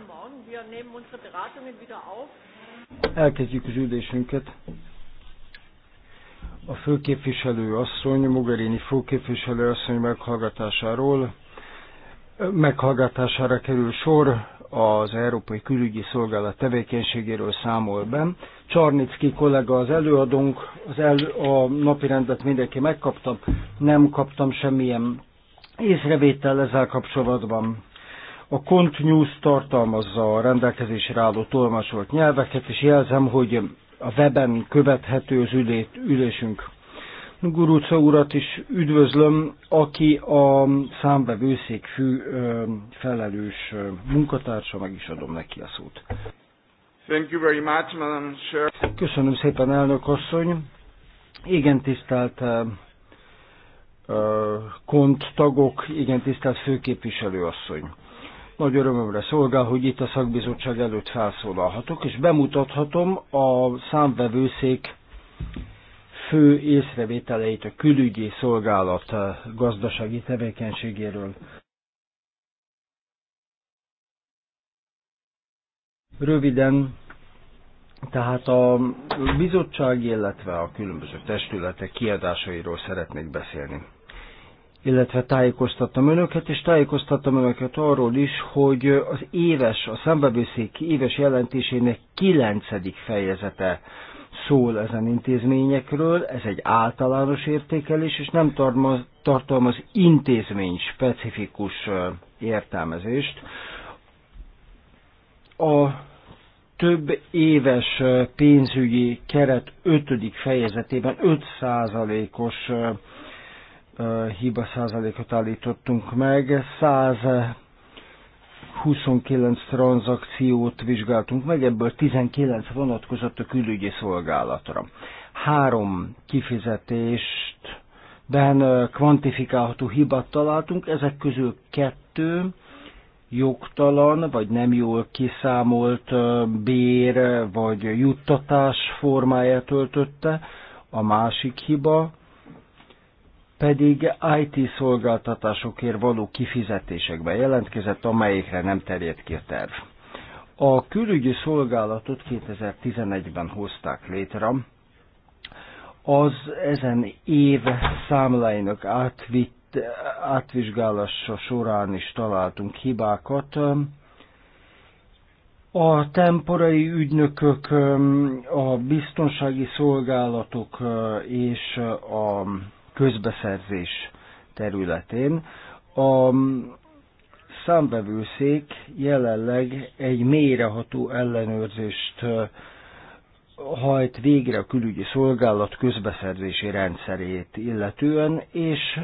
guten Morgen. Wir nehmen unsere Beratungen wieder auf. Elkezdjük az ülésünket. A főképviselő asszony, Mogherini főképviselő asszony meghallgatásáról meghallgatására kerül sor az Európai Külügyi Szolgálat tevékenységéről számol be. Csarnicki kollega az előadónk, az el, a rendet mindenki megkapta, nem kaptam semmilyen észrevétel ezzel kapcsolatban. A Cont News tartalmazza a rendelkezésre álló tolmácsolt nyelveket, és jelzem, hogy a weben követhető az ülét, ülésünk. Gurúca urat is üdvözlöm, aki a számbevőszék ö, felelős munkatársa, meg is adom neki a szót. Thank you very much, Madam Chair. Köszönöm szépen, elnök asszony. Igen, tisztelt kont tagok, igen, tisztelt főképviselő asszony. Nagy örömömre szolgál, hogy itt a szakbizottság előtt felszólalhatok, és bemutathatom a számvevőszék fő észrevételeit a külügyi szolgálat gazdasági tevékenységéről. Röviden, tehát a bizottság, illetve a különböző testületek kiadásairól szeretnék beszélni illetve tájékoztattam önöket, és tájékoztattam önöket arról is, hogy az éves, a szembebőszék éves jelentésének kilencedik fejezete szól ezen intézményekről, ez egy általános értékelés, és nem tartalmaz, tartalmaz intézmény specifikus értelmezést. A több éves pénzügyi keret ötödik fejezetében 5%-os hiba százalékot állítottunk meg, 129 tranzakciót vizsgáltunk meg, ebből 19 vonatkozott a külügyi szolgálatra. Három kifizetést ben kvantifikálható hibát találtunk, ezek közül kettő jogtalan vagy nem jól kiszámolt bér vagy juttatás formáját öltötte, a másik hiba pedig IT szolgáltatásokért való kifizetésekbe jelentkezett, amelyekre nem terjedt ki a terv. A külügyi szolgálatot 2011-ben hozták létre, az ezen év számláinak átvitt, átvizsgálása során is találtunk hibákat. A temporai ügynökök, a biztonsági szolgálatok és a közbeszerzés területén. A számbevőszék jelenleg egy mélyreható ellenőrzést hajt végre a külügyi szolgálat közbeszerzési rendszerét illetően, és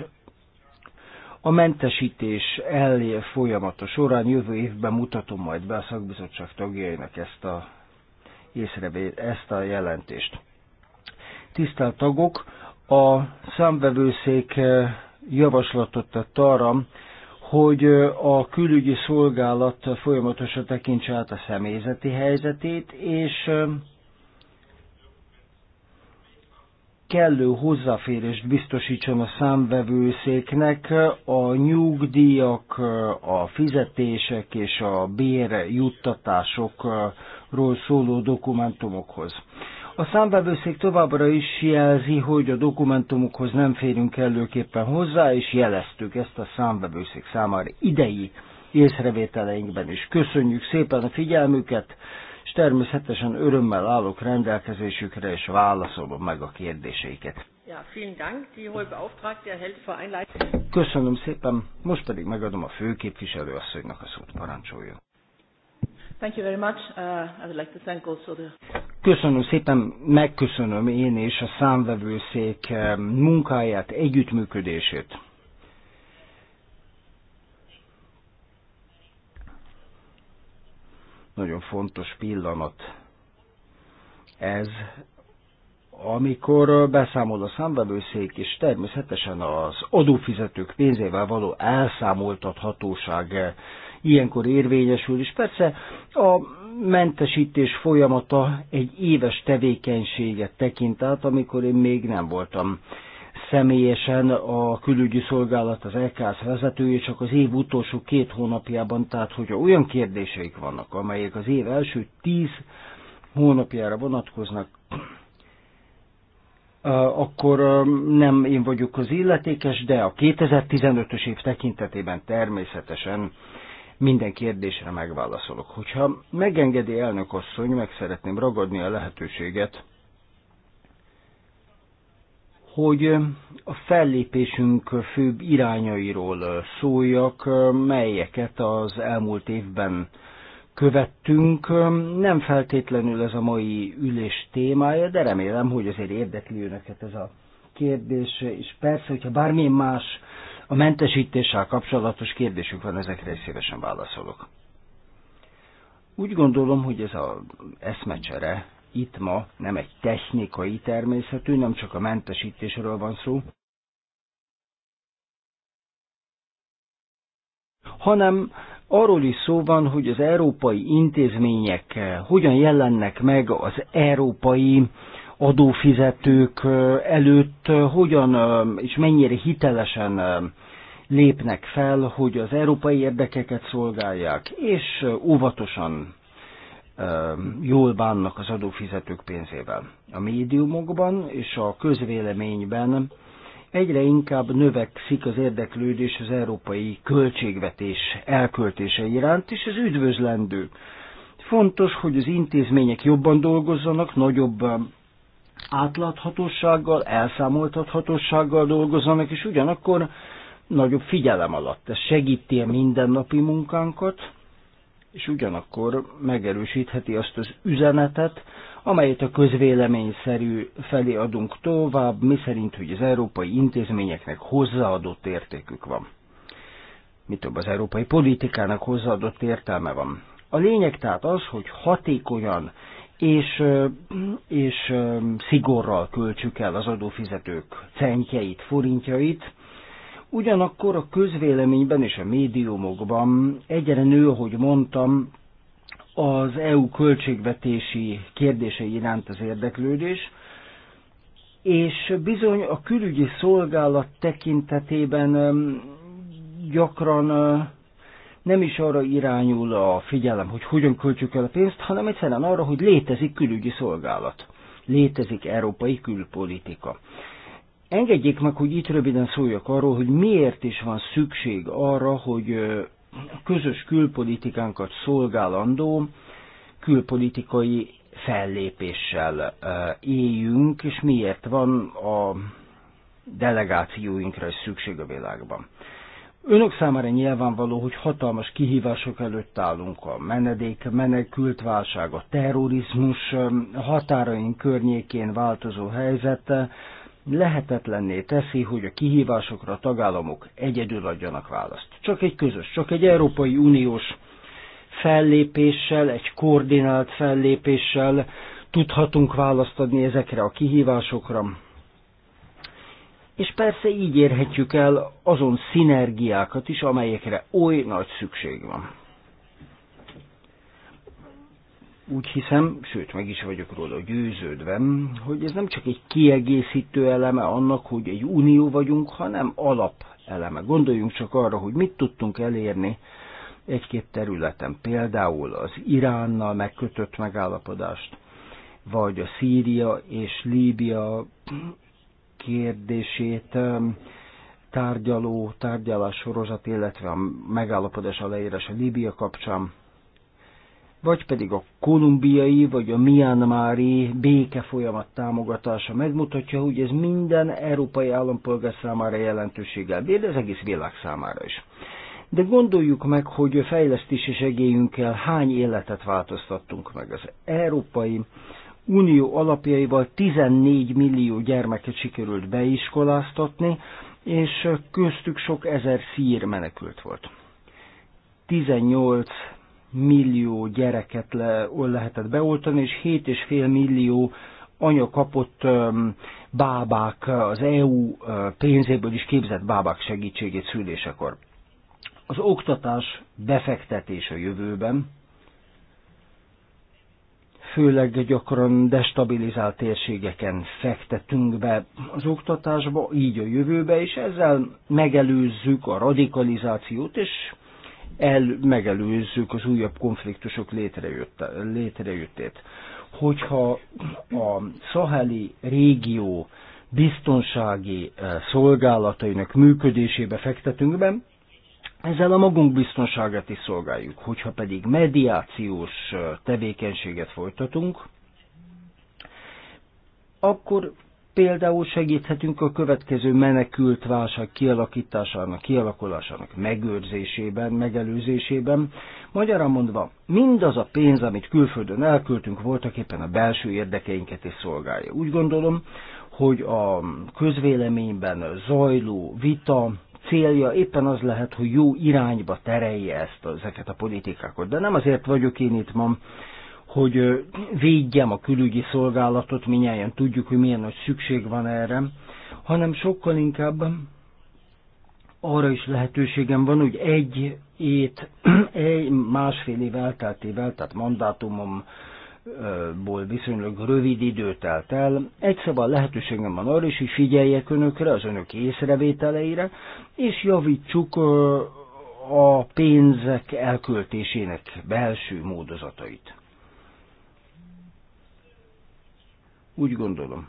a mentesítés elé folyamata során jövő évben mutatom majd be a szakbizottság tagjainak ezt a, észrevé, ezt a jelentést. Tisztelt tagok, a számvevőszék eh, javaslatot tett arra, hogy eh, a külügyi szolgálat folyamatosan tekintse át a személyzeti helyzetét, és eh, kellő hozzáférést biztosítson a számvevőszéknek a nyugdíjak, a fizetések és a bérjuttatásokról szóló dokumentumokhoz. A számbevőszék továbbra is jelzi, hogy a dokumentumokhoz nem férünk előképpen hozzá, és jeleztük ezt a számbevőszék számára idei észrevételeinkben is. Köszönjük szépen a figyelmüket, és természetesen örömmel állok rendelkezésükre, és válaszolom meg a kérdéseiket. Köszönöm szépen, most pedig megadom a főképviselő asszonynak a szót, parancsoljon. Thank you very much. Uh, I would like to thank also the... Köszönöm szépen, megköszönöm én és a számvevőszék um, munkáját, együttműködését. Nagyon fontos pillanat ez, amikor uh, beszámol a számvevőszék, és természetesen az adófizetők pénzével való elszámoltathatóság uh, ilyenkor érvényesül is. Persze a mentesítés folyamata egy éves tevékenységet tekint át, amikor én még nem voltam személyesen a külügyi szolgálat, az LKS vezetője csak az év utolsó két hónapjában, tehát hogy olyan kérdéseik vannak, amelyek az év első tíz hónapjára vonatkoznak, akkor nem én vagyok az illetékes, de a 2015-ös év tekintetében természetesen minden kérdésre megválaszolok. Hogyha megengedi elnök asszony, meg szeretném ragadni a lehetőséget, hogy a fellépésünk főbb irányairól szóljak, melyeket az elmúlt évben követtünk. Nem feltétlenül ez a mai ülés témája, de remélem, hogy azért érdekli önöket ez a kérdés, és persze, hogyha bármilyen más a mentesítéssel kapcsolatos kérdésük van, ezekre szívesen válaszolok. Úgy gondolom, hogy ez az eszmecsere itt ma nem egy technikai természetű, nem csak a mentesítésről van szó, hanem arról is szó van, hogy az európai intézmények hogyan jelennek meg az európai adófizetők előtt hogyan és mennyire hitelesen lépnek fel, hogy az európai érdekeket szolgálják, és óvatosan jól bánnak az adófizetők pénzével. A médiumokban és a közvéleményben egyre inkább növekszik az érdeklődés az európai költségvetés elköltése iránt, és ez üdvözlendő. Fontos, hogy az intézmények jobban dolgozzanak, nagyobb átláthatósággal, elszámoltathatósággal dolgozzanak, és ugyanakkor nagyobb figyelem alatt. Ez segíti a mindennapi munkánkat, és ugyanakkor megerősítheti azt az üzenetet, amelyet a közvélemény szerű felé adunk tovább, szerint, hogy az európai intézményeknek hozzáadott értékük van. Mi több az európai politikának hozzáadott értelme van. A lényeg tehát az, hogy hatékonyan és, és szigorral költsük el az adófizetők centjeit, forintjait. Ugyanakkor a közvéleményben és a médiumokban egyre nő, ahogy mondtam, az EU költségvetési kérdései iránt az érdeklődés, és bizony a külügyi szolgálat tekintetében gyakran nem is arra irányul a figyelem, hogy hogyan költsük el a pénzt, hanem egyszerűen arra, hogy létezik külügyi szolgálat, létezik európai külpolitika. Engedjék meg, hogy itt röviden szóljak arról, hogy miért is van szükség arra, hogy közös külpolitikánkat szolgálandó külpolitikai fellépéssel éljünk, és miért van a delegációinkra is szükség a világban. Önök számára nyilvánvaló, hogy hatalmas kihívások előtt állunk a menedék, menekült válság, a terrorizmus határaink környékén változó helyzet lehetetlenné teszi, hogy a kihívásokra a tagállamok egyedül adjanak választ. Csak egy közös, csak egy Európai Uniós fellépéssel, egy koordinált fellépéssel tudhatunk választ adni ezekre a kihívásokra, és persze így érhetjük el azon szinergiákat is, amelyekre oly nagy szükség van. Úgy hiszem, sőt meg is vagyok róla győződve, hogy ez nem csak egy kiegészítő eleme annak, hogy egy unió vagyunk, hanem alap eleme. Gondoljunk csak arra, hogy mit tudtunk elérni egy-két területen, például az Iránnal megkötött megállapodást, vagy a Szíria és Líbia kérdését tárgyaló tárgyalás sorozat, illetve a megállapodás aláírása Líbia kapcsán, vagy pedig a kolumbiai vagy a mianmári béke folyamat támogatása megmutatja, hogy ez minden európai állampolgár számára jelentőséggel bír, de az egész világ számára is. De gondoljuk meg, hogy fejlesztési segélyünkkel hány életet változtattunk meg. Az európai unió alapjaival 14 millió gyermeket sikerült beiskoláztatni, és köztük sok ezer szír menekült volt. 18 millió gyereket le, lehetett beoltani, és 7,5 millió anya kapott bábák, az EU pénzéből is képzett bábák segítségét szülésekor. Az oktatás befektetés a jövőben, főleg gyakran destabilizált térségeken fektetünk be az oktatásba, így a jövőbe, és ezzel megelőzzük a radikalizációt, és el megelőzzük az újabb konfliktusok létrejött, létrejöttét. Hogyha a szaheli régió biztonsági eh, szolgálatainak működésébe fektetünk be, ezzel a magunk biztonságát is szolgáljuk. Hogyha pedig mediációs tevékenységet folytatunk, akkor például segíthetünk a következő menekült válság kialakításának, kialakulásának megőrzésében, megelőzésében. Magyarán mondva, mindaz a pénz, amit külföldön elküldtünk, voltak éppen a belső érdekeinket is szolgálja. Úgy gondolom, hogy a közvéleményben zajló vita, célja éppen az lehet, hogy jó irányba terelje ezt, ezeket a politikákat. De nem azért vagyok én itt ma, hogy védjem a külügyi szolgálatot, minnyáján tudjuk, hogy milyen nagy szükség van erre, hanem sokkal inkább arra is lehetőségem van, hogy egy ét, egy másfél év elteltével, tehát mandátumom ból viszonylag rövid idő telt el. Egy szabad szóval lehetőségem van arra is, hogy figyeljek önökre, az önök észrevételeire, és javítsuk a pénzek elköltésének belső módozatait. Úgy gondolom,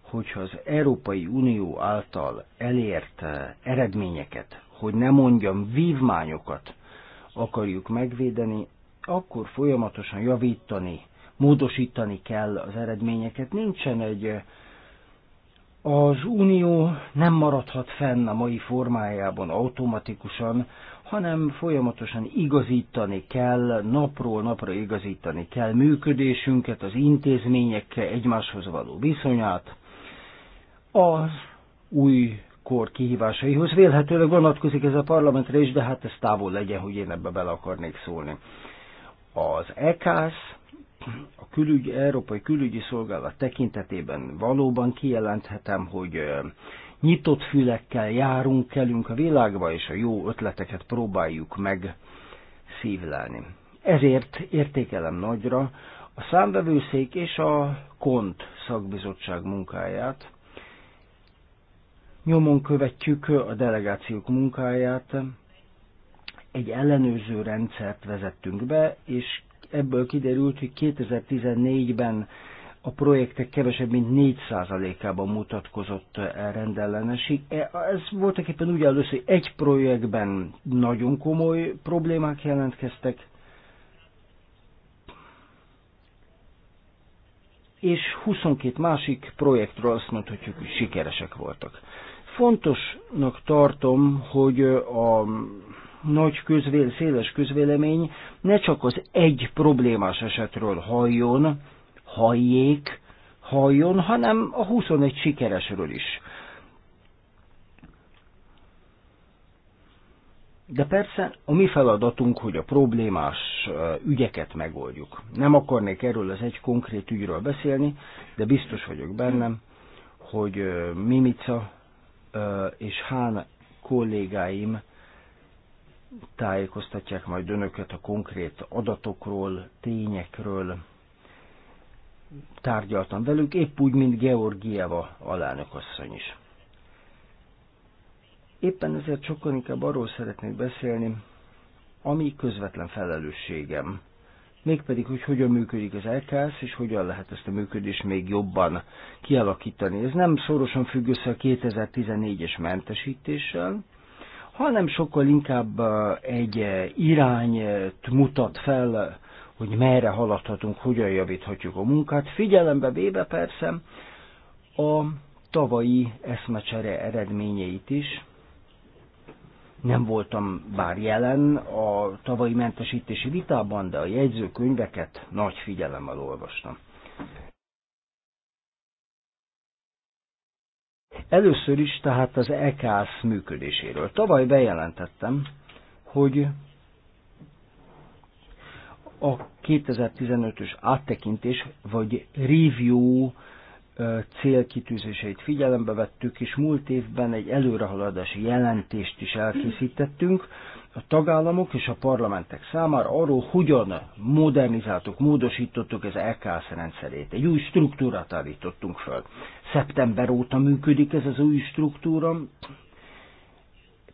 hogyha az Európai Unió által elért eredményeket, hogy ne mondjam vívmányokat akarjuk megvédeni, akkor folyamatosan javítani módosítani kell az eredményeket. Nincsen egy az unió nem maradhat fenn a mai formájában automatikusan, hanem folyamatosan igazítani kell, napról napra igazítani kell működésünket, az intézményekkel egymáshoz való viszonyát, az új kor kihívásaihoz. Vélhetőleg vonatkozik ez a parlamentre is, de hát ez távol legyen, hogy én ebbe bele akarnék szólni. Az EKSZ a külügy, Európai Külügyi Szolgálat tekintetében valóban kijelenthetem, hogy nyitott fülekkel járunk, kelünk a világba, és a jó ötleteket próbáljuk meg szívlelni. Ezért értékelem nagyra a számbevőszék és a KONT szakbizottság munkáját. Nyomon követjük a delegációk munkáját, egy ellenőrző rendszert vezettünk be, és ebből kiderült, hogy 2014-ben a projektek kevesebb, mint 4%-ában mutatkozott rendellenesség. E, ez voltak éppen úgy először hogy egy projektben nagyon komoly problémák jelentkeztek, és 22 másik projektről azt mondhatjuk, hogy sikeresek voltak. Fontosnak tartom, hogy a nagy közvél, széles közvélemény ne csak az egy problémás esetről halljon, halljék, halljon, hanem a 21 sikeresről is. De persze a mi feladatunk, hogy a problémás ügyeket megoldjuk. Nem akarnék erről az egy konkrét ügyről beszélni, de biztos vagyok bennem, hogy Mimica és Hán kollégáim tájékoztatják majd önöket a konkrét adatokról, tényekről. Tárgyaltam velük, épp úgy, mint Georgieva alánökasszony is. Éppen ezért sokkal inkább arról szeretnék beszélni, ami közvetlen felelősségem. Mégpedig, hogy hogyan működik az LKS, és hogyan lehet ezt a működést még jobban kialakítani. Ez nem szorosan függ össze a 2014-es mentesítéssel, hanem sokkal inkább uh, egy uh, irányt mutat fel, uh, hogy merre haladhatunk, hogyan javíthatjuk a munkát, figyelembe véve persze a tavalyi eszmecsere eredményeit is. Nem voltam bár jelen a tavalyi mentesítési vitában, de a jegyzőkönyveket nagy figyelemmel olvastam. Először is tehát az EKSZ működéséről. Tavaly bejelentettem, hogy a 2015-ös áttekintés vagy review célkitűzéseit figyelembe vettük, és múlt évben egy előrehaladási jelentést is elkészítettünk, a tagállamok és a parlamentek számára arról, hogyan modernizáltuk, módosítottuk az LKS e rendszerét. Egy új struktúrát állítottunk föl. Szeptember óta működik ez az új struktúra.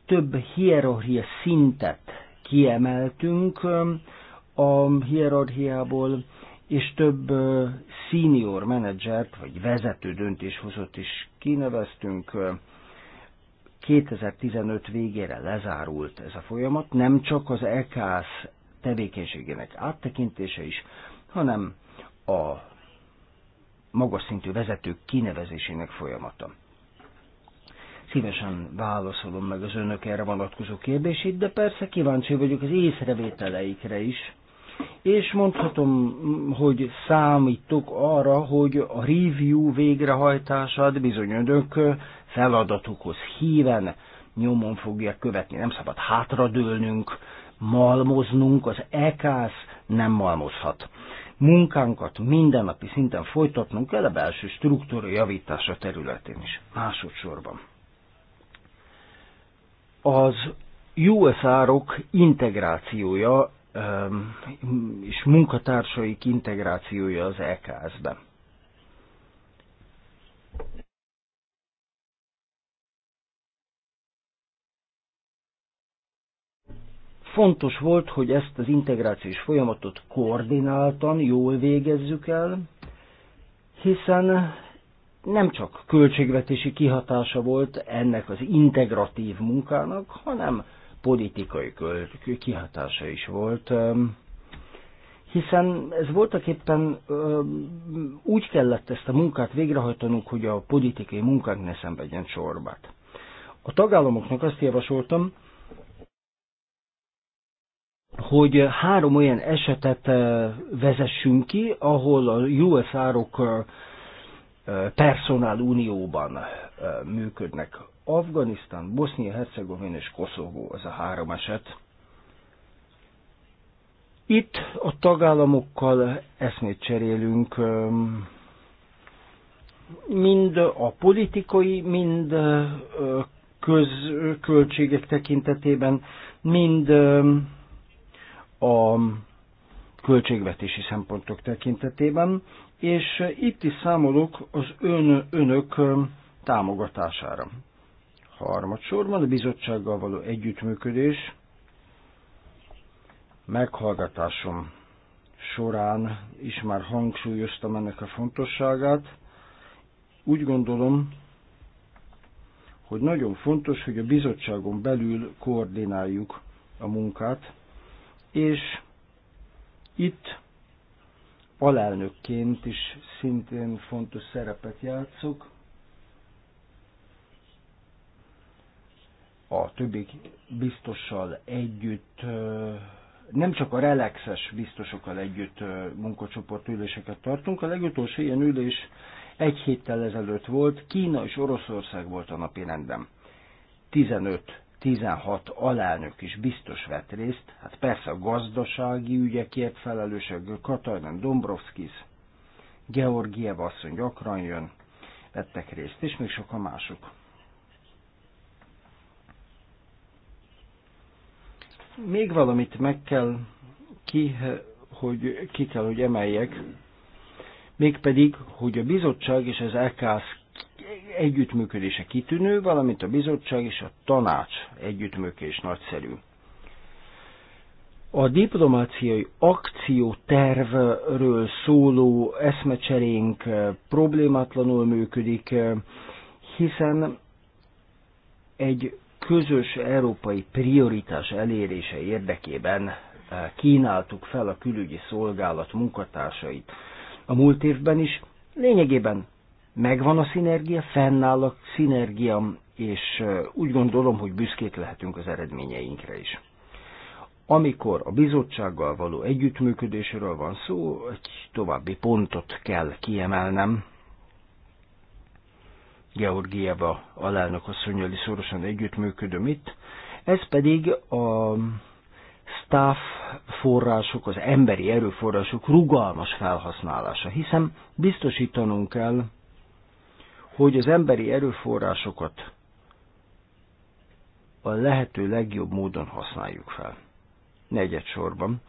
Több hierarchia szintet kiemeltünk a hierarchiából, és több senior menedzsert, vagy vezető döntéshozót is kineveztünk 2015 végére lezárult ez a folyamat, nem csak az EKS tevékenységének áttekintése is, hanem a magas szintű vezetők kinevezésének folyamata. Szívesen válaszolom meg az önök erre vonatkozó kérdését, de persze kíváncsi vagyok az észrevételeikre is, és mondhatom, hogy számítok arra, hogy a review végrehajtását bizony önök feladatukhoz híven nyomon fogja követni. Nem szabad hátradőlnünk, malmoznunk, az EKSZ nem malmozhat. Munkánkat mindennapi szinten folytatnunk kell a belső struktúra javítása területén is. Másodszorban. Az USR-ok integrációja és munkatársaik integrációja az EKS-ben. Fontos volt, hogy ezt az integrációs folyamatot koordináltan, jól végezzük el, hiszen nem csak költségvetési kihatása volt ennek az integratív munkának, hanem politikai kihatása is volt, hiszen ez voltak éppen úgy kellett ezt a munkát végrehajtanunk, hogy a politikai munkánk ne szenvedjen sorbát. A tagállamoknak azt javasoltam, hogy három olyan esetet vezessünk ki, ahol a US árok personál unióban működnek. Afganisztán, bosznia hercegovina és Koszovó az a három eset. Itt a tagállamokkal eszmét cserélünk, mind a politikai, mind közköltségek tekintetében, mind a költségvetési szempontok tekintetében, és itt is számolok az ön, önök um, támogatására. Harmadsorban a bizottsággal való együttműködés meghallgatásom során is már hangsúlyoztam ennek a fontosságát. Úgy gondolom, hogy nagyon fontos, hogy a bizottságon belül koordináljuk a munkát, és itt alelnökként is szintén fontos szerepet játszok. A többi biztossal együtt, nem csak a relaxes biztosokkal együtt munkacsoport üléseket tartunk, a legutolsó ilyen ülés egy héttel ezelőtt volt, Kína és Oroszország volt a napi rendben. 15 16 alelnök is biztos vett részt, hát persze a gazdasági ügyekért felelősök, Katajnán Dombrovskis, Georgiev asszony gyakran jön, vettek részt, és még sokan mások. Még valamit meg kell ki, hogy ki kell, hogy emeljek, mégpedig, hogy a bizottság és az EKSZ együttműködése kitűnő, valamint a bizottság és a tanács együttműködés nagyszerű. A diplomáciai akciótervről szóló eszmecserénk eh, problémátlanul működik, eh, hiszen egy közös európai prioritás elérése érdekében eh, kínáltuk fel a külügyi szolgálat munkatársait. A múlt évben is lényegében megvan a szinergia, fennáll a szinergia, és úgy gondolom, hogy büszkék lehetünk az eredményeinkre is. Amikor a bizottsággal való együttműködésről van szó, egy további pontot kell kiemelnem. Georgieva alelnök asszonyjal is szorosan együttműködöm itt. Ez pedig a staff források, az emberi erőforrások rugalmas felhasználása, hiszen biztosítanunk kell, hogy az emberi erőforrásokat a lehető legjobb módon használjuk fel. Negyed sorban.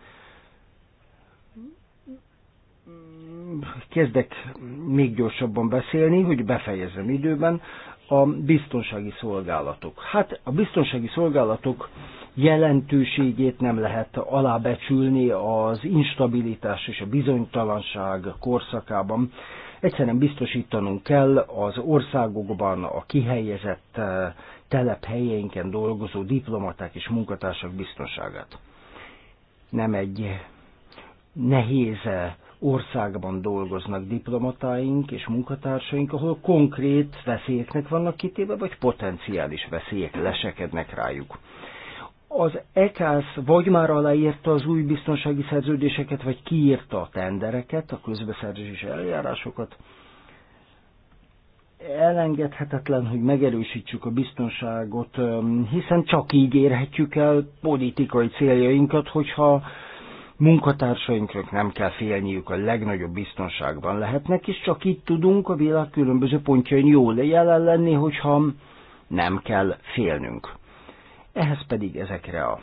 Kezdek még gyorsabban beszélni, hogy befejezem időben. A biztonsági szolgálatok. Hát a biztonsági szolgálatok jelentőségét nem lehet alábecsülni az instabilitás és a bizonytalanság korszakában. Egyszerűen biztosítanunk kell az országokban a kihelyezett eh, telephelyeinken dolgozó diplomaták és munkatársak biztonságát. Nem egy nehéz eh, országban dolgoznak diplomatáink és munkatársaink, ahol konkrét veszélyeknek vannak kitéve, vagy potenciális veszélyek lesekednek rájuk az ECASZ vagy már aláírta az új biztonsági szerződéseket, vagy kiírta a tendereket, a közbeszerzési eljárásokat. Elengedhetetlen, hogy megerősítsük a biztonságot, hiszen csak így érhetjük el politikai céljainkat, hogyha munkatársainknak nem kell félniük, a legnagyobb biztonságban lehetnek, és csak így tudunk a világ különböző pontjain jól jelen lenni, hogyha nem kell félnünk ehhez pedig ezekre a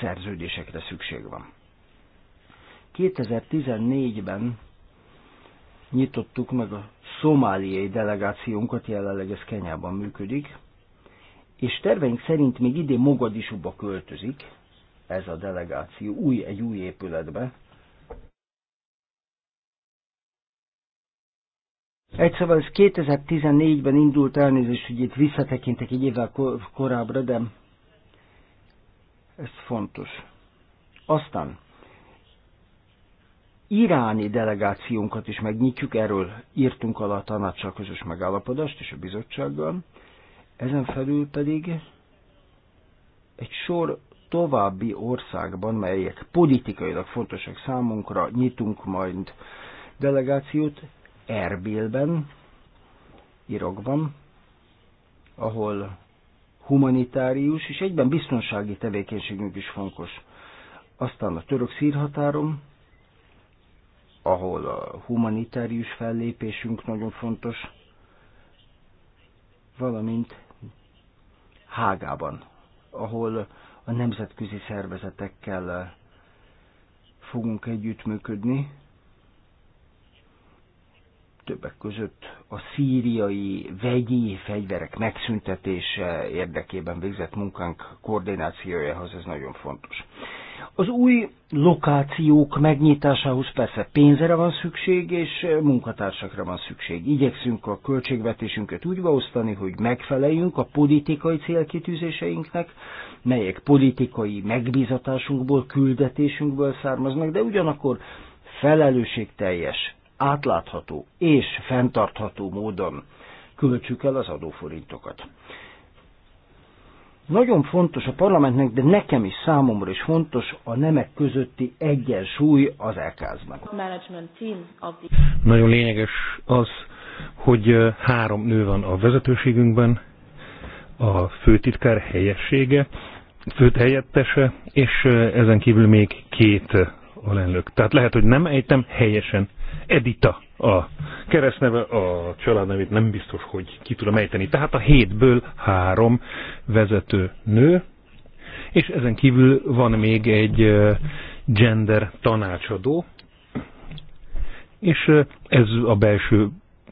szerződésekre szükség van. 2014-ben nyitottuk meg a szomáliai delegációnkat, jelenleg ez Kenyában működik, és terveink szerint még idén Mogadisúba költözik ez a delegáció új, egy új épületbe, Egy szóval ez 2014-ben indult elnézést, hogy itt visszatekintek egy évvel korábbra, de ez fontos. Aztán iráni delegációnkat is megnyitjuk, erről írtunk alá a tanácsal közös megállapodást és a bizottsággal. Ezen felül pedig egy sor további országban, melyek politikailag fontosak számunkra, nyitunk majd delegációt, Erbilben, Irakban, ahol humanitárius és egyben biztonsági tevékenységünk is fontos. Aztán a török-szír határom, ahol a humanitárius fellépésünk nagyon fontos, valamint Hágában, ahol a nemzetközi szervezetekkel fogunk együttműködni, többek között a szíriai vegyi fegyverek megszüntetése érdekében végzett munkánk koordinációjához ez nagyon fontos. Az új lokációk megnyitásához persze pénzre van szükség, és munkatársakra van szükség. Igyekszünk a költségvetésünket úgy beosztani, hogy megfeleljünk a politikai célkitűzéseinknek, melyek politikai megbízatásunkból, küldetésünkből származnak, de ugyanakkor felelősségteljes átlátható és fenntartható módon költsük el az adóforintokat. Nagyon fontos a parlamentnek, de nekem is, számomra is fontos a nemek közötti egyensúly az elkázban. Nagyon lényeges az, hogy három nő van a vezetőségünkben, a főtitkár helyessége, főt helyettese, és ezen kívül még két alelnök. Tehát lehet, hogy nem ejtem helyesen Edita a keresztneve, a családnevét nem biztos, hogy ki tudom ejteni. Tehát a hétből három vezető nő, és ezen kívül van még egy gender tanácsadó, és ez a belső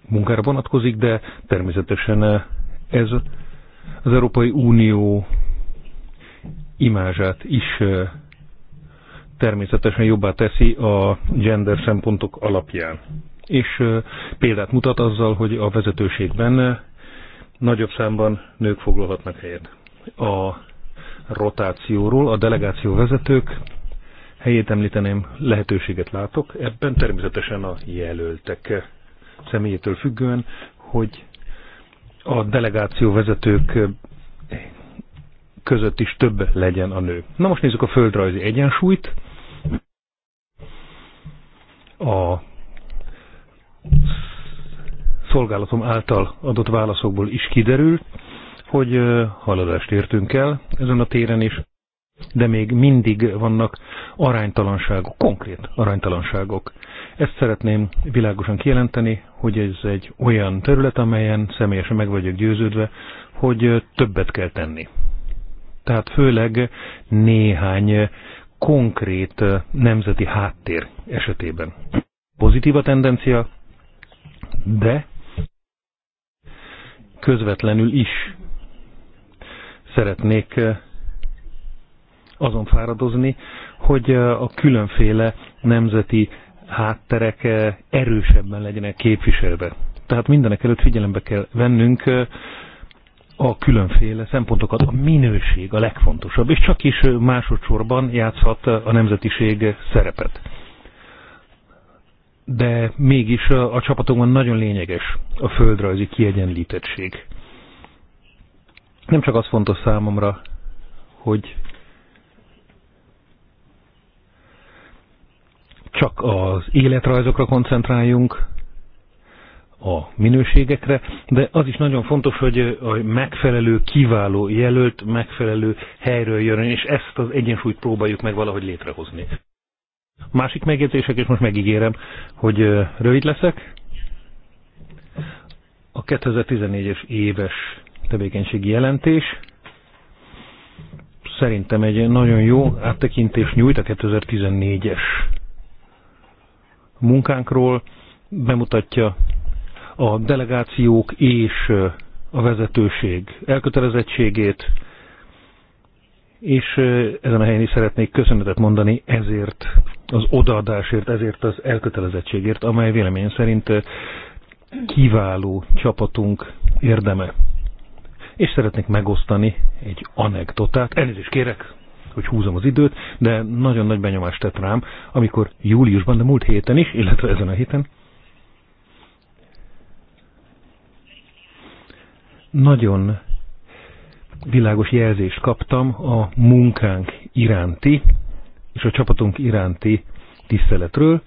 munkára vonatkozik, de természetesen ez az Európai Unió imázsát is természetesen jobbá teszi a gender szempontok alapján. És példát mutat azzal, hogy a vezetőségben nagyobb számban nők foglalhatnak helyet. A rotációról a delegáció vezetők helyét említeném, lehetőséget látok ebben, természetesen a jelöltek személyétől függően, hogy a delegáció vezetők között is több legyen a nő. Na most nézzük a földrajzi egyensúlyt a szolgálatom által adott válaszokból is kiderült, hogy haladást értünk el ezen a téren is, de még mindig vannak aránytalanságok, konkrét aránytalanságok. Ezt szeretném világosan kijelenteni, hogy ez egy olyan terület, amelyen személyesen meg vagyok győződve, hogy többet kell tenni. Tehát főleg néhány konkrét nemzeti háttér esetében. Pozitív a tendencia, de közvetlenül is szeretnék azon fáradozni, hogy a különféle nemzeti hátterek erősebben legyenek képviselve. Tehát mindenek előtt figyelembe kell vennünk a különféle szempontokat. A minőség a legfontosabb, és csak is másodszorban játszhat a nemzetiség szerepet. De mégis a csapatokban nagyon lényeges a földrajzi kiegyenlítettség. Nem csak az fontos számomra, hogy csak az életrajzokra koncentráljunk, a minőségekre, de az is nagyon fontos, hogy a megfelelő, kiváló jelölt megfelelő helyről jön, és ezt az egyensúlyt próbáljuk meg valahogy létrehozni. Másik megjegyzések, és most megígérem, hogy rövid leszek. A 2014-es éves tevékenységi jelentés szerintem egy nagyon jó áttekintés nyújt a 2014-es munkánkról, bemutatja a delegációk és a vezetőség elkötelezettségét, és ezen a helyen is szeretnék köszönetet mondani ezért az odaadásért, ezért az elkötelezettségért, amely véleményem szerint kiváló csapatunk érdeme. És szeretnék megosztani egy anekdotát. Elnézést kérek, hogy húzom az időt, de nagyon nagy benyomást tett rám, amikor júliusban, de múlt héten is, illetve ezen a héten, Nagyon világos jelzést kaptam a munkánk iránti és a csapatunk iránti tiszteletről,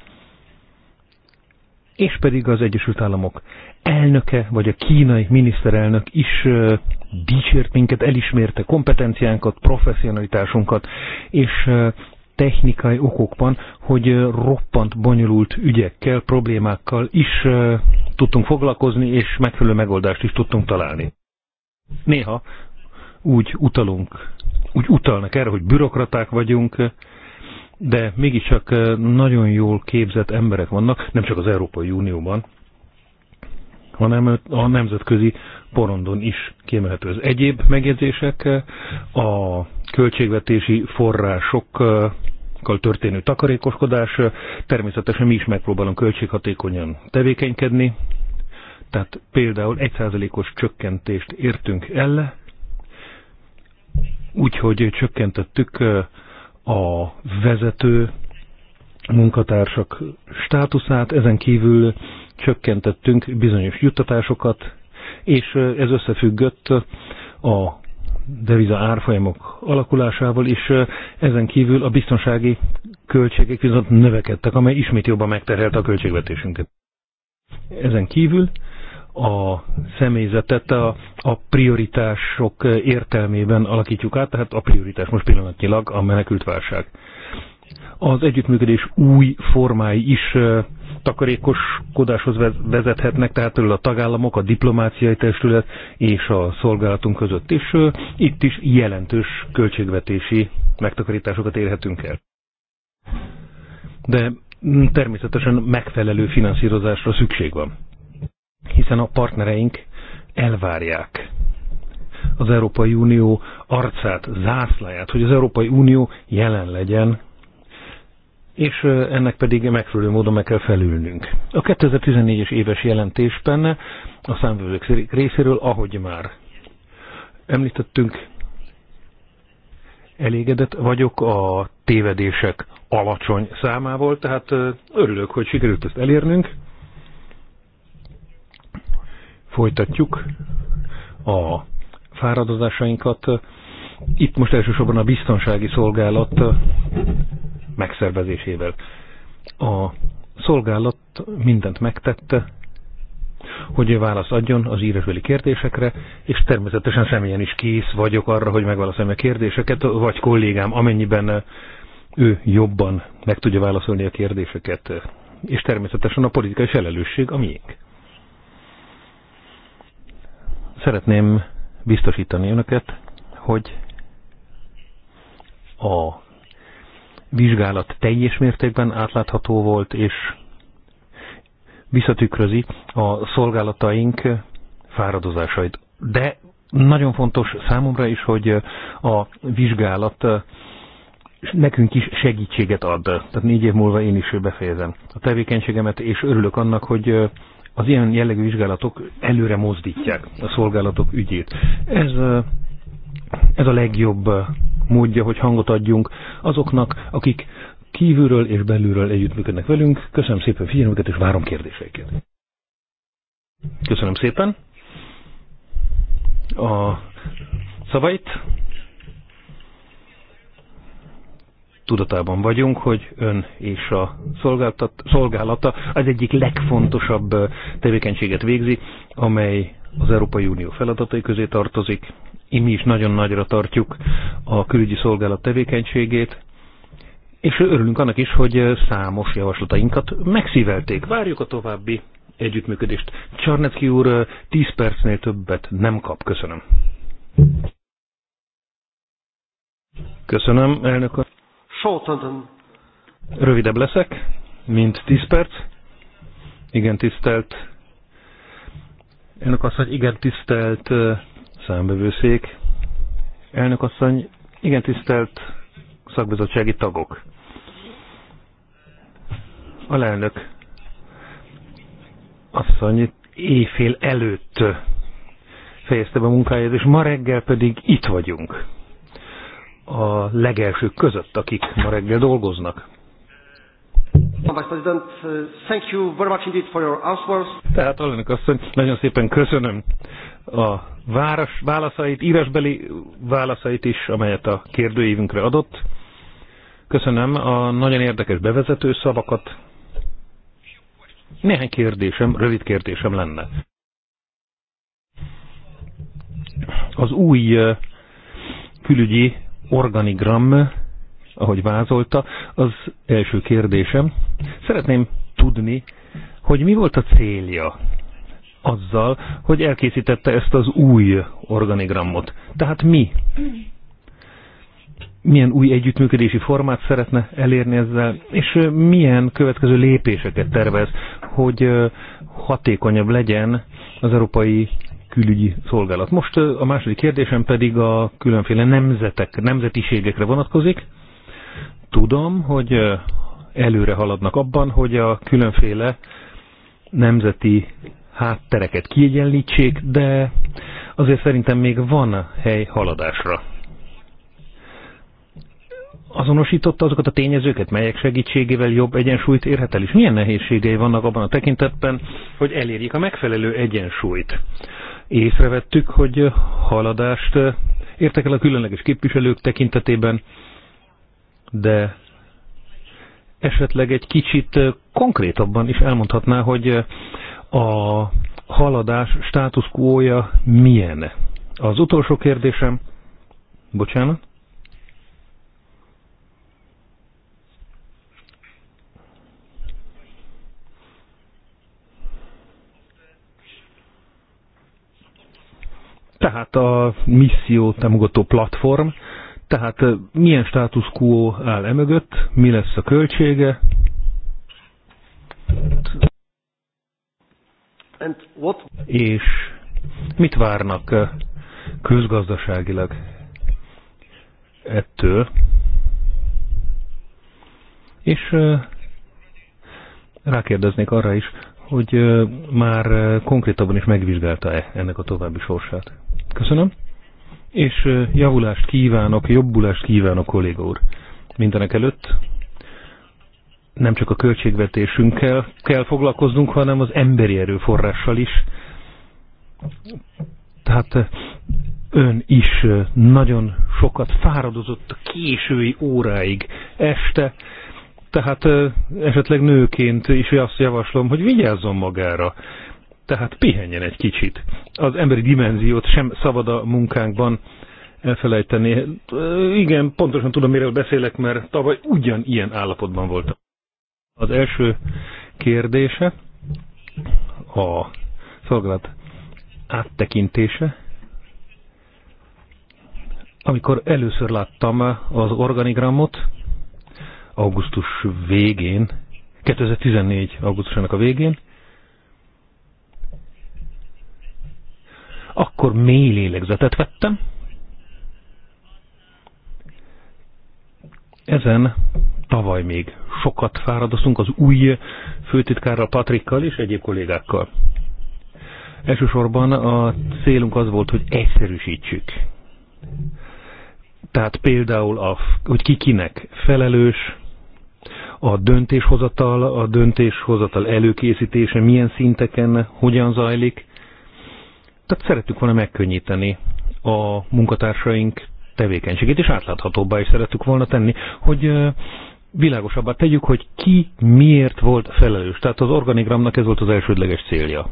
és pedig az Egyesült Államok elnöke, vagy a kínai miniszterelnök is dicsért minket, elismerte kompetenciánkat, professzionalitásunkat, és technikai okokban, hogy roppant bonyolult ügyekkel, problémákkal is tudtunk foglalkozni, és megfelelő megoldást is tudtunk találni. Néha úgy utalunk, úgy utalnak erre, hogy bürokraták vagyunk, de mégiscsak nagyon jól képzett emberek vannak, nem csak az Európai Unióban, hanem a nemzetközi porondon is kiemelhető. Az egyéb megjegyzések a költségvetési forrásokkal történő takarékoskodás. Természetesen mi is megpróbálunk költséghatékonyan tevékenykedni, tehát például 1%-os csökkentést értünk el, úgyhogy csökkentettük eh, a vezető munkatársak státuszát, ezen kívül csökkentettünk bizonyos juttatásokat, és eh, ez összefüggött a deviza árfolyamok alakulásával, és ezen kívül a biztonsági költségek viszont növekedtek, amely ismét jobban megterhelte a költségvetésünket. Ezen kívül a személyzetet a, a prioritások értelmében alakítjuk át, tehát a prioritás most pillanatnyilag a menekültválság. Az együttműködés új formái is takarékoskodáshoz vezethetnek, tehát például a tagállamok, a diplomáciai testület és a szolgálatunk között is. Itt is jelentős költségvetési megtakarításokat érhetünk el. De természetesen megfelelő finanszírozásra szükség van, hiszen a partnereink elvárják az Európai Unió arcát, zászláját, hogy az Európai Unió jelen legyen és ennek pedig megfelelő módon meg kell felülnünk. A 2014-es éves jelentésben a számvevők részéről, ahogy már említettünk, elégedett vagyok a tévedések alacsony számával, tehát örülök, hogy sikerült ezt elérnünk. Folytatjuk a fáradozásainkat. Itt most elsősorban a biztonsági szolgálat megszervezésével. A szolgálat mindent megtette, hogy választ adjon az írásbeli kérdésekre, és természetesen személyen is kész vagyok arra, hogy megválaszoljam a kérdéseket, vagy kollégám, amennyiben ő jobban meg tudja válaszolni a kérdéseket. És természetesen a politikai felelősség a miénk. Szeretném biztosítani önöket, hogy a vizsgálat teljes mértékben átlátható volt, és visszatükrözi a szolgálataink fáradozásait. De nagyon fontos számomra is, hogy a vizsgálat nekünk is segítséget ad. Tehát négy év múlva én is befejezem a tevékenységemet, és örülök annak, hogy az ilyen jellegű vizsgálatok előre mozdítják a szolgálatok ügyét. Ez, ez a legjobb módja, hogy hangot adjunk azoknak, akik kívülről és belülről együttműködnek velünk. Köszönöm szépen figyelmüket, és várom kérdéseiket. Köszönöm szépen a szavait. Tudatában vagyunk, hogy ön és a szolgálata az egyik legfontosabb tevékenységet végzi, amely az Európai Unió feladatai közé tartozik, mi is nagyon nagyra tartjuk a külügyi szolgálat tevékenységét, és örülünk annak is, hogy számos javaslatainkat megszívelték. Várjuk a további együttműködést. Csarnecki úr 10 percnél többet nem kap. Köszönöm. Köszönöm, elnök úr. Rövidebb leszek, mint 10 perc. Igen, tisztelt. Elnök azt, hogy igen, tisztelt számbevőszék, Elnök asszony, igen tisztelt szakbizottsági tagok, lelnök asszony éjfél előtt fejezte be munkáját, és ma reggel pedig itt vagyunk. A legelsők között, akik ma reggel dolgoznak. Tehát Alenik asszony, nagyon szépen köszönöm a város válaszait, írásbeli válaszait is, amelyet a kérdőívünkre adott. Köszönöm a nagyon érdekes bevezető szavakat. Néhány kérdésem, rövid kérdésem lenne. Az új külügyi organigram, ahogy vázolta, az első kérdésem. Szeretném tudni, hogy mi volt a célja azzal, hogy elkészítette ezt az új organigramot. Tehát mi? Milyen új együttműködési formát szeretne elérni ezzel, és milyen következő lépéseket tervez, hogy hatékonyabb legyen az Európai Külügyi Szolgálat. Most a második kérdésem pedig a különféle nemzetek, nemzetiségekre vonatkozik. Tudom, hogy előre haladnak abban, hogy a különféle nemzeti háttereket kiegyenlítsék, de azért szerintem még van hely haladásra. Azonosította azokat a tényezőket, melyek segítségével jobb egyensúlyt érhet el, és milyen nehézségei vannak abban a tekintetben, hogy elérjék a megfelelő egyensúlyt. Észrevettük, hogy haladást értek el a különleges képviselők tekintetében, de esetleg egy kicsit konkrétabban is elmondhatná, hogy a haladás státuszkója milyen? Az utolsó kérdésem, bocsánat, tehát a misszió támogató platform, tehát milyen státusz quo áll emögött, mi lesz a költsége. És mit várnak eh, közgazdaságilag ettől? És eh, rákérdeznék arra is, hogy eh, már konkrétabban is megvizsgálta-e ennek a további sorsát. Köszönöm, és javulást kívánok, jobbulást kívánok, kolléga úr. Mindenek előtt nem csak a költségvetésünkkel kell foglalkoznunk, hanem az emberi erőforrással is. Tehát eh, ön is eh, nagyon sokat fáradozott a késői óráig este, tehát eh, esetleg nőként is azt javaslom, hogy vigyázzon magára. Tehát pihenjen egy kicsit. Az emberi dimenziót sem szabad a munkánkban elfelejteni. Igen, pontosan tudom, miről beszélek, mert tavaly ugyanilyen állapotban voltam. Az első kérdése a szolgálat áttekintése. Amikor először láttam az organigramot, augusztus végén, 2014. augusztusának a végén, akkor mély lélegzetet vettem. Ezen tavaly még sokat fáradoztunk az új főtitkárral, Patrikkal és egyéb kollégákkal. Elsősorban a célunk az volt, hogy egyszerűsítsük. Tehát például, a, hogy ki kinek felelős, a döntéshozatal, a döntéshozatal előkészítése milyen szinteken, hogyan zajlik. Tehát szerettük volna megkönnyíteni a munkatársaink tevékenységét, és átláthatóbbá is szerettük volna tenni, hogy világosabbá tegyük, hogy ki miért volt felelős. Tehát az organigramnak ez volt az elsődleges célja.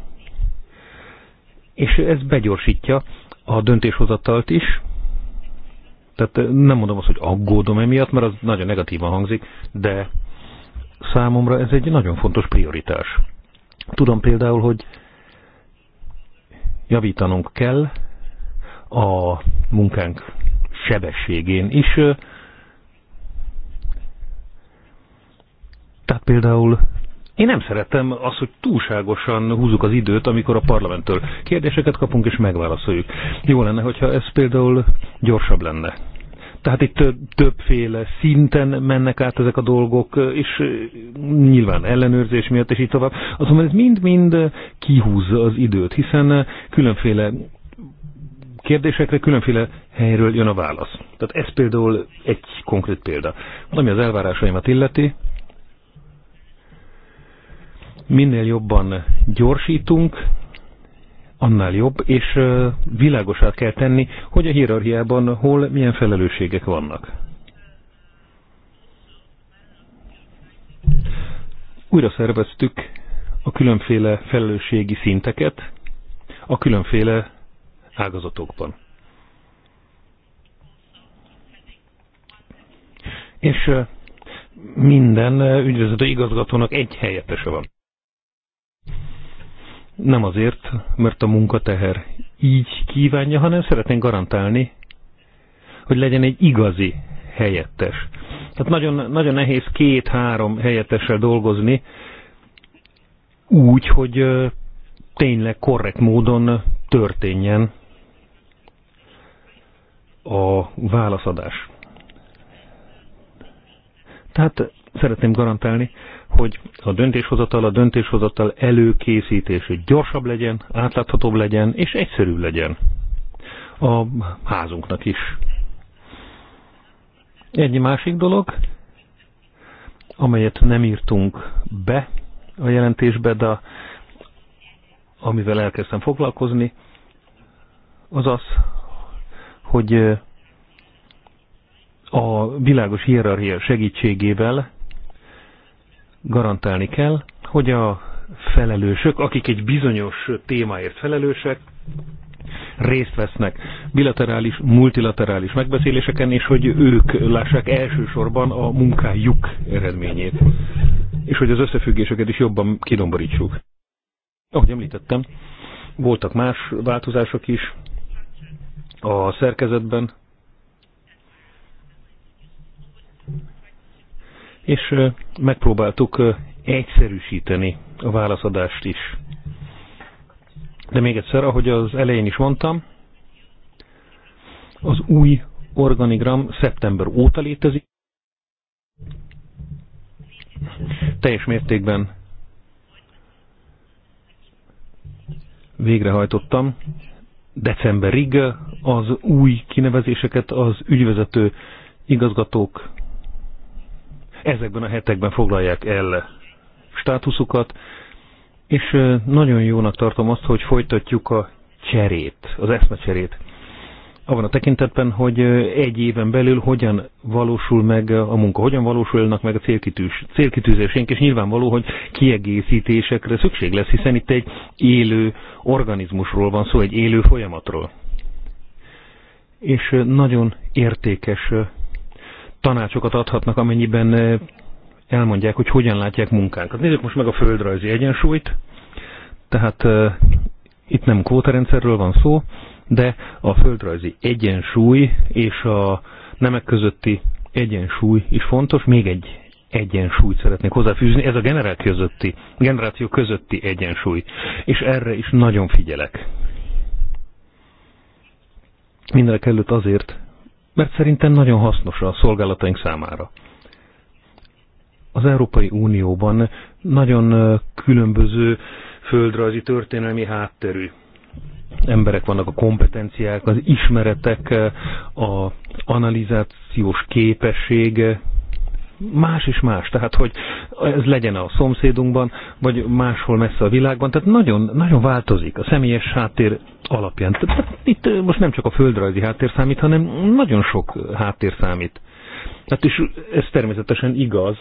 És ez begyorsítja a döntéshozatalt is. Tehát nem mondom azt, hogy aggódom emiatt, mert az nagyon negatívan hangzik, de számomra ez egy nagyon fontos prioritás. Tudom például, hogy javítanunk kell a munkánk sebességén is, Tehát például én nem szeretem azt, hogy túlságosan húzuk az időt, amikor a parlamenttől kérdéseket kapunk és megválaszoljuk. Jó lenne, hogyha ez például gyorsabb lenne. Tehát itt több, többféle szinten mennek át ezek a dolgok, és nyilván ellenőrzés miatt, és így tovább. Azonban ez mind-mind kihúzza az időt, hiszen különféle kérdésekre különféle helyről jön a válasz. Tehát ez például egy konkrét példa. Ami az elvárásaimat illeti, minél jobban gyorsítunk, annál jobb, és világosá kell tenni, hogy a hierarchiában hol milyen felelősségek vannak. Újra szerveztük a különféle felelősségi szinteket a különféle ágazatokban. És minden ügyvezető igazgatónak egy helyettese van. Nem azért, mert a munkateher így kívánja, hanem szeretnénk garantálni, hogy legyen egy igazi helyettes. Tehát nagyon, nagyon nehéz két-három helyettessel dolgozni, úgy, hogy tényleg korrekt módon történjen a válaszadás. Tehát szeretném garantálni, hogy a döntéshozatal a döntéshozatal előkészítés gyorsabb legyen, átláthatóbb legyen és egyszerűbb legyen a házunknak is. Egy másik dolog, amelyet nem írtunk be a jelentésbe, de amivel elkezdtem foglalkozni, az az, hogy a világos hierarchia segítségével garantálni kell, hogy a felelősök, akik egy bizonyos témáért felelősek, részt vesznek bilaterális, multilaterális megbeszéléseken, és hogy ők lássák elsősorban a munkájuk eredményét, és hogy az összefüggéseket is jobban kidomborítsuk. Ahogy említettem, voltak más változások is a szerkezetben, és megpróbáltuk egyszerűsíteni a válaszadást is. De még egyszer, ahogy az elején is mondtam, az új organigram szeptember óta létezik. Teljes mértékben végrehajtottam decemberig az új kinevezéseket az ügyvezető igazgatók ezekben a hetekben foglalják el státuszukat, és nagyon jónak tartom azt, hogy folytatjuk a cserét, az eszmecserét. Abban a tekintetben, hogy egy éven belül hogyan valósul meg a munka, hogyan valósulnak meg a célkitűz, célkitűzésénk, és nyilvánvaló, hogy kiegészítésekre szükség lesz, hiszen itt egy élő organizmusról van szó, egy élő folyamatról. És nagyon értékes tanácsokat adhatnak, amennyiben elmondják, hogy hogyan látják munkánkat. Nézzük most meg a földrajzi egyensúlyt. Tehát uh, itt nem kvótarendszerről van szó, de a földrajzi egyensúly és a nemek közötti egyensúly is fontos. Még egy egyensúlyt szeretnék hozzáfűzni, ez a generáció közötti, generáció közötti egyensúly. És erre is nagyon figyelek. Mindenek előtt azért, mert szerintem nagyon hasznos a szolgálataink számára. Az Európai Unióban nagyon különböző földrajzi történelmi hátterű emberek vannak, a kompetenciák, az ismeretek, a analizációs képesség más is más, tehát hogy ez legyen a szomszédunkban, vagy máshol messze a világban, tehát nagyon, nagyon változik a személyes háttér alapján. Tehát itt most nem csak a földrajzi háttér számít, hanem nagyon sok háttér számít. Hát és ez természetesen igaz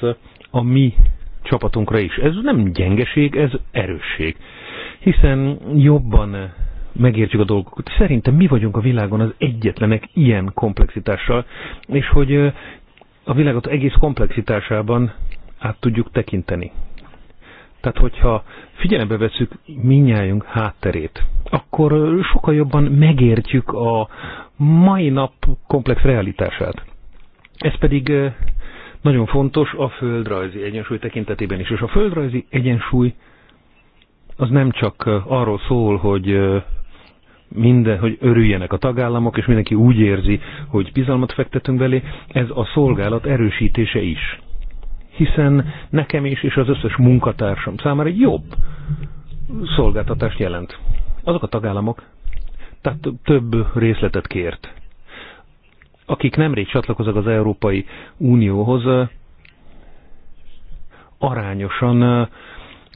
a mi csapatunkra is. Ez nem gyengeség, ez erősség. Hiszen jobban megértjük a dolgokat. Szerintem mi vagyunk a világon az egyetlenek ilyen komplexitással, és hogy a világot egész komplexitásában át tudjuk tekinteni. Tehát, hogyha figyelembe veszük minnyájunk hátterét, akkor sokkal jobban megértjük a mai nap komplex realitását. Ez pedig eh, nagyon fontos a földrajzi egyensúly tekintetében is. És a földrajzi egyensúly az nem csak eh, arról szól, hogy eh, minden, hogy örüljenek a tagállamok, és mindenki úgy érzi, hogy bizalmat fektetünk belé, ez a szolgálat erősítése is. Hiszen nekem is, és az összes munkatársam számára egy jobb szolgáltatást jelent. Azok a tagállamok, tehát több részletet kért. Akik nemrég csatlakoznak az Európai Unióhoz, arányosan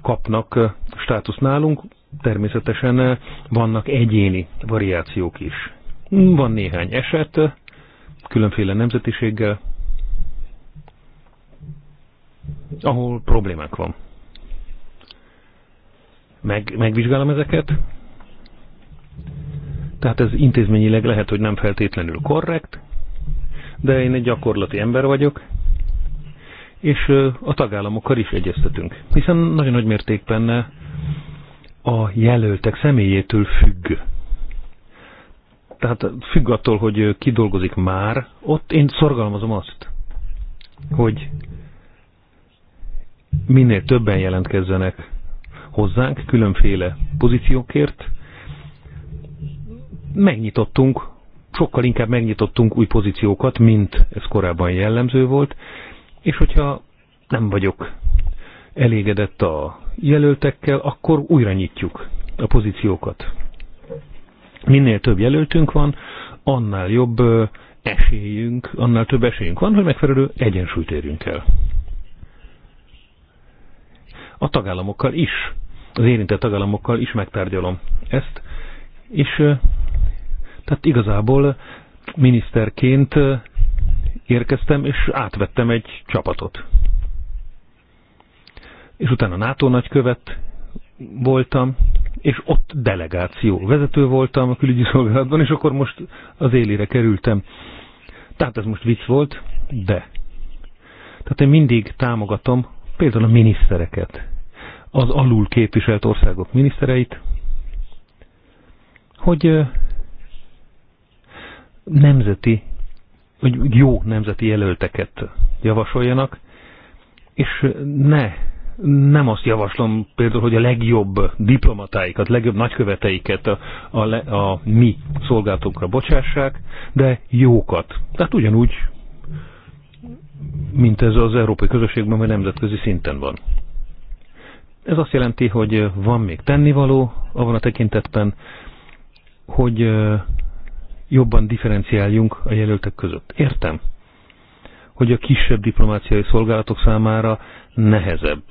kapnak státuszt nálunk, természetesen eh, vannak egyéni variációk is. Van néhány eset, eh, különféle nemzetiséggel, ahol problémák van. Meg, megvizsgálom ezeket. Tehát ez intézményileg lehet, hogy nem feltétlenül korrekt, de én egy gyakorlati ember vagyok, és eh, a tagállamokkal is egyeztetünk. Hiszen nagyon nagy mértékben a jelöltek személyétől függ. Tehát függ attól, hogy ki dolgozik már, ott én szorgalmazom azt, hogy minél többen jelentkezzenek hozzánk különféle pozíciókért. Megnyitottunk, sokkal inkább megnyitottunk új pozíciókat, mint ez korábban jellemző volt, és hogyha nem vagyok elégedett a jelöltekkel, akkor újra nyitjuk a pozíciókat. Minél több jelöltünk van, annál jobb esélyünk, annál több esélyünk van, hogy megfelelő egyensúlyt érjünk el. A tagállamokkal is, az érintett tagállamokkal is megtárgyalom ezt, és tehát igazából miniszterként érkeztem, és átvettem egy csapatot és utána NATO nagykövet voltam, és ott delegáció vezető voltam a külügyi szolgálatban, és akkor most az élére kerültem. Tehát ez most vicc volt, de. Tehát én mindig támogatom például a minisztereket, az alul képviselt országok minisztereit, hogy nemzeti, hogy jó nemzeti jelölteket javasoljanak, és ne nem azt javaslom például, hogy a legjobb diplomatáikat, legjobb nagyköveteiket a, a, le, a mi szolgálatunkra bocsássák, de jókat. Tehát ugyanúgy, mint ez az európai közösségben, vagy nemzetközi szinten van. Ez azt jelenti, hogy van még tennivaló abban a tekintetben, hogy jobban differenciáljunk a jelöltek között. Értem, hogy a kisebb diplomáciai szolgálatok számára nehezebb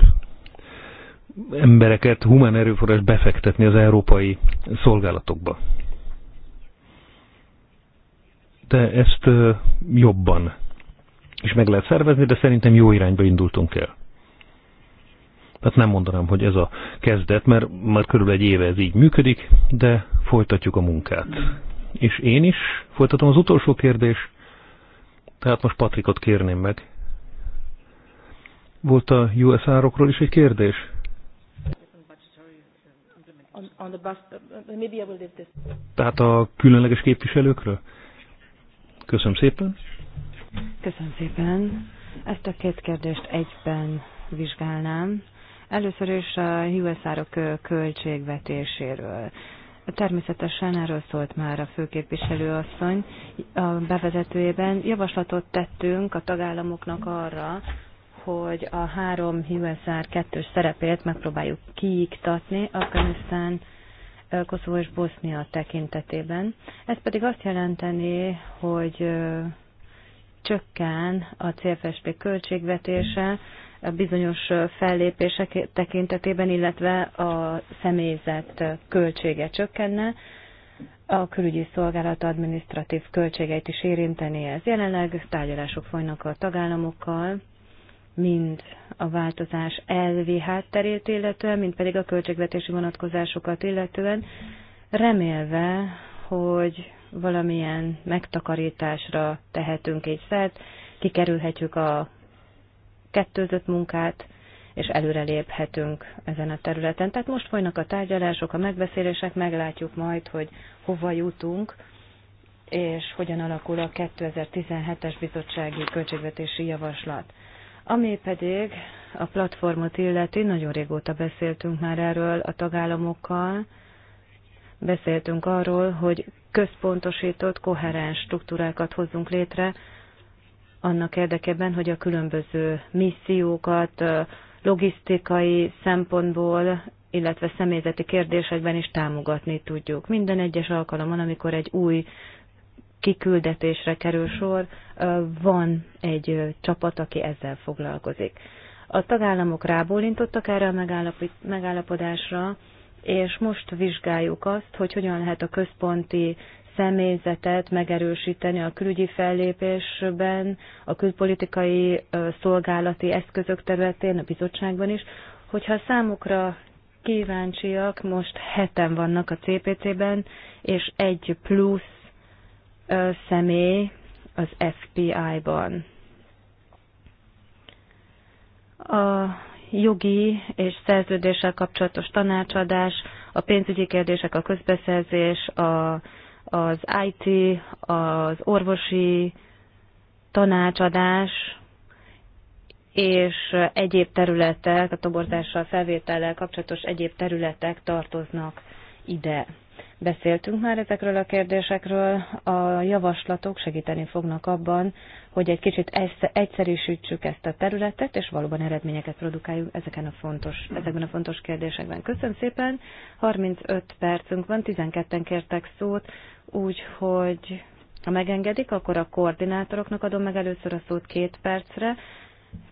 embereket, humán erőforrás befektetni az európai szolgálatokba. De ezt jobban is meg lehet szervezni, de szerintem jó irányba indultunk el. Tehát nem mondanám, hogy ez a kezdet, mert már körülbelül egy éve ez így működik, de folytatjuk a munkát. És én is folytatom az utolsó kérdés, tehát most Patrikot kérném meg, volt a US árokról is egy kérdés? Tehát a különleges képviselőkről? Köszönöm szépen. Köszönöm szépen. Ezt a két kérdést egyben vizsgálnám. Először is a USR-ok költségvetéséről. Természetesen erről szólt már a főképviselő asszony a bevezetőjében. Javaslatot tettünk a tagállamoknak arra, hogy a három USR kettős szerepét megpróbáljuk kiiktatni Afganisztán, Koszovó és Bosznia tekintetében. Ez pedig azt jelenteni, hogy csökken a CFSP költségvetése a bizonyos fellépések tekintetében, illetve a személyzet költsége csökkenne, a külügyi szolgálat adminisztratív költségeit is érinteni ez. Jelenleg tárgyalások folynak a tagállamokkal, mind a változás elvi hátterét illetően, mind pedig a költségvetési vonatkozásokat illetően, remélve, hogy valamilyen megtakarításra tehetünk egy szert, kikerülhetjük a kettőzött munkát, és előreléphetünk ezen a területen. Tehát most folynak a tárgyalások, a megbeszélések, meglátjuk majd, hogy hova jutunk, és hogyan alakul a 2017-es bizottsági költségvetési javaslat. Ami pedig a platformot illeti, nagyon régóta beszéltünk már erről a tagállamokkal, beszéltünk arról, hogy központosított, koherens struktúrákat hozzunk létre, annak érdekében, hogy a különböző missziókat logisztikai szempontból, illetve személyzeti kérdésekben is támogatni tudjuk. Minden egyes alkalommal, amikor egy új kiküldetésre kerül sor, van egy csapat, aki ezzel foglalkozik. A tagállamok rábólintottak erre a megállapodásra, és most vizsgáljuk azt, hogy hogyan lehet a központi személyzetet megerősíteni a külügyi fellépésben, a külpolitikai szolgálati eszközök területén, a bizottságban is. Hogyha számukra kíváncsiak, most heten vannak a CPC-ben, és egy plusz személy az FBI-ban. A jogi és szerződéssel kapcsolatos tanácsadás, a pénzügyi kérdések, a közbeszerzés, a, az IT, az orvosi tanácsadás és egyéb területek, a toborzással, felvétellel kapcsolatos egyéb területek tartoznak ide. Beszéltünk már ezekről a kérdésekről, a javaslatok segíteni fognak abban, hogy egy kicsit egyszerűsítsük ezt a területet, és valóban eredményeket produkáljuk ezeken a fontos, ezekben a fontos kérdésekben. Köszönöm szépen, 35 percünk van, 12-en kértek szót, úgyhogy ha megengedik, akkor a koordinátoroknak adom meg először a szót két percre,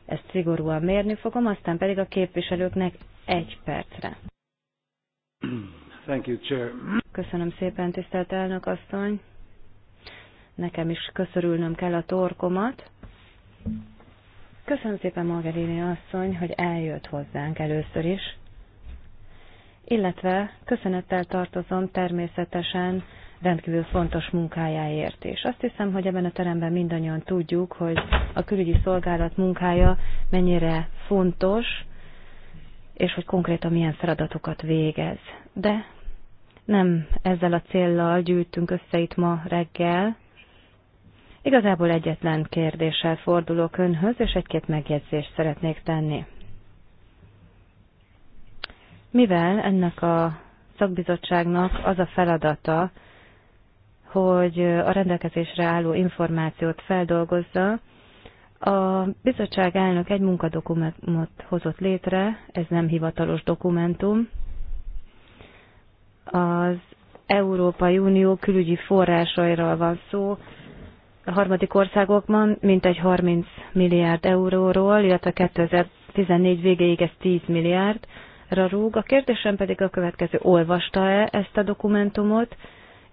ezt szigorúan mérni fogom, aztán pedig a képviselőknek egy percre. Thank you, Chair. Köszönöm szépen, tisztelt elnök asszony. Nekem is köszörülnöm kell a torkomat. Köszönöm szépen Margarini asszony, hogy eljött hozzánk először is. Illetve köszönettel tartozom természetesen rendkívül fontos munkájáért is. Azt hiszem, hogy ebben a teremben mindannyian tudjuk, hogy a külügyi szolgálat munkája mennyire fontos, és hogy konkrétan milyen feladatokat végez. De nem ezzel a céllal gyűjtünk össze itt ma reggel. Igazából egyetlen kérdéssel fordulok önhöz, és egy-két megjegyzést szeretnék tenni. Mivel ennek a szakbizottságnak az a feladata, hogy a rendelkezésre álló információt feldolgozza, a bizottság elnök egy munkadokumentumot hozott létre, ez nem hivatalos dokumentum, az Európai Unió külügyi forrásairól van szó, a harmadik országokban mintegy 30 milliárd euróról, illetve 2014 végéig ez 10 milliárdra rúg. A kérdésem pedig a következő, olvasta-e ezt a dokumentumot?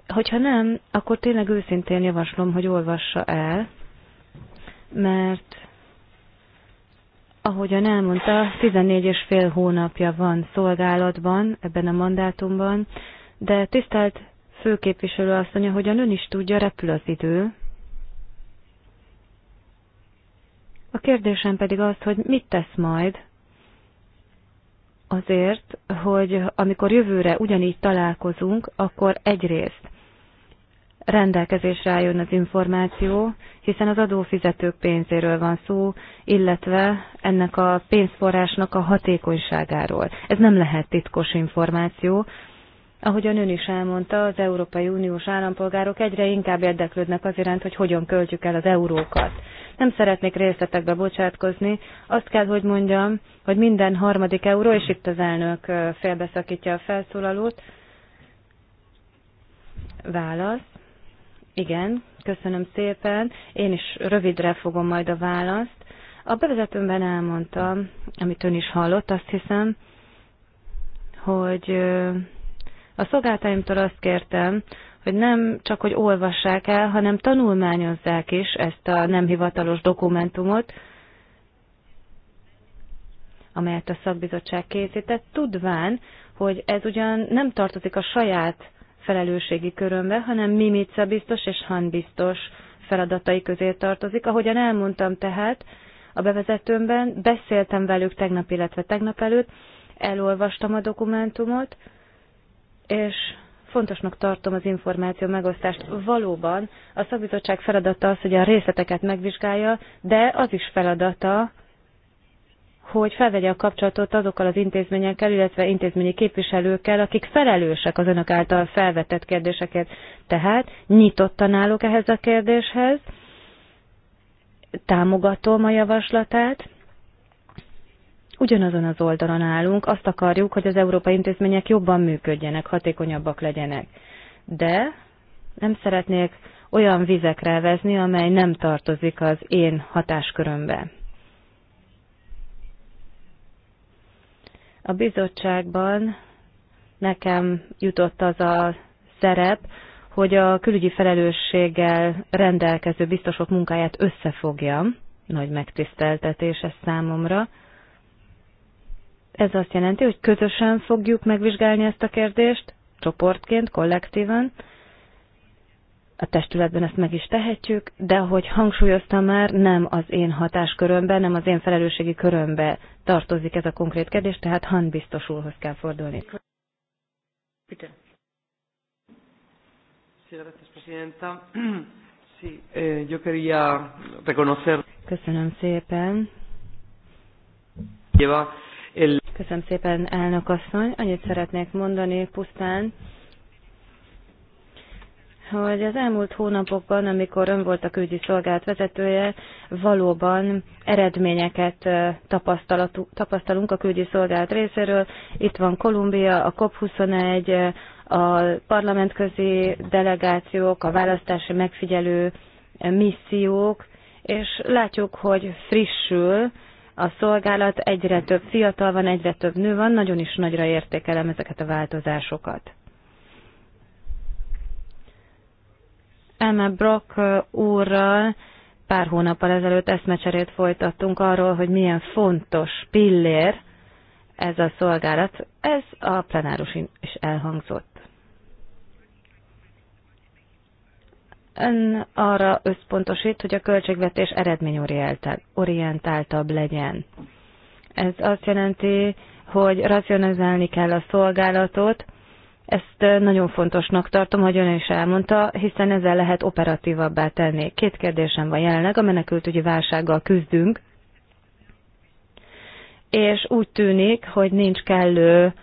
Hogyha nem, akkor tényleg őszintén javaslom, hogy olvassa el, mert Ahogyan elmondta, 14 és fél hónapja van szolgálatban ebben a mandátumban, de tisztelt főképviselő asszony, ahogyan ön is tudja, repül az idő. A kérdésem pedig az, hogy mit tesz majd azért, hogy amikor jövőre ugyanígy találkozunk, akkor egyrészt rendelkezésre álljon az információ, hiszen az adófizetők pénzéről van szó, illetve ennek a pénzforrásnak a hatékonyságáról. Ez nem lehet titkos információ. Ahogyan ön is elmondta, az Európai Uniós állampolgárok egyre inkább érdeklődnek az iránt, hogy hogyan költjük el az eurókat. Nem szeretnék részletekbe bocsátkozni. Azt kell, hogy mondjam, hogy minden harmadik euró, és itt az elnök félbeszakítja a felszólalót, válasz igen, köszönöm szépen. Én is rövidre fogom majd a választ. A bevezetőmben elmondtam, amit ön is hallott, azt hiszem, hogy a szolgáltáimtól azt kértem, hogy nem csak, hogy olvassák el, hanem tanulmányozzák is ezt a nem hivatalos dokumentumot, amelyet a szakbizottság készített, tudván, hogy ez ugyan nem tartozik a saját felelősségi körömbe, hanem Mimica biztos és Han biztos feladatai közé tartozik. Ahogyan elmondtam tehát a bevezetőmben, beszéltem velük tegnap, illetve tegnap előtt, elolvastam a dokumentumot, és fontosnak tartom az információ megosztást. Valóban a szakbizottság feladata az, hogy a részleteket megvizsgálja, de az is feladata, hogy felvegye a kapcsolatot azokkal az intézményekkel, illetve intézményi képviselőkkel, akik felelősek az önök által felvetett kérdéseket. Tehát nyitottan állok ehhez a kérdéshez, támogatom a javaslatát, ugyanazon az oldalon állunk, azt akarjuk, hogy az európai intézmények jobban működjenek, hatékonyabbak legyenek. De nem szeretnék olyan vizekre vezni, amely nem tartozik az én hatáskörömbe. A bizottságban nekem jutott az a szerep, hogy a külügyi felelősséggel rendelkező biztosok munkáját összefogjam. Nagy megtiszteltetés ez számomra. Ez azt jelenti, hogy közösen fogjuk megvizsgálni ezt a kérdést, csoportként, kollektíven, a testületben ezt meg is tehetjük, de ahogy hangsúlyoztam már, nem az én hatáskörömbe, nem az én felelősségi körömbe tartozik ez a konkrét kérdés, tehát Han biztos úrhoz kell fordulni. Eh, Köszönöm szépen. Köszönöm szépen, elnök asszony. Annyit szeretnék mondani pusztán, hogy az elmúlt hónapokban, amikor ön volt a külügyi szolgált vezetője, valóban eredményeket tapasztalunk a külügyi szolgált részéről. Itt van Kolumbia, a COP21, a parlamentközi delegációk, a választási megfigyelő missziók, és látjuk, hogy frissül a szolgálat, egyre több fiatal van, egyre több nő van, nagyon is nagyra értékelem ezeket a változásokat. Elme Brock úrral pár hónappal ezelőtt eszmecserét folytattunk arról, hogy milyen fontos pillér ez a szolgálat. Ez a plenáros is elhangzott. Ön arra összpontosít, hogy a költségvetés eredményorientáltabb legyen. Ez azt jelenti, hogy racionalizálni kell a szolgálatot, ezt nagyon fontosnak tartom, hogy ön is elmondta, hiszen ezzel lehet operatívabbá tenni. Két kérdésem van jelenleg, a menekültügyi válsággal küzdünk, és úgy tűnik, hogy nincs kellő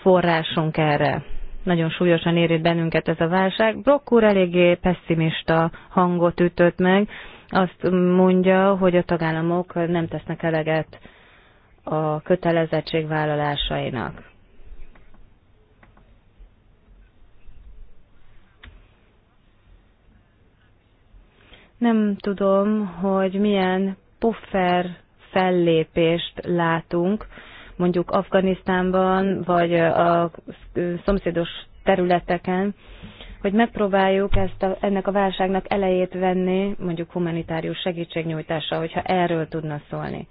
forrásunk erre. Nagyon súlyosan érít bennünket ez a válság. Brock úr eléggé pessimista hangot ütött meg. Azt mondja, hogy a tagállamok nem tesznek eleget a kötelezettségvállalásainak. Nem tudom, hogy milyen puffer fellépést látunk, mondjuk Afganisztánban, vagy a szomszédos területeken, hogy megpróbáljuk ezt a, ennek a válságnak elejét venni, mondjuk humanitárius segítségnyújtással, hogyha erről tudna szólni.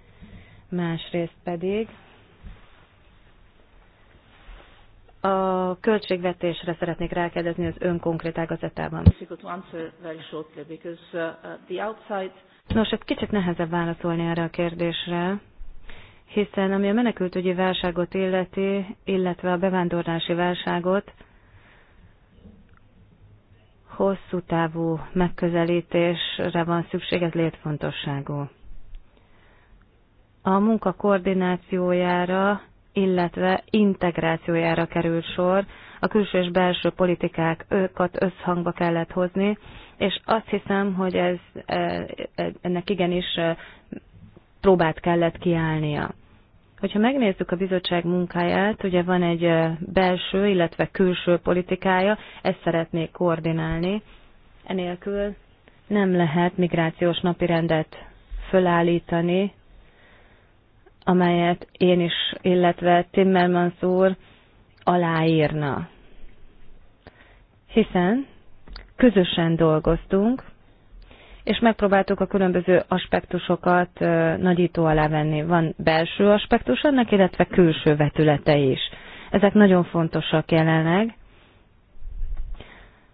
Másrészt pedig a költségvetésre szeretnék rákérdezni az ön konkrét ágazatában. Uh, Nos, egy hát kicsit nehezebb válaszolni erre a kérdésre, hiszen ami a menekültügyi válságot illeti, illetve a bevándorlási válságot, hosszú távú megközelítésre van szükség, ez létfontosságú. A munka koordinációjára illetve integrációjára került sor. A külső és belső politikák összhangba kellett hozni, és azt hiszem, hogy ez, e, e, ennek igenis e, próbát kellett kiállnia. Hogyha megnézzük a bizottság munkáját, ugye van egy belső, illetve külső politikája, ezt szeretnék koordinálni. Enélkül nem lehet migrációs napirendet fölállítani, amelyet én is, illetve Timmermans úr aláírna. Hiszen közösen dolgoztunk, és megpróbáltuk a különböző aspektusokat nagyító alá venni. Van belső aspektus annak, illetve külső vetülete is. Ezek nagyon fontosak jelenleg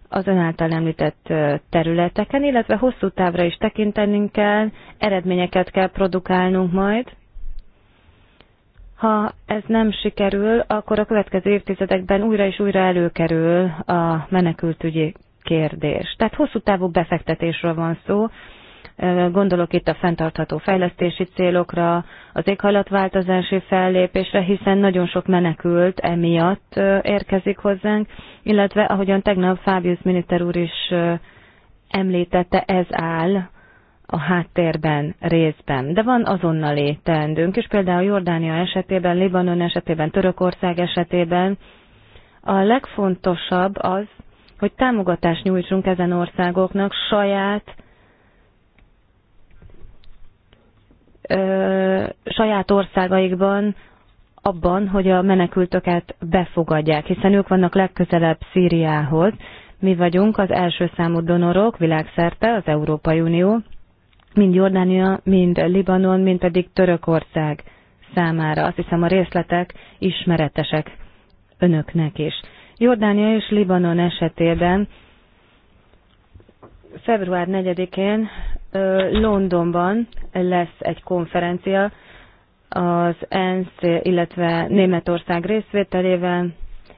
az ön által említett területeken, illetve hosszú távra is tekintenünk kell, eredményeket kell produkálnunk majd, ha ez nem sikerül, akkor a következő évtizedekben újra és újra előkerül a menekültügyi kérdés. Tehát hosszú távú befektetésről van szó, Gondolok itt a fenntartható fejlesztési célokra, az éghajlatváltozási fellépésre, hiszen nagyon sok menekült emiatt érkezik hozzánk, illetve ahogyan tegnap Fábius miniszter úr is említette, ez áll a háttérben, részben, de van azonnal teendőnk, és például Jordánia esetében, Libanon esetében, Törökország esetében a legfontosabb az, hogy támogatást nyújtsunk ezen országoknak saját ö, saját országaikban abban, hogy a menekültöket befogadják, hiszen ők vannak legközelebb Szíriához. Mi vagyunk az első számú donorok világszerte, az Európai Unió, mind Jordánia, mind Libanon, mind pedig Törökország számára. Azt hiszem a részletek ismeretesek önöknek is. Jordánia és Libanon esetében február 4-én Londonban lesz egy konferencia az ENSZ, illetve Németország részvételével.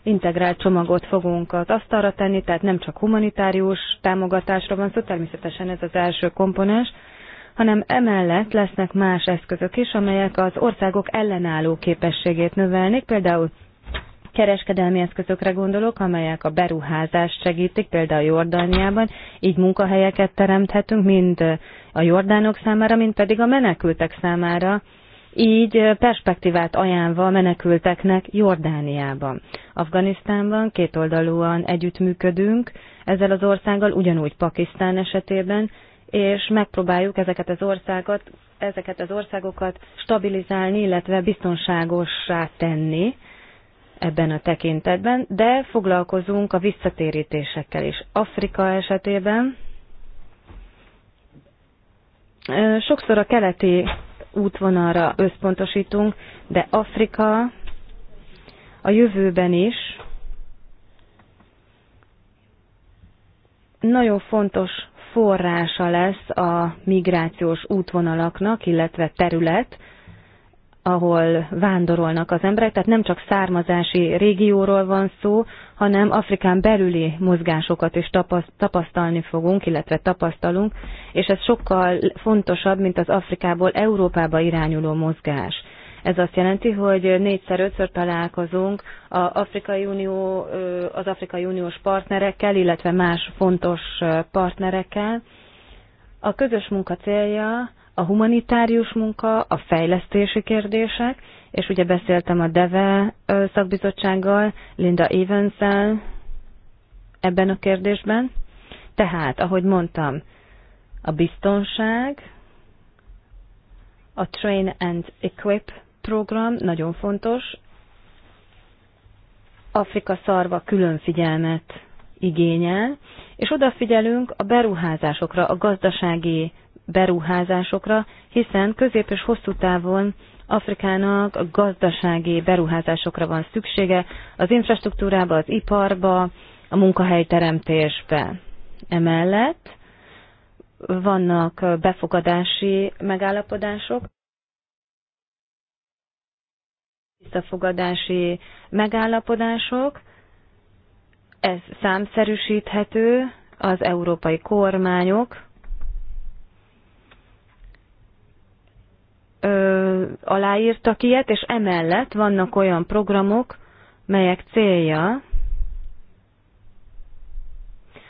Integrált csomagot fogunk az asztalra tenni, tehát nem csak humanitárius támogatásra van szó, természetesen ez az első komponens, hanem emellett lesznek más eszközök is, amelyek az országok ellenálló képességét növelnék, például kereskedelmi eszközökre gondolok, amelyek a beruházást segítik, például Jordániában, így munkahelyeket teremthetünk mind a jordánok számára, mind pedig a menekültek számára, így perspektívát ajánlva a menekülteknek Jordániában. Afganisztánban kétoldalúan együttműködünk ezzel az országgal, ugyanúgy Pakisztán esetében, és megpróbáljuk ezeket az országot, ezeket az országokat stabilizálni, illetve biztonságosá tenni ebben a tekintetben, de foglalkozunk a visszatérítésekkel is. Afrika esetében sokszor a keleti útvonalra összpontosítunk, de Afrika a jövőben is nagyon fontos forrása lesz a migrációs útvonalaknak, illetve terület, ahol vándorolnak az emberek, tehát nem csak származási régióról van szó, hanem Afrikán belüli mozgásokat is tapasztalni fogunk, illetve tapasztalunk, és ez sokkal fontosabb, mint az Afrikából Európába irányuló mozgás. Ez azt jelenti, hogy négyszer-ötször találkozunk az Afrikai, Unió, az Afrikai Uniós partnerekkel, illetve más fontos partnerekkel. A közös munka célja a humanitárius munka, a fejlesztési kérdések, és ugye beszéltem a DEVE szakbizottsággal, Linda evans ebben a kérdésben. Tehát, ahogy mondtam, a biztonság, a train and equip program nagyon fontos. Afrika szarva külön figyelmet igényel, és odafigyelünk a beruházásokra, a gazdasági beruházásokra, hiszen közép és hosszú távon Afrikának a gazdasági beruházásokra van szüksége, az infrastruktúrába, az iparba, a munkahelyteremtésbe. Emellett vannak befogadási megállapodások, visszafogadási megállapodások. Ez számszerűsíthető, az európai kormányok ö, aláírtak ilyet, és emellett vannak olyan programok, melyek célja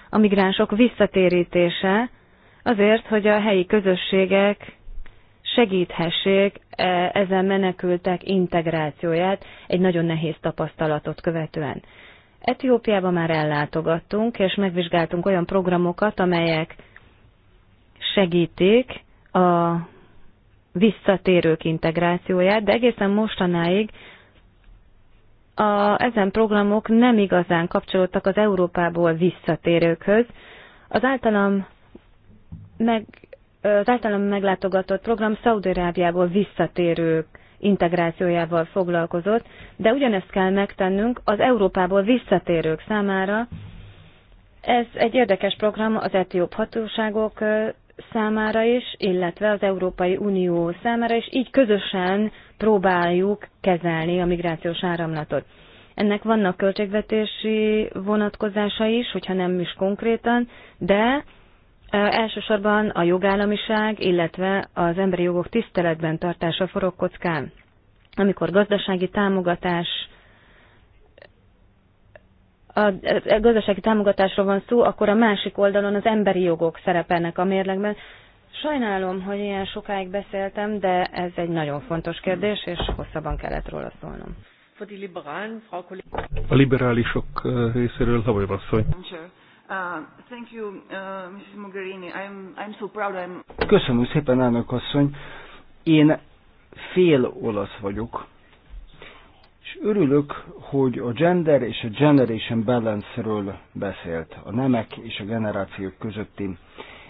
a migránsok visszatérítése azért, hogy a helyi közösségek segíthessék e, ezen menekültek integrációját egy nagyon nehéz tapasztalatot követően. Etiópiába már ellátogattunk, és megvizsgáltunk olyan programokat, amelyek segítik a visszatérők integrációját, de egészen mostanáig a, ezen programok nem igazán kapcsolódtak az Európából visszatérőkhöz. Az általam meg az általam meglátogatott program Szaudarábiából visszatérők integrációjával foglalkozott, de ugyanezt kell megtennünk az Európából visszatérők számára. Ez egy érdekes program az etióp hatóságok számára is, illetve az Európai Unió számára is, így közösen próbáljuk kezelni a migrációs áramlatot. Ennek vannak költségvetési vonatkozása is, hogyha nem is konkrétan, de Elsősorban a jogállamiság, illetve az emberi jogok tiszteletben tartása forog kockán. Amikor gazdasági támogatás a gazdasági támogatásról van szó, akkor a másik oldalon az emberi jogok szerepelnek a mérlegben. Sajnálom, hogy ilyen sokáig beszéltem, de ez egy nagyon fontos kérdés, és hosszabban kellett róla szólnom. A liberálisok részéről Havajvasszony. Uh, uh, Köszönöm szépen, elnök asszony. Én fél olasz vagyok, és örülök, hogy a gender és a generation balance-ről beszélt, a nemek és a generációk közötti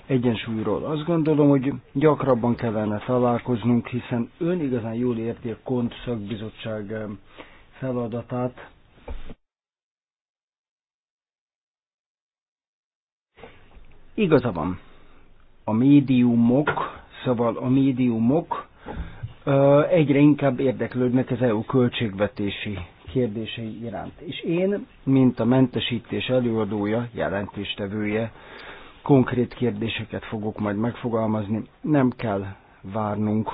egyensúlyról. Azt gondolom, hogy gyakrabban kellene találkoznunk, hiszen ön igazán jól érti a KONT szakbizottság um, feladatát, Igaza van, a médiumok, szóval a médiumok egyre inkább érdeklődnek az EU költségvetési kérdései iránt. És én, mint a mentesítés előadója, jelentéstevője, konkrét kérdéseket fogok majd megfogalmazni. Nem kell várnunk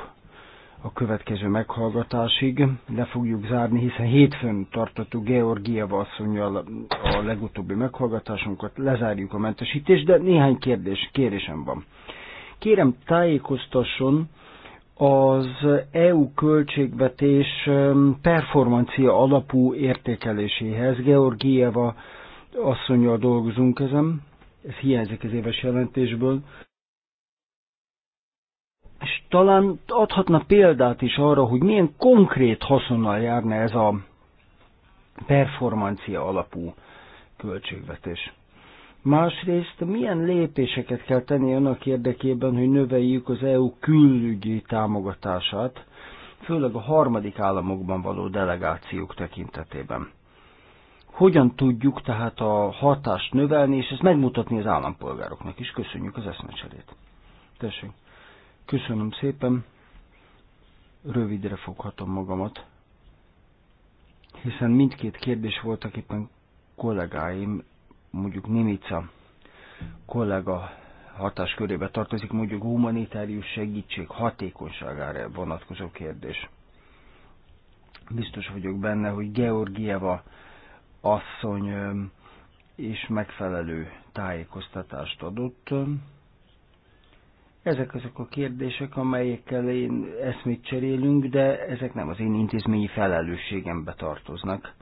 a következő meghallgatásig. Le fogjuk zárni, hiszen hétfőn tartottuk Georgia asszonyjal a legutóbbi meghallgatásunkat, lezárjuk a mentesítést, de néhány kérdés, kérésem van. Kérem tájékoztasson az EU költségvetés um, performancia alapú értékeléséhez. Georgieva asszonyjal dolgozunk ezen, ez hiányzik az éves jelentésből és talán adhatna példát is arra, hogy milyen konkrét haszonnal járna ez a performancia alapú költségvetés. Másrészt milyen lépéseket kell tenni annak érdekében, hogy növeljük az EU külügyi támogatását, főleg a harmadik államokban való delegációk tekintetében. Hogyan tudjuk tehát a hatást növelni, és ezt megmutatni az állampolgároknak is? Köszönjük az eszmecserét. Tessék! Köszönöm szépen, rövidre foghatom magamat, hiszen mindkét kérdés voltak éppen kollégáim, mondjuk Nimica kollega hatáskörébe tartozik, mondjuk humanitárius segítség hatékonyságára vonatkozó kérdés. Biztos vagyok benne, hogy Georgieva asszony és megfelelő tájékoztatást adott. Ezek azok a kérdések, amelyekkel én eszmét cserélünk, de ezek nem az én intézményi felelősségembe tartoznak.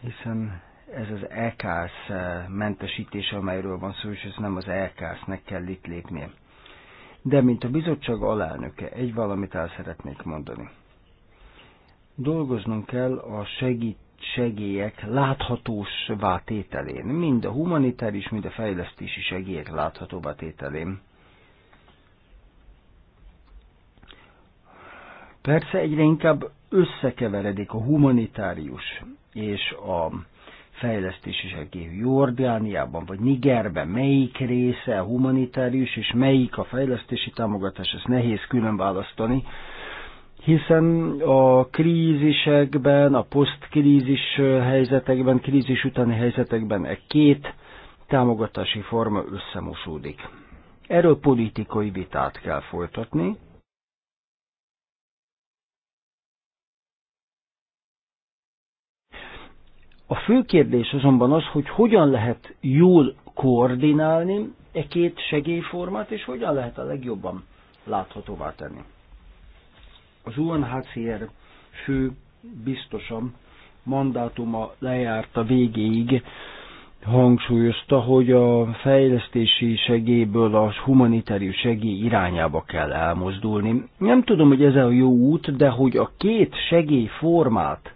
Hiszen ez az EKSZ mentesítése, amelyről van szó, és ez nem az EKSZ-nek kell itt lépnie. De mint a bizottság alelnöke, egy valamit el szeretnék mondani. Dolgoznunk kell a segít segélyek láthatósvá tételén, mind a humanitáris, mind a fejlesztési segélyek láthatóvá tételén. Persze egyre inkább összekeveredik a humanitárius és a fejlesztési segély Jordániában vagy Nigerben, melyik része a humanitárius és melyik a fejlesztési támogatás, ezt nehéz külön választani, hiszen a krízisekben, a posztkrízis helyzetekben, krízis utáni helyzetekben e két támogatási forma összemosódik. Erről politikai vitát kell folytatni, A fő kérdés azonban az, hogy hogyan lehet jól koordinálni e két segélyformát, és hogyan lehet a legjobban láthatóvá tenni. Az UNHCR fő biztosan mandátuma lejárt a végéig, hangsúlyozta, hogy a fejlesztési segélyből a humanitárius segély irányába kell elmozdulni. Nem tudom, hogy ez a jó út, de hogy a két segélyformát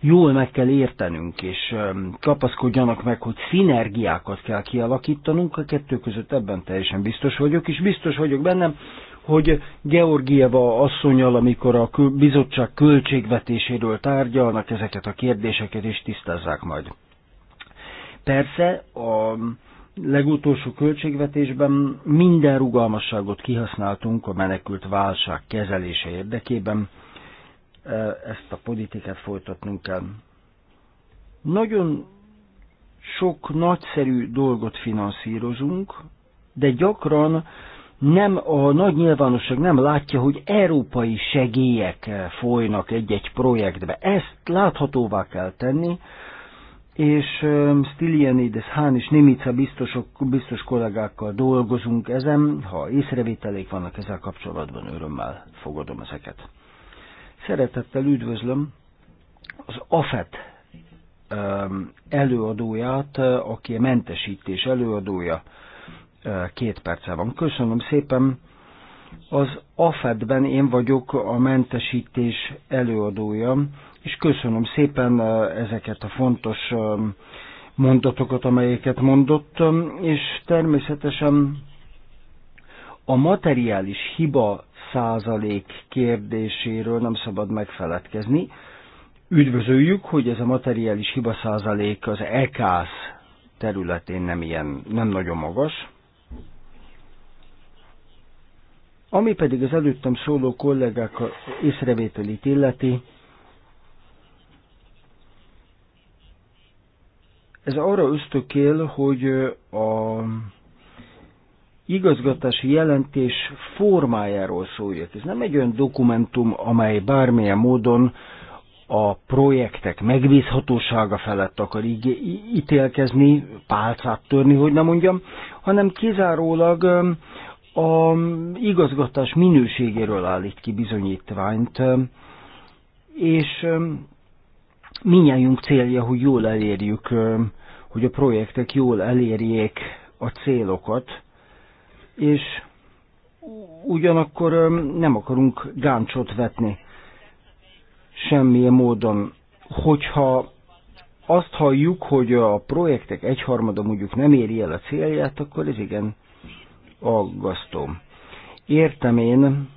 jól meg kell értenünk, és kapaszkodjanak meg, hogy szinergiákat kell kialakítanunk a kettő között, ebben teljesen biztos vagyok, és biztos vagyok bennem, hogy Georgieva asszonyal, amikor a bizottság költségvetéséről tárgyalnak, ezeket a kérdéseket is tisztázzák majd. Persze a legutolsó költségvetésben minden rugalmasságot kihasználtunk a menekült válság kezelése érdekében. E, ezt a politikát folytatnunk kell. Nagyon sok nagyszerű dolgot finanszírozunk, de gyakran nem a nagy nyilvánosság nem látja, hogy európai segélyek eh, folynak egy-egy projektbe. Ezt láthatóvá kell tenni, és eh, de Hán és Nimica biztosok, biztos kollégákkal dolgozunk ezen. Ha észrevételék vannak ezzel kapcsolatban, örömmel fogadom ezeket. Szeretettel üdvözlöm az AFET eh, előadóját, aki a mentesítés előadója, két perce van. Köszönöm szépen. Az AFED-ben én vagyok a mentesítés előadója, és köszönöm szépen ezeket a fontos mondatokat, amelyeket mondott, és természetesen a materiális hiba százalék kérdéséről nem szabad megfeledkezni. Üdvözöljük, hogy ez a materiális hiba százalék az EKSZ területén nem ilyen, nem nagyon magas, Ami pedig az előttem szóló kollégák észrevételét illeti, ez arra ösztökél, hogy a igazgatási jelentés formájáról szóljak. Ez nem egy olyan dokumentum, amely bármilyen módon a projektek megbízhatósága felett akar ítélkezni, pálcát törni, hogy nem mondjam, hanem kizárólag a igazgatás minőségéről állít ki bizonyítványt, és minnyájunk célja, hogy jól elérjük, hogy a projektek jól elérjék a célokat, és ugyanakkor nem akarunk gáncsot vetni semmilyen módon. Hogyha azt halljuk, hogy a projektek egyharmada mondjuk nem éri el a célját, akkor ez igen aggasztó. Értem én,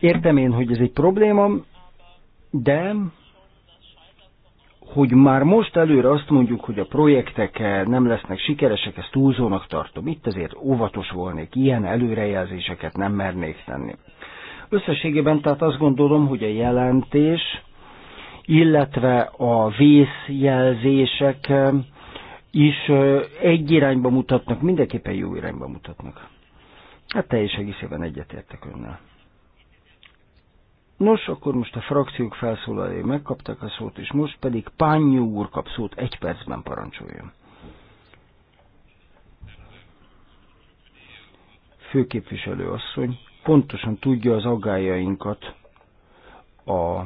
Értem én, hogy ez egy probléma, de hogy már most előre azt mondjuk, hogy a projektek nem lesznek sikeresek, ezt túlzónak tartom. Itt azért óvatos volnék, ilyen előrejelzéseket nem mernék tenni. Összességében tehát azt gondolom, hogy a jelentés illetve a vészjelzések ehm, is egy irányba mutatnak, mindenképpen jó irányba mutatnak. Hát teljes egészében egyetértek önnel. Nos, akkor most a frakciók felszólalói megkaptak a szót, és most pedig Pányú úr kap szót, egy percben parancsoljon. Főképviselő asszony pontosan tudja az aggájainkat a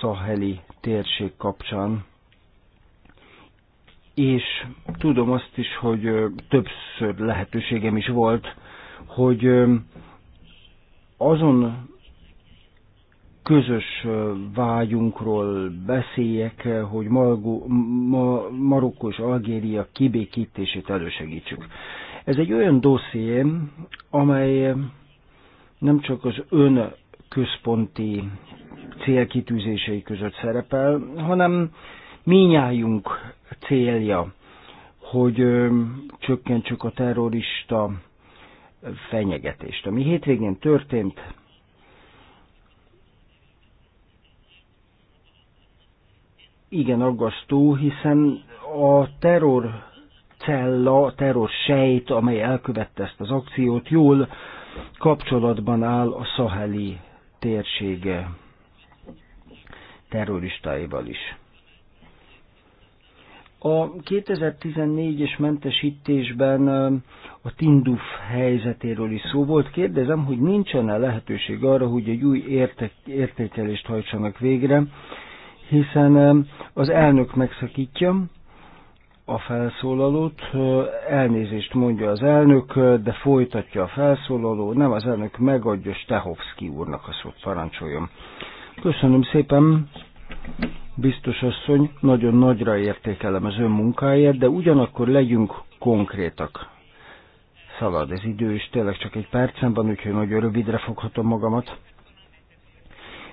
szaheli térség kapcsán, és tudom azt is, hogy többször lehetőségem is volt, hogy azon közös vágyunkról beszéljek, hogy Margo, ma, Marokko és Algéria kibékítését elősegítsük. Ez egy olyan dosszié, amely nem csak az ön központi célkitűzései között szerepel, hanem minnyájunk célja, hogy csökkentsük a terrorista fenyegetést. Ami hétvégén történt, igen aggasztó, hiszen a terror cella, a terror sejt, amely elkövette ezt az akciót, jól kapcsolatban áll a szaheli térség terroristáival is. A 2014-es mentesítésben a Tinduf helyzetéről is szó volt. Kérdezem, hogy nincsen-e lehetőség arra, hogy egy új érte- értékelést hajtsanak végre, hiszen az elnök megszakítja, a felszólalót, elnézést mondja az elnök, de folytatja a felszólaló, nem az elnök megadja Stehovski úrnak a szót, parancsoljon. Köszönöm szépen, biztos asszony, nagyon nagyra értékelem az ön munkáját, de ugyanakkor legyünk konkrétak. Szalad Ez idő, és tényleg csak egy percem van, úgyhogy nagyon rövidre foghatom magamat.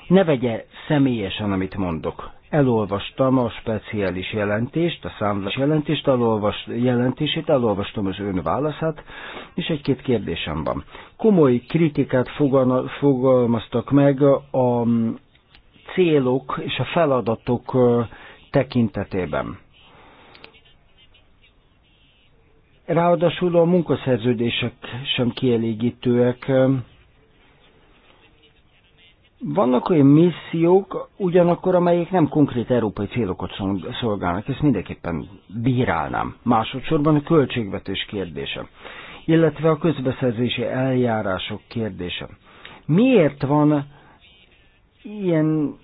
Ne vegye személyesen, amit mondok elolvastam a speciális jelentést, a számlás jelentést, elolvas, jelentését, elolvastam az ön válaszát, és egy-két kérdésem van. Komoly kritikát fogalmaztak meg a célok és a feladatok tekintetében. Ráadásul a munkaszerződések sem kielégítőek, vannak olyan missziók, ugyanakkor, amelyek nem konkrét európai célokat szolgálnak, ezt mindenképpen bírálnám. Másodszorban a költségvetés kérdése, illetve a közbeszerzési eljárások kérdése. Miért van ilyen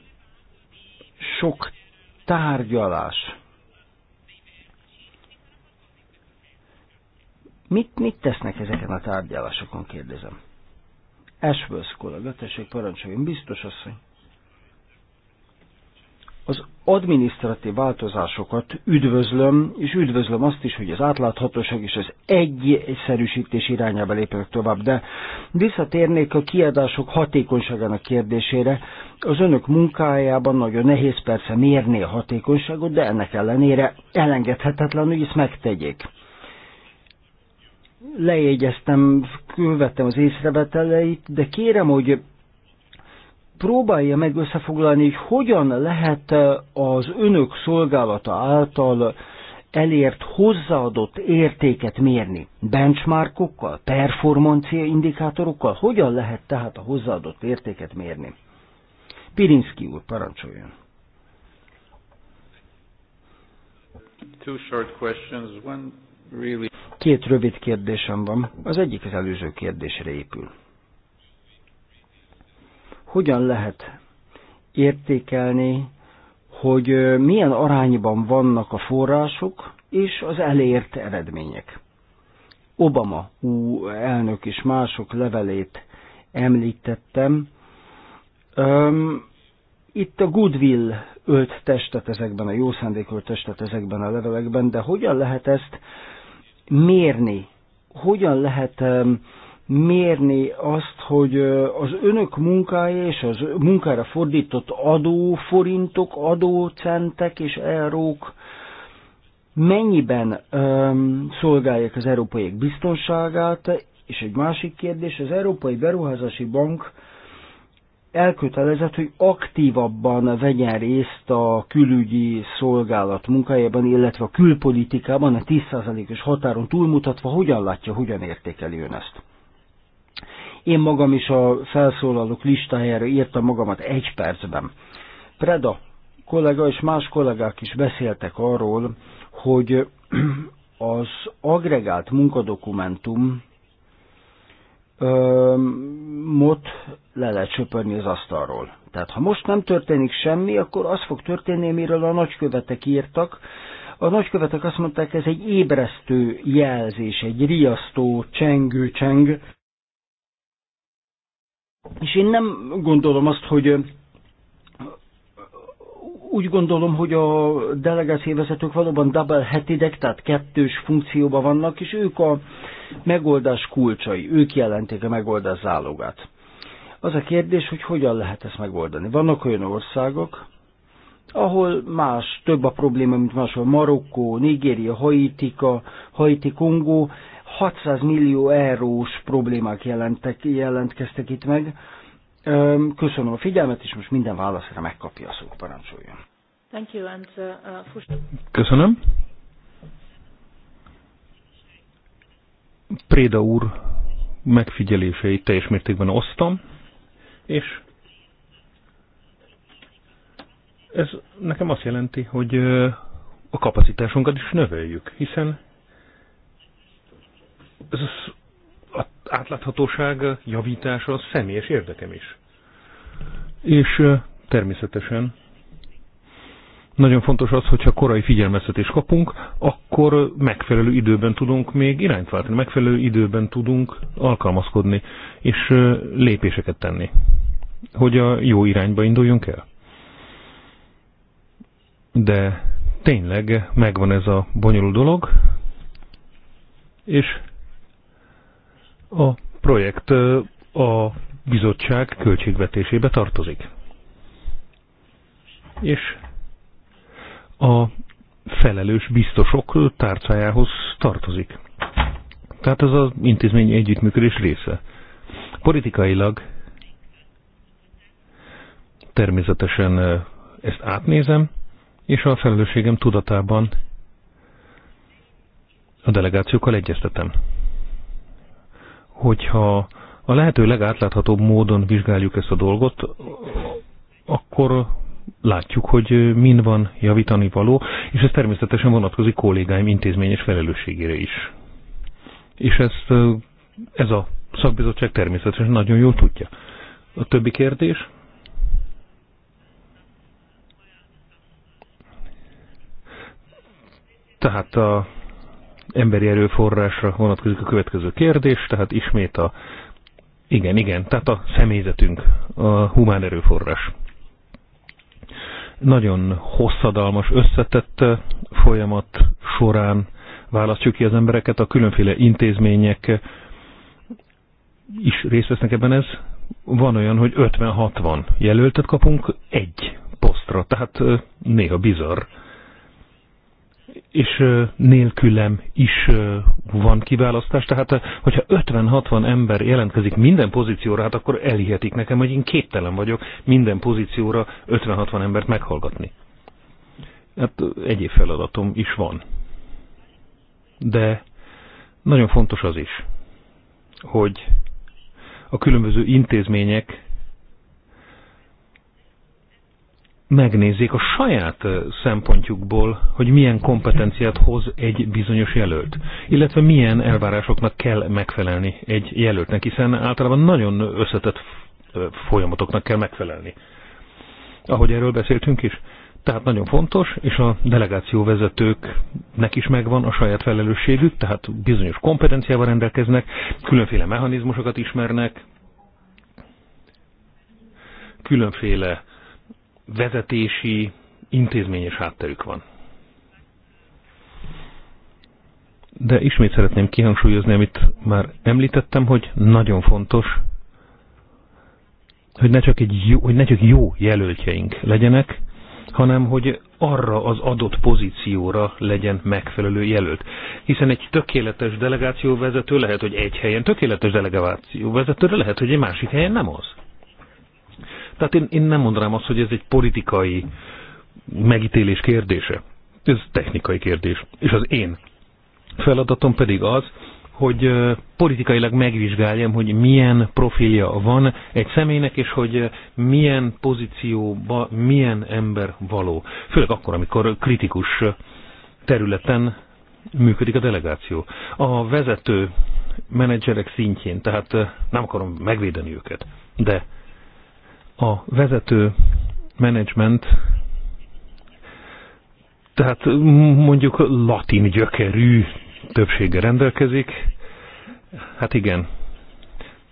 sok tárgyalás? Mit, mit tesznek ezeken a tárgyalásokon, kérdezem. Ashworth kollega, tessék parancsoljon, biztos asszony. Az adminisztratív változásokat üdvözlöm, és üdvözlöm azt is, hogy az átláthatóság és az egyszerűsítés irányába lépek tovább, de visszatérnék a kiadások hatékonyságának kérdésére. Az önök munkájában nagyon nehéz persze mérni a hatékonyságot, de ennek ellenére elengedhetetlen, hogy ezt megtegyék lejegyeztem, követtem az észreveteleit, de kérem, hogy próbálja meg összefoglalni, hogy hogyan lehet az önök szolgálata által elért hozzáadott értéket mérni. Benchmarkokkal, performancia indikátorokkal, hogyan lehet tehát a hozzáadott értéket mérni? Pirinszki úr, parancsoljon. Two short questions. One Két rövid kérdésem van. Az egyik az előző kérdésre épül. Hogyan lehet értékelni, hogy milyen arányban vannak a források és az elért eredmények? Obama ú, elnök és mások levelét említettem. Öm, itt a goodwill ölt testet ezekben, a jó szándék ölt testet ezekben a levelekben, de hogyan lehet ezt mérni? Hogyan lehet mérni azt, hogy az önök munkája és az munkára fordított adóforintok, adócentek és eurók mennyiben szolgálják az európaiak biztonságát, és egy másik kérdés, az Európai Beruházási Bank elkötelezett, hogy aktívabban vegyen részt a külügyi szolgálat munkájában, illetve a külpolitikában, a 10%-os határon túlmutatva, hogyan látja, hogyan értékeli ön ezt. Én magam is a felszólalók listájára írtam magamat egy percben. Preda kollega és más kollégák is beszéltek arról, hogy az agregált munkadokumentum mot le lehet söpörni az asztalról. Tehát ha most nem történik semmi, akkor az fog történni, amiről a nagykövetek írtak. A nagykövetek azt mondták, ez egy ébresztő jelzés, egy riasztó, csengő cseng. És én nem gondolom azt, hogy úgy gondolom, hogy a delegációvezetők valóban double hetidek, tehát kettős funkcióban vannak, és ők a megoldás kulcsai, ők jelentik a megoldás zálogát. Az a kérdés, hogy hogyan lehet ezt megoldani. Vannak olyan országok, ahol más, több a probléma, mint máshol. Marokkó, Nigéria, Haitika, Haiti, Kongó, 600 millió eurós problémák jelentek, jelentkeztek itt meg. Köszönöm a figyelmet, és most minden válaszra megkapja a szót, parancsoljon. Thank you and, uh, uh Köszönöm. Préda úr megfigyeléseit teljes mértékben osztam. És ez nekem azt jelenti, hogy a kapacitásunkat is növeljük, hiszen ez az átláthatóság javítása a személyes érdekem is. És természetesen nagyon fontos az, hogyha korai figyelmeztetést kapunk, akkor megfelelő időben tudunk még irányt váltani, megfelelő időben tudunk alkalmazkodni, és lépéseket tenni, hogy a jó irányba induljunk el. De tényleg megvan ez a bonyolult dolog, és a projekt a bizottság költségvetésébe tartozik. És a felelős biztosok tárcájához tartozik. Tehát ez az intézmény együttműködés része. Politikailag természetesen ezt átnézem, és a felelősségem tudatában a delegációkkal egyeztetem. Hogyha a lehető legátláthatóbb módon vizsgáljuk ezt a dolgot, akkor látjuk, hogy mind van javítani való, és ez természetesen vonatkozik kollégáim intézményes felelősségére is. És ezt, ez a szakbizottság természetesen nagyon jól tudja. A többi kérdés? Tehát a emberi erőforrásra vonatkozik a következő kérdés, tehát ismét a igen, igen, tehát a személyzetünk, a humán erőforrás nagyon hosszadalmas, összetett folyamat során választjuk ki az embereket, a különféle intézmények is részt vesznek ebben ez. Van olyan, hogy 50-60 jelöltet kapunk egy posztra, tehát néha bizarr és nélkülem is van kiválasztás, tehát hogyha 50-60 ember jelentkezik minden pozícióra, hát akkor elhihetik nekem, hogy én képtelen vagyok minden pozícióra 50-60 embert meghallgatni. Hát egyéb feladatom is van. De nagyon fontos az is, hogy a különböző intézmények megnézzék a saját szempontjukból, hogy milyen kompetenciát hoz egy bizonyos jelölt, illetve milyen elvárásoknak kell megfelelni egy jelöltnek, hiszen általában nagyon összetett folyamatoknak kell megfelelni. Ahogy erről beszéltünk is. Tehát nagyon fontos, és a delegáció vezetőknek is megvan a saját felelősségük, tehát bizonyos kompetenciával rendelkeznek, különféle mechanizmusokat ismernek, különféle vezetési, intézményes hátterük van. De ismét szeretném kihangsúlyozni, amit már említettem, hogy nagyon fontos, hogy ne csak, egy jó, hogy ne csak jó jelöltjeink legyenek, hanem hogy arra az adott pozícióra legyen megfelelő jelölt. Hiszen egy tökéletes delegációvezető lehet, hogy egy helyen tökéletes delegációvezetőre de lehet, hogy egy másik helyen nem az. Tehát én, én nem mondanám azt, hogy ez egy politikai megítélés kérdése. Ez technikai kérdés. És az én feladatom pedig az, hogy politikailag megvizsgáljam, hogy milyen profilja van egy személynek, és hogy milyen pozícióba milyen ember való. Főleg akkor, amikor kritikus területen működik a delegáció. A vezető menedzserek szintjén, tehát nem akarom megvédeni őket, de a vezető menedzsment, tehát mondjuk latin gyökerű többsége rendelkezik, hát igen,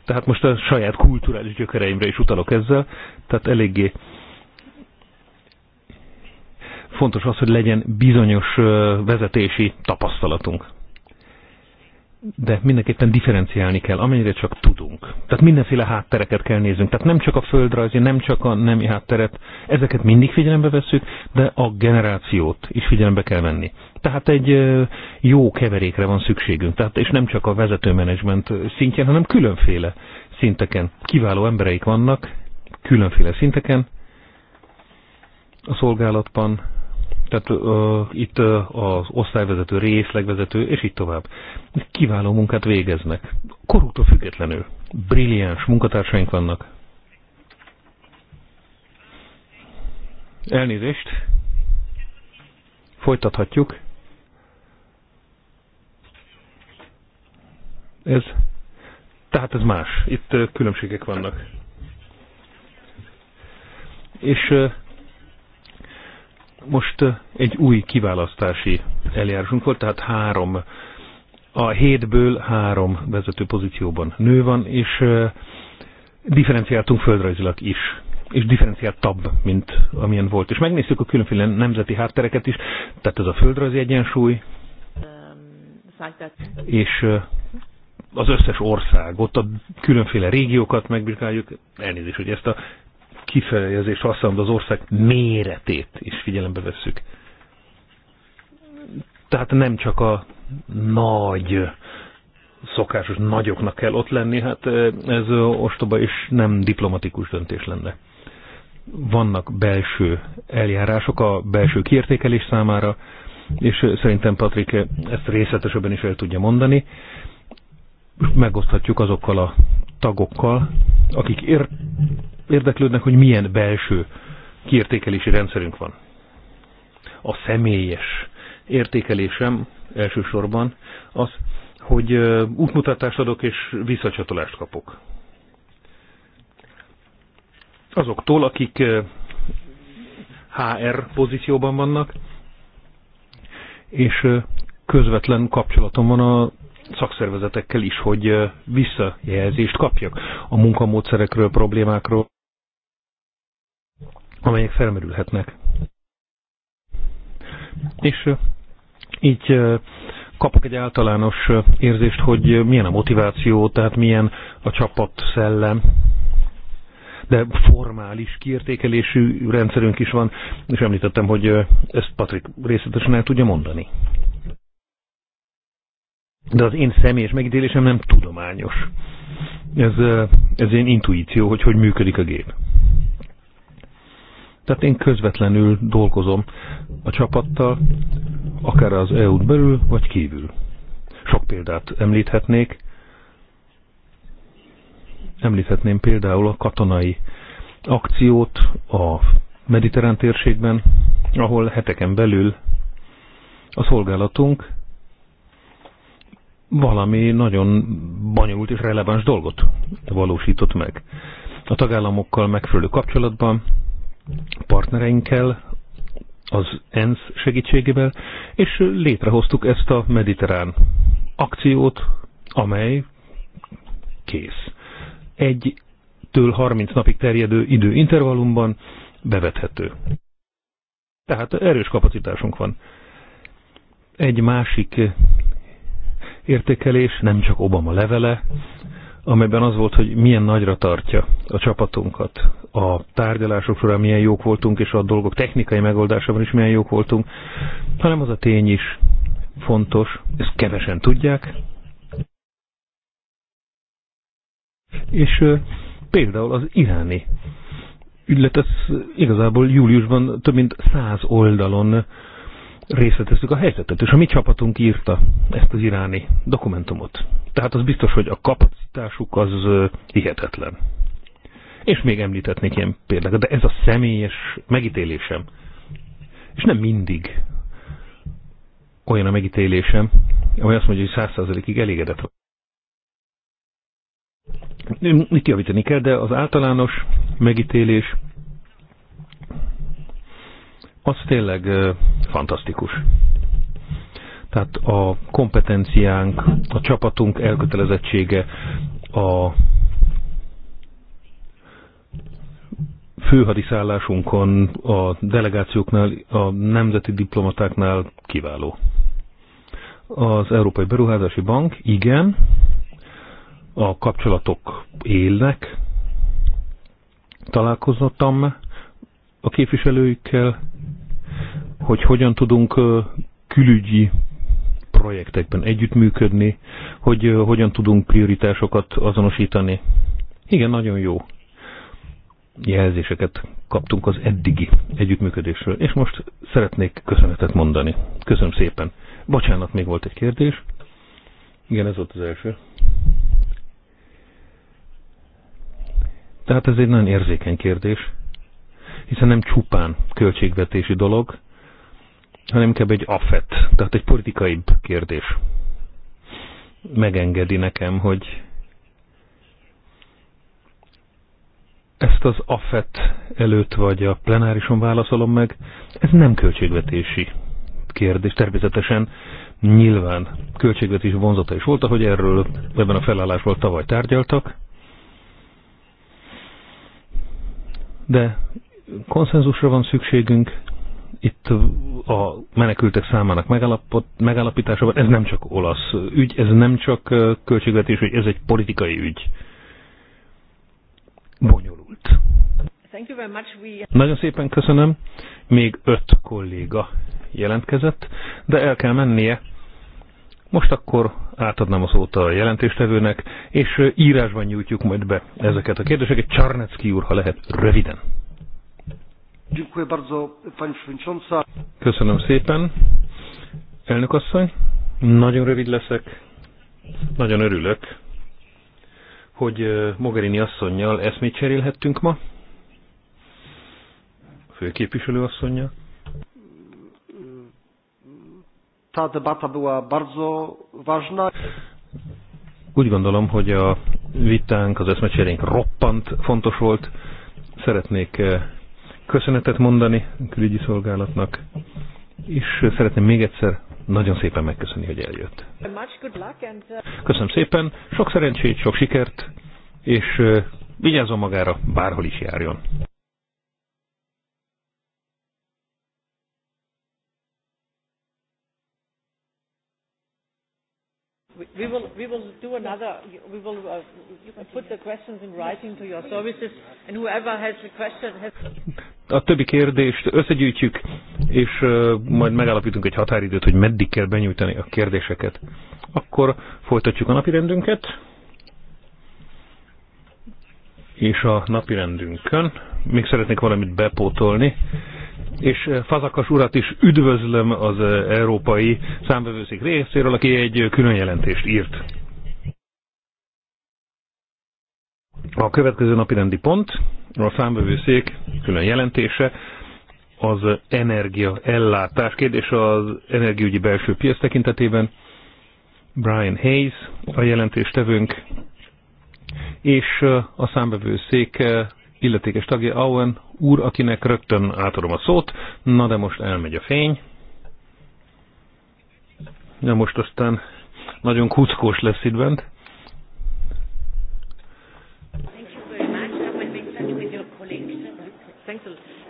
tehát most a saját kulturális gyökereimre is utalok ezzel, tehát eléggé fontos az, hogy legyen bizonyos vezetési tapasztalatunk de mindenképpen differenciálni kell, amennyire csak tudunk. Tehát mindenféle háttereket kell néznünk. Tehát nem csak a földrajzi, nem csak a nemi hátteret, ezeket mindig figyelembe veszük, de a generációt is figyelembe kell venni. Tehát egy jó keverékre van szükségünk, tehát, és nem csak a vezetőmenedzsment szintjén, hanem különféle szinteken. Kiváló embereik vannak, különféle szinteken, a szolgálatban, tehát uh, itt uh, az osztályvezető, részlegvezető, és így tovább. Kiváló munkát végeznek. Koruktól függetlenül. Brilliáns munkatársaink vannak. Elnézést. Folytathatjuk. Ez. Tehát ez más. Itt különbségek vannak. És uh, most egy új kiválasztási eljárásunk volt, tehát három, a hétből három vezető pozícióban nő van, és differenciáltunk földrajzilag is és differenciáltabb, mint amilyen volt. És megnéztük a különféle nemzeti háttereket is, tehát ez a földrajzi egyensúly, és az összes országot, a különféle régiókat megvizsgáljuk, elnézést, hogy ezt a kifejezést használom, de az ország méretét is figyelembe vesszük. Tehát nem csak a nagy, szokásos nagyoknak kell ott lenni, hát ez ostoba és nem diplomatikus döntés lenne. Vannak belső eljárások a belső kiértékelés számára, és szerintem Patrik ezt részletesebben is el tudja mondani. Megoszthatjuk azokkal a tagokkal, akik ér érdeklődnek, hogy milyen belső kiértékelési rendszerünk van. A személyes értékelésem elsősorban az, hogy útmutatást adok és visszacsatolást kapok. Azoktól, akik HR pozícióban vannak, és közvetlen kapcsolatom van a szakszervezetekkel is, hogy visszajelzést kapjak a munkamódszerekről, problémákról amelyek felmerülhetnek. És így kapok egy általános érzést, hogy milyen a motiváció, tehát milyen a csapat szellem, de formális kiértékelésű rendszerünk is van, és említettem, hogy ezt Patrik részletesen el tudja mondani. De az én személyes megítélésem nem tudományos. Ez, ez én intuíció, hogy hogy működik a gép. Tehát én közvetlenül dolgozom a csapattal, akár az eu belül, vagy kívül. Sok példát említhetnék. Említhetném például a katonai akciót a mediterrán térségben, ahol heteken belül a szolgálatunk valami nagyon bonyolult és releváns dolgot valósított meg. A tagállamokkal megfelelő kapcsolatban partnereinkkel, az ENSZ segítségével, és létrehoztuk ezt a mediterrán akciót, amely kész. Egy től 30 napig terjedő időintervallumban bevethető. Tehát erős kapacitásunk van. Egy másik értékelés, nem csak Obama levele, amelyben az volt, hogy milyen nagyra tartja a csapatunkat. A tárgyalások során milyen jók voltunk, és a dolgok technikai megoldásában is milyen jók voltunk, hanem az a tény is fontos, ezt kevesen tudják. És például az iráni ügylet, ez igazából júliusban több mint száz oldalon részleteztük a helyzetet, és a mi csapatunk írta ezt az iráni dokumentumot. Tehát az biztos, hogy a kapacitásuk az hihetetlen. És még említetnék ilyen példákat, de ez a személyes megítélésem. És nem mindig olyan a megítélésem, ami azt mondja, hogy száz százalékig elégedett vagy. Mit javítani kell, de az általános megítélés az tényleg fantasztikus. Tehát a kompetenciánk, a csapatunk elkötelezettsége, a főhadiszállásunkon, a delegációknál, a nemzeti diplomatáknál kiváló. Az Európai Beruházási Bank, igen, a kapcsolatok élnek, találkozottam a képviselőikkel, hogy hogyan tudunk külügyi projektekben együttműködni, hogy hogyan tudunk prioritásokat azonosítani. Igen, nagyon jó jelzéseket kaptunk az eddigi együttműködésről, és most szeretnék köszönetet mondani. Köszönöm szépen. Bocsánat, még volt egy kérdés. Igen, ez volt az első. Tehát ez egy nagyon érzékeny kérdés, hiszen nem csupán költségvetési dolog, hanem inkább egy affet, tehát egy politikai kérdés. Megengedi nekem, hogy ezt az affet előtt vagy a plenárison válaszolom meg. Ez nem költségvetési kérdés. Természetesen nyilván költségvetési vonzata is volt, ahogy erről ebben a felállásból tavaly tárgyaltak. De konszenzusra van szükségünk, itt a menekültek számának megállapításában, ez nem csak olasz ügy, ez nem csak költségvetés, hogy ez egy politikai ügy. Bonyolult. Nagyon szépen köszönöm. Még öt kolléga jelentkezett, de el kell mennie. Most akkor átadnám a szót a jelentéstevőnek, és írásban nyújtjuk majd be ezeket a kérdéseket. Csarnecki úr, ha lehet, röviden. Dziękuję bardzo, pani przewodnicząca. Köszönöm szépen. Elnök asszony, nagyon rövid leszek. Nagyon örülök, hogy Mogherini asszonynal eszmét cserélhettünk ma. A főképviselő Asszonya. Ta debata była bardzo ważna. Úgy gondolom, hogy a vitánk, az eszmecserénk roppant fontos volt. Szeretnék köszönetet mondani a külügyi szolgálatnak, és szeretném még egyszer nagyon szépen megköszönni, hogy eljött. Köszönöm szépen, sok szerencsét, sok sikert, és vigyázzon magára, bárhol is járjon. we will do another. We will uh, put the questions in writing to your services, and whoever has the question has. A többi kérdést összegyűjtjük, és uh, majd megállapítunk egy határidőt, hogy meddig kell benyújtani a kérdéseket. Akkor folytatjuk a napirendünket. És a napirendünkön még szeretnék valamit bepótolni és eh, Fazakas urat is üdvözlöm az eh, Európai Számbevőszék részéről, aki egy eh, külön jelentést írt. A következő napi rendi pont, a számbevőszék külön jelentése, az energia ellátás kérdés az energiaügyi belső piac tekintetében. Brian Hayes, a jelentéstevőnk, és a számbevőszék illetékes tagja Owen úr, akinek rögtön átadom a szót. Na de most elmegy a fény. Na most aztán nagyon kuckós lesz itt bent.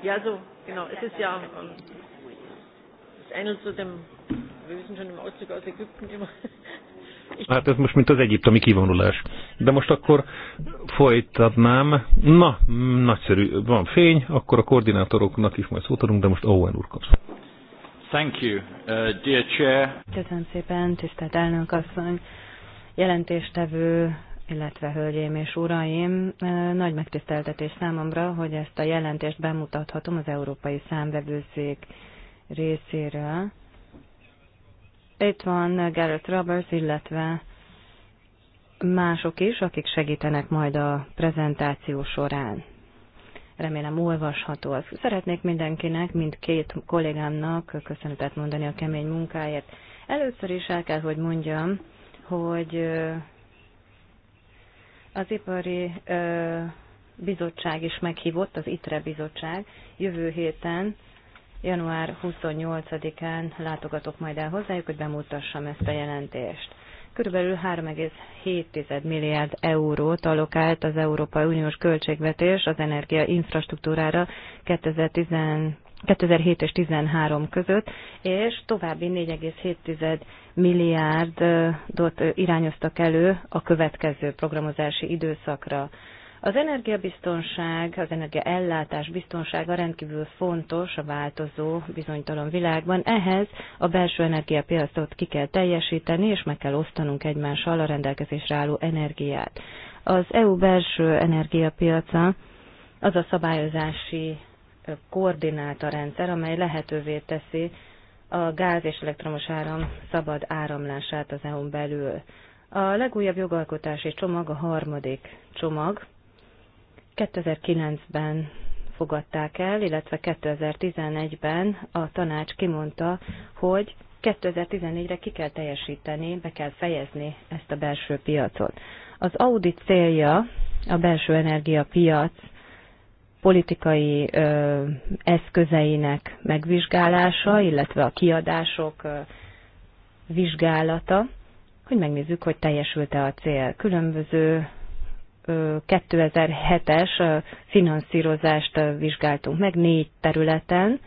Ja, so, genau. Es ist ja, ähm, es ähnelt zu dem Hát ez most mint az egyiptomi kivonulás. De most akkor folytatnám. Na, nagyszerű, van fény, akkor a koordinátoroknak is majd szót adunk, de most Owen úr kapsz. Thank you, uh, dear chair. Köszönöm szépen, tisztelt elnök asszony, jelentéstevő, illetve hölgyeim és uraim, uh, nagy megtiszteltetés számomra, hogy ezt a jelentést bemutathatom az Európai Számbevőszék részéről itt van Gareth Roberts, illetve mások is, akik segítenek majd a prezentáció során. Remélem olvasható. Az. Szeretnék mindenkinek, mint két kollégámnak köszönetet mondani a kemény munkáért. Először is el kell, hogy mondjam, hogy az ipari bizottság is meghívott, az ITRE bizottság jövő héten január 28-án látogatok majd el hozzájuk, hogy bemutassam ezt a jelentést. Körülbelül 3,7 milliárd eurót alokált az Európai Uniós költségvetés az energia infrastruktúrára 2010 2007 és 2013 között, és további 4,7 milliárdot irányoztak elő a következő programozási időszakra. Az energiabiztonság, az energiaellátás biztonsága rendkívül fontos a változó, bizonytalan világban. Ehhez a belső energiapiacot ki kell teljesíteni, és meg kell osztanunk egymással a rendelkezésre álló energiát. Az EU belső energiapiaca az a szabályozási koordináta rendszer, amely lehetővé teszi a gáz és elektromos áram szabad áramlását az EU-n belül. A legújabb jogalkotási csomag a harmadik csomag, 2009-ben fogadták el, illetve 2011-ben a tanács kimondta, hogy 2014-re ki kell teljesíteni, be kell fejezni ezt a belső piacot. Az audit célja a belső energiapiac politikai ö, eszközeinek megvizsgálása, illetve a kiadások ö, vizsgálata, hogy megnézzük, hogy teljesült-e a cél. Különböző 2007-es finanszírozást vizsgáltunk meg négy területen.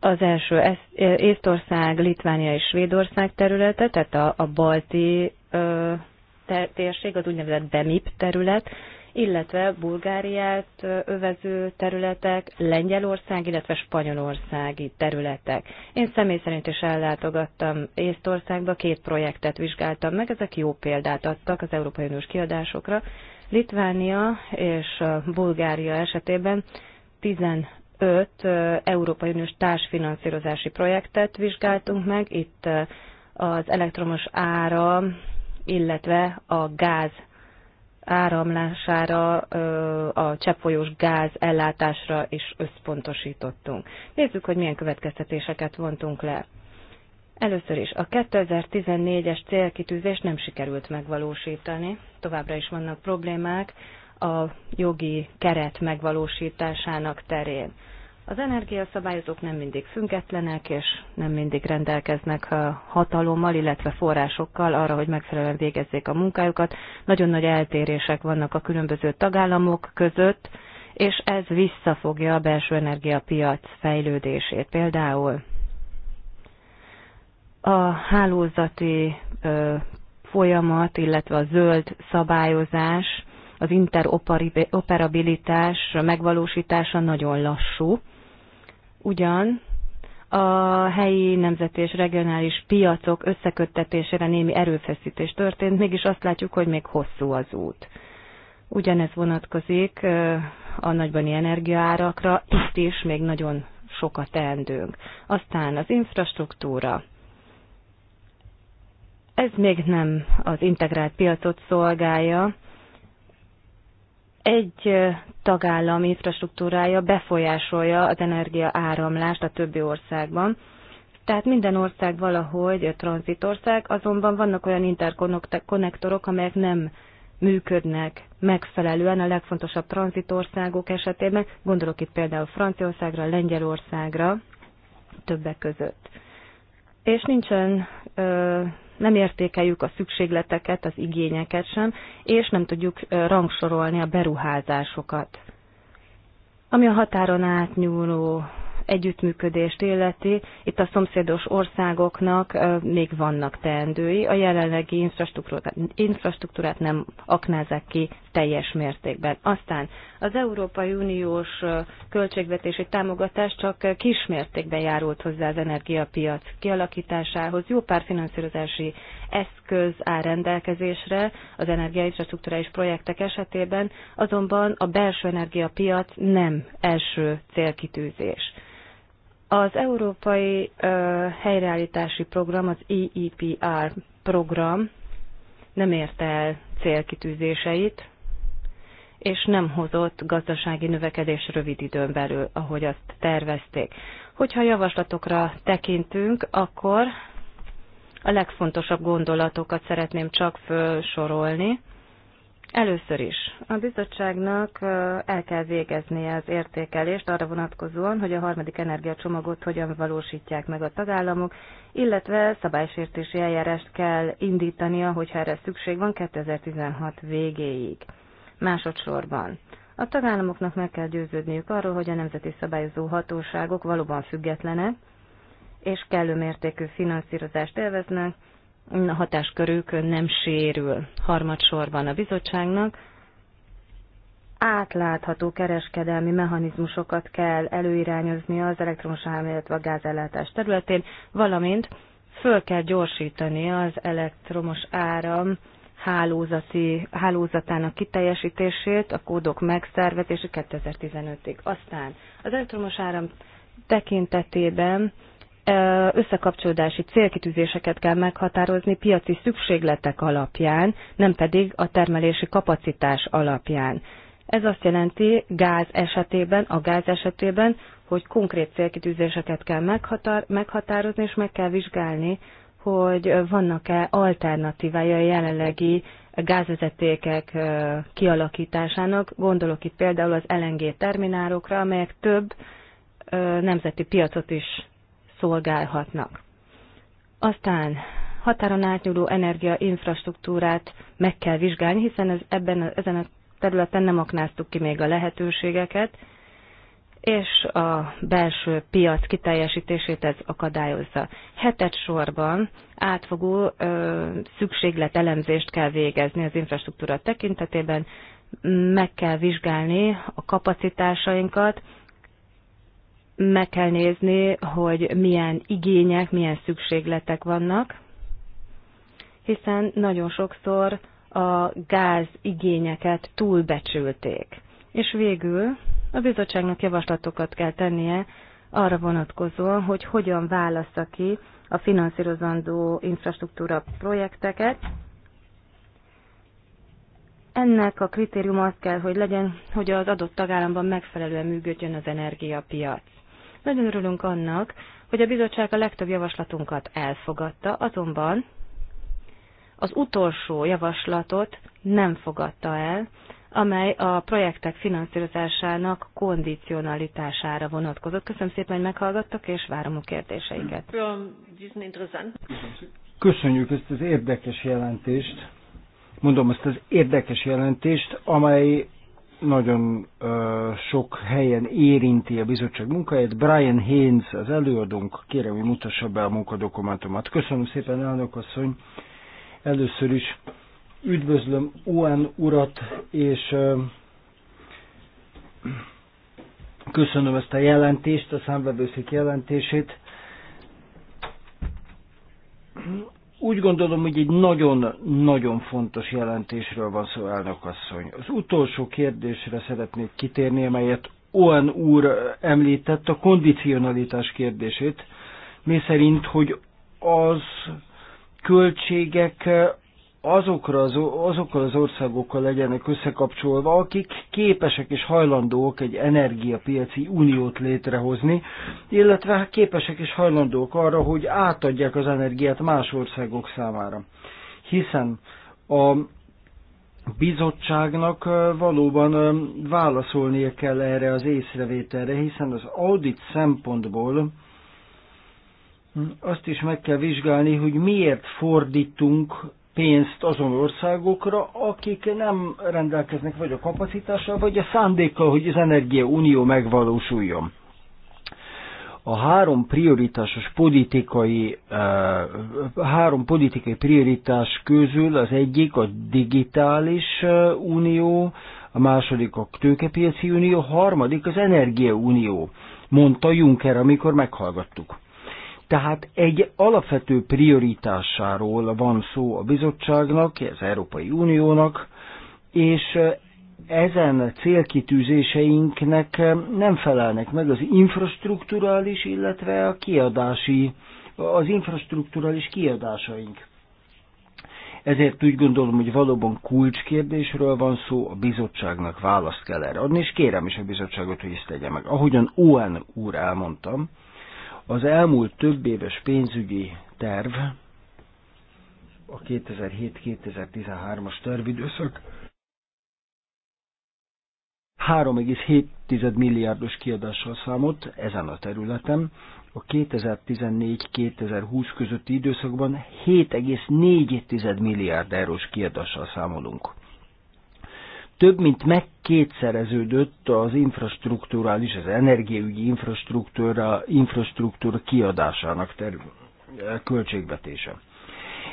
Az első Észtország, Litvánia és Svédország területe, tehát a, a balti térség, az úgynevezett BEMIP terület, illetve Bulgáriát övező területek, Lengyelország, illetve spanyolországi területek. Én személy szerint is ellátogattam Észtországba, két projektet vizsgáltam meg, ezek jó példát adtak az Európai Uniós kiadásokra. Litvánia és Bulgária esetében 15 Európai Uniós társfinanszírozási projektet vizsgáltunk meg, itt az elektromos ára, illetve a gáz áramlására, a cseppfolyós gáz ellátásra is összpontosítottunk. Nézzük, hogy milyen következtetéseket vontunk le. Először is a 2014-es célkitűzés nem sikerült megvalósítani. Továbbra is vannak problémák a jogi keret megvalósításának terén. Az energiaszabályozók nem mindig függetlenek, és nem mindig rendelkeznek hatalommal, illetve forrásokkal arra, hogy megfelelően végezzék a munkájukat. Nagyon nagy eltérések vannak a különböző tagállamok között, és ez visszafogja a belső energiapiac fejlődését. Például a hálózati folyamat, illetve a zöld szabályozás, az interoperabilitás megvalósítása nagyon lassú, ugyan a helyi, nemzeti és regionális piacok összeköttetésére némi erőfeszítés történt, mégis azt látjuk, hogy még hosszú az út. Ugyanez vonatkozik a nagybani energiaárakra, itt is még nagyon sokat teendőnk. Aztán az infrastruktúra. Ez még nem az integrált piacot szolgálja, egy tagállam infrastruktúrája befolyásolja az energia áramlást a többi országban. Tehát minden ország valahogy tranzitország, azonban vannak olyan interkonnektorok, amelyek nem működnek megfelelően a legfontosabb tranzitországok esetében, gondolok itt például Franciaországra, Lengyelországra, többek között. És nincsen ö, nem értékeljük a szükségleteket, az igényeket sem, és nem tudjuk rangsorolni a beruházásokat. Ami a határon átnyúló együttműködést illeti, itt a szomszédos országoknak még vannak teendői. A jelenlegi infrastruktúrát, nem aknázák ki teljes mértékben. Aztán az Európai Uniós költségvetési támogatás csak kismértékben járult hozzá az energiapiac kialakításához. Jó pár finanszírozási eszköz áll rendelkezésre az energiainfrastruktúráis projektek esetében, azonban a belső energiapiac nem első célkitűzés. Az Európai Helyreállítási Program, az EEPR program nem érte el célkitűzéseit, és nem hozott gazdasági növekedés rövid időn belül, ahogy azt tervezték. Hogyha javaslatokra tekintünk, akkor a legfontosabb gondolatokat szeretném csak felsorolni. Először is a bizottságnak el kell végeznie az értékelést arra vonatkozóan, hogy a harmadik energiacsomagot hogyan valósítják meg a tagállamok, illetve szabálysértési eljárást kell indítania, hogyha erre szükség van 2016 végéig. Másodszorban a tagállamoknak meg kell győződniük arról, hogy a nemzeti szabályozó hatóságok valóban függetlenek, és kellő mértékű finanszírozást élveznek, a hatáskörük nem sérül. Harmadsorban a bizottságnak átlátható kereskedelmi mechanizmusokat kell előirányozni az elektromos áram, illetve a gázellátás területén, valamint föl kell gyorsítani az elektromos áram hálózati, hálózatának kiteljesítését, a kódok megszervezése 2015-ig. Aztán az elektromos áram tekintetében összekapcsolódási célkitűzéseket kell meghatározni piaci szükségletek alapján, nem pedig a termelési kapacitás alapján. Ez azt jelenti gáz esetében, a gáz esetében, hogy konkrét célkitűzéseket kell meghatározni, és meg kell vizsgálni, hogy vannak-e alternatívája a jelenlegi gázvezetékek kialakításának. Gondolok itt például az LNG terminálokra, amelyek több nemzeti piacot is szolgálhatnak. Aztán határon átnyúló energia infrastruktúrát meg kell vizsgálni, hiszen ez ebben, ezen a területen nem aknáztuk ki még a lehetőségeket, és a belső piac kiteljesítését ez akadályozza. Hetet sorban átfogó ö, szükségletelemzést kell végezni az infrastruktúra tekintetében, meg kell vizsgálni a kapacitásainkat, meg kell nézni, hogy milyen igények, milyen szükségletek vannak, hiszen nagyon sokszor a gáz igényeket túlbecsülték. És végül a bizottságnak javaslatokat kell tennie arra vonatkozóan, hogy hogyan válassza ki a finanszírozandó infrastruktúra projekteket. Ennek a kritérium az kell, hogy legyen, hogy az adott tagállamban megfelelően működjön az energiapiac. Nagyon örülünk annak, hogy a bizottság a legtöbb javaslatunkat elfogadta, azonban az utolsó javaslatot nem fogadta el, amely a projektek finanszírozásának kondicionalitására vonatkozott. Köszönöm szépen, hogy meghallgattak, és várom a kérdéseiket. Köszönjük ezt az érdekes jelentést. Mondom, ezt az érdekes jelentést, amely nagyon sok helyen érinti a bizottság munkáját. Brian Haynes az előadónk, kérem, hogy mutassa be a munkadokumentumát. Köszönöm szépen, elnök asszony. Először is üdvözlöm UN urat, és köszönöm ezt a jelentést, a számvevőszék jelentését úgy gondolom, hogy egy nagyon-nagyon fontos jelentésről van szó, elnökasszony. Az utolsó kérdésre szeretnék kitérni, amelyet Owen úr említett, a kondicionalitás kérdését, mi szerint, hogy az költségek azokra az, azokkal az országokkal legyenek összekapcsolva, akik képesek és hajlandók egy energiapiaci uniót létrehozni, illetve képesek és hajlandók arra, hogy átadják az energiát más országok számára. Hiszen a bizottságnak valóban válaszolnia kell erre az észrevételre, hiszen az audit szempontból hm, azt is meg kell vizsgálni, hogy miért fordítunk pénzt azon országokra, akik nem rendelkeznek vagy a kapacitással, vagy a szándékkal, hogy az Energia Unió megvalósuljon. A három prioritásos politikai, eh, három politikai prioritás közül az egyik a digitális eh, unió, a második a tőkepiaci unió, a harmadik az energiaunió, mondta Juncker, amikor meghallgattuk. Tehát egy alapvető prioritásáról van szó a bizottságnak, az Európai Uniónak, és ezen célkitűzéseinknek nem felelnek meg az infrastruktúrális, illetve a kiadási, az infrastruktúrális kiadásaink. Ezért úgy gondolom, hogy valóban kulcskérdésről van szó, a bizottságnak választ kell erre adni, és kérem is a bizottságot, hogy ezt tegye meg. Ahogyan Owen úr elmondtam, az elmúlt több éves pénzügyi terv, a 2007-2013-as tervidőszak 3,7 milliárdos kiadással számolt ezen a területen, a 2014-2020 közötti időszakban 7,4 milliárd eurós kiadással számolunk több mint megkétszereződött az infrastruktúrális, az energiaügyi infrastruktúra, infrastruktúra kiadásának terül, eh, költségvetése.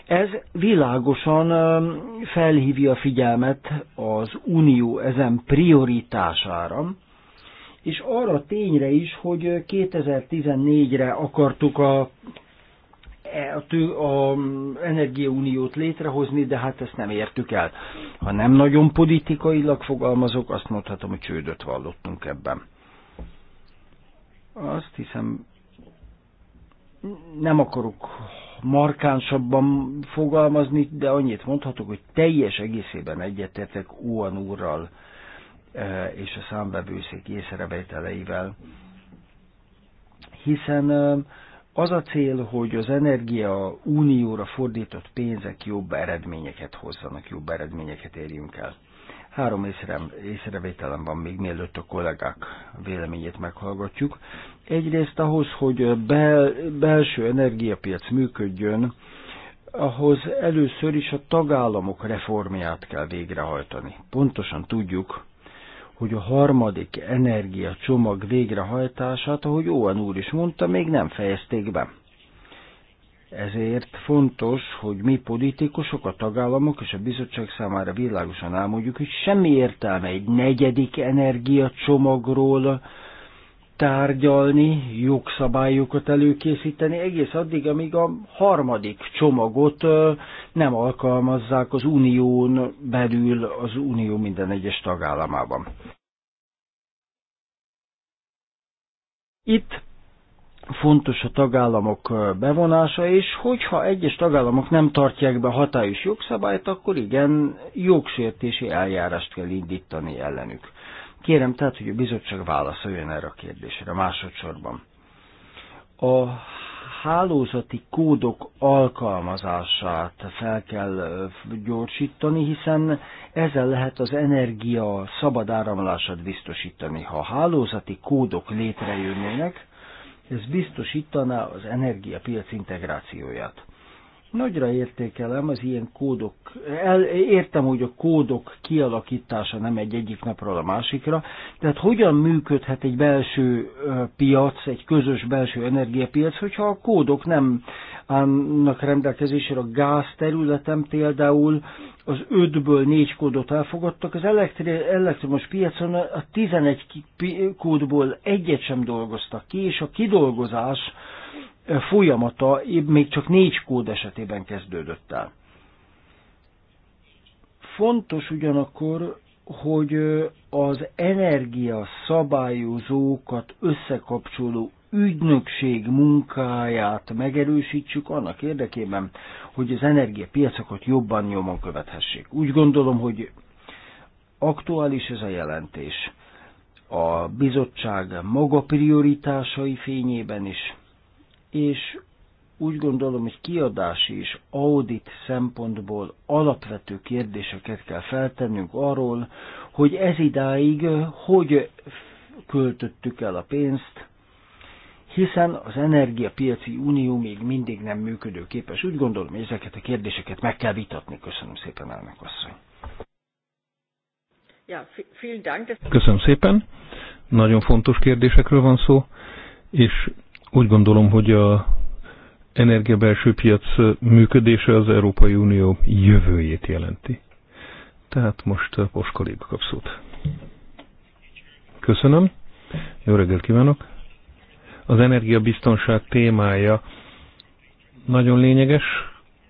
Ez világosan eh, felhívja a figyelmet az Unió ezen prioritására, és arra tényre is, hogy 2014-re eh, akartuk a a, tő, a energiauniót létrehozni, de hát ezt nem értük el. Ha nem nagyon politikailag fogalmazok, azt mondhatom, hogy csődöt vallottunk ebben. Azt hiszem, nem akarok markánsabban fogalmazni, de annyit mondhatok, hogy teljes egészében egyetetek Uan úrral e, és a számbevőszék észrevételeivel, hiszen e, az a cél, hogy az energia unióra fordított pénzek jobb eredményeket hozzanak, jobb eredményeket érjünk el. Három észrevételem van még, mielőtt a kollégák véleményét meghallgatjuk. Egyrészt ahhoz, hogy bel, belső energiapiac működjön, ahhoz először is a tagállamok reformját kell végrehajtani. Pontosan tudjuk, hogy a harmadik energia csomag végrehajtását, ahogy Owen úr is mondta, még nem fejezték be. Ezért fontos, hogy mi politikusok, a tagállamok és a bizottság számára világosan elmondjuk, hogy semmi értelme egy negyedik energia csomagról tárgyalni, jogszabályokat előkészíteni, egész addig, amíg a harmadik csomagot nem alkalmazzák az unión belül az unió minden egyes tagállamában. Itt fontos a tagállamok bevonása, és hogyha egyes tagállamok nem tartják be hatályos jogszabályt, akkor igen, jogsértési eljárást kell indítani ellenük. Kérem tehát, hogy a bizottság válaszoljon erre a kérdésre másodszorban. A hálózati kódok alkalmazását fel kell gyorsítani, hiszen ezzel lehet az energia szabad áramlását biztosítani. Ha a hálózati kódok létrejönnének, ez biztosítaná az energiapiac integrációját. Nagyra értékelem az ilyen kódok, el, értem, hogy a kódok kialakítása nem egy egyik napról a másikra, tehát hogyan működhet egy belső piac, egy közös belső energiapiac, hogyha a kódok nem állnak rendelkezésre a gáz területen például az 5-ből 4 kódot elfogadtak, az elektri- elektromos piacon a 11 kódból egyet sem dolgoztak ki, és a kidolgozás folyamata még csak négy kód esetében kezdődött el. Fontos ugyanakkor, hogy az energia szabályozókat összekapcsoló ügynökség munkáját megerősítsük annak érdekében, hogy az energiapiacokat jobban nyomon követhessék. Úgy gondolom, hogy aktuális ez a jelentés. A bizottság maga prioritásai fényében is és úgy gondolom, hogy kiadási és audit szempontból alapvető kérdéseket kell feltennünk arról, hogy ez idáig hogy költöttük el a pénzt, hiszen az energiapiaci unió még mindig nem működőképes. Úgy gondolom, hogy ezeket a kérdéseket meg kell vitatni. Köszönöm szépen, elnök asszony. Köszönöm szépen. Nagyon fontos kérdésekről van szó, és úgy gondolom, hogy a energiabelső piac működése az Európai Unió jövőjét jelenti. Tehát most eh, Poskoléba kap szót. Köszönöm. Jó reggelt kívánok. Az energiabiztonság témája nagyon lényeges.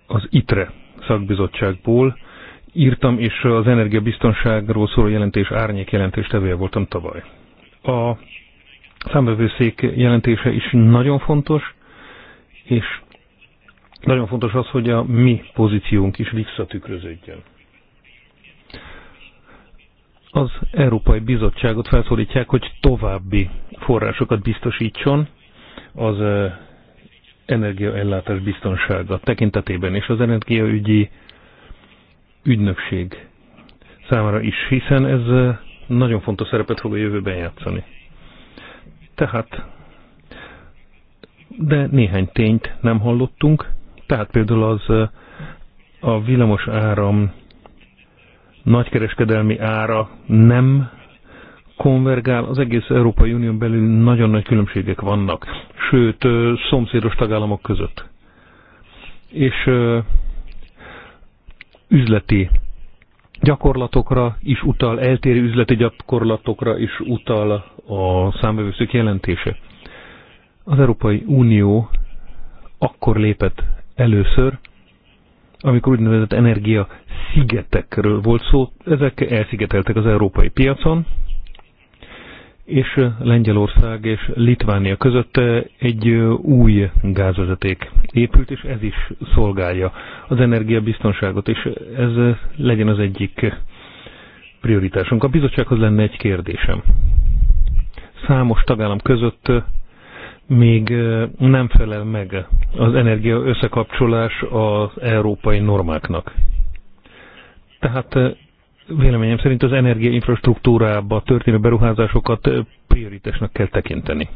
Az ITRE szakbizottságból írtam, és az energiabiztonságról szóló jelentés árnyék tevője voltam tavaly. A számbevőszék jelentése is nagyon fontos, és nagyon fontos az, hogy a mi pozíciónk is visszatükröződjön. Az Európai Bizottságot felszólítják, hogy további forrásokat biztosítson az energiaellátás biztonsága tekintetében, és az energiaügyi ügynökség számára is, hiszen ez nagyon fontos szerepet fog a jövőben játszani. Tehát, de néhány tényt nem hallottunk, tehát például az a villamos áram nagykereskedelmi ára nem konvergál, az egész Európai Unión belül nagyon nagy különbségek vannak, sőt, szomszédos tagállamok között. És üzleti gyakorlatokra is utal, eltérő üzleti gyakorlatokra is utal a számbevőszék jelentése. Az Európai Unió akkor lépett először, amikor úgynevezett energia szigetekről volt szó, ezek elszigeteltek az európai piacon, és Lengyelország és Litvánia között egy új gázvezeték épült, és ez is szolgálja az energiabiztonságot, és ez legyen az egyik prioritásunk. A bizottsághoz lenne egy kérdésem. Számos tagállam között még nem felel meg az energia összekapcsolás az európai normáknak. Tehát véleményem szerint az energiainfrastruktúrába történő beruházásokat prioritásnak kell tekinteni.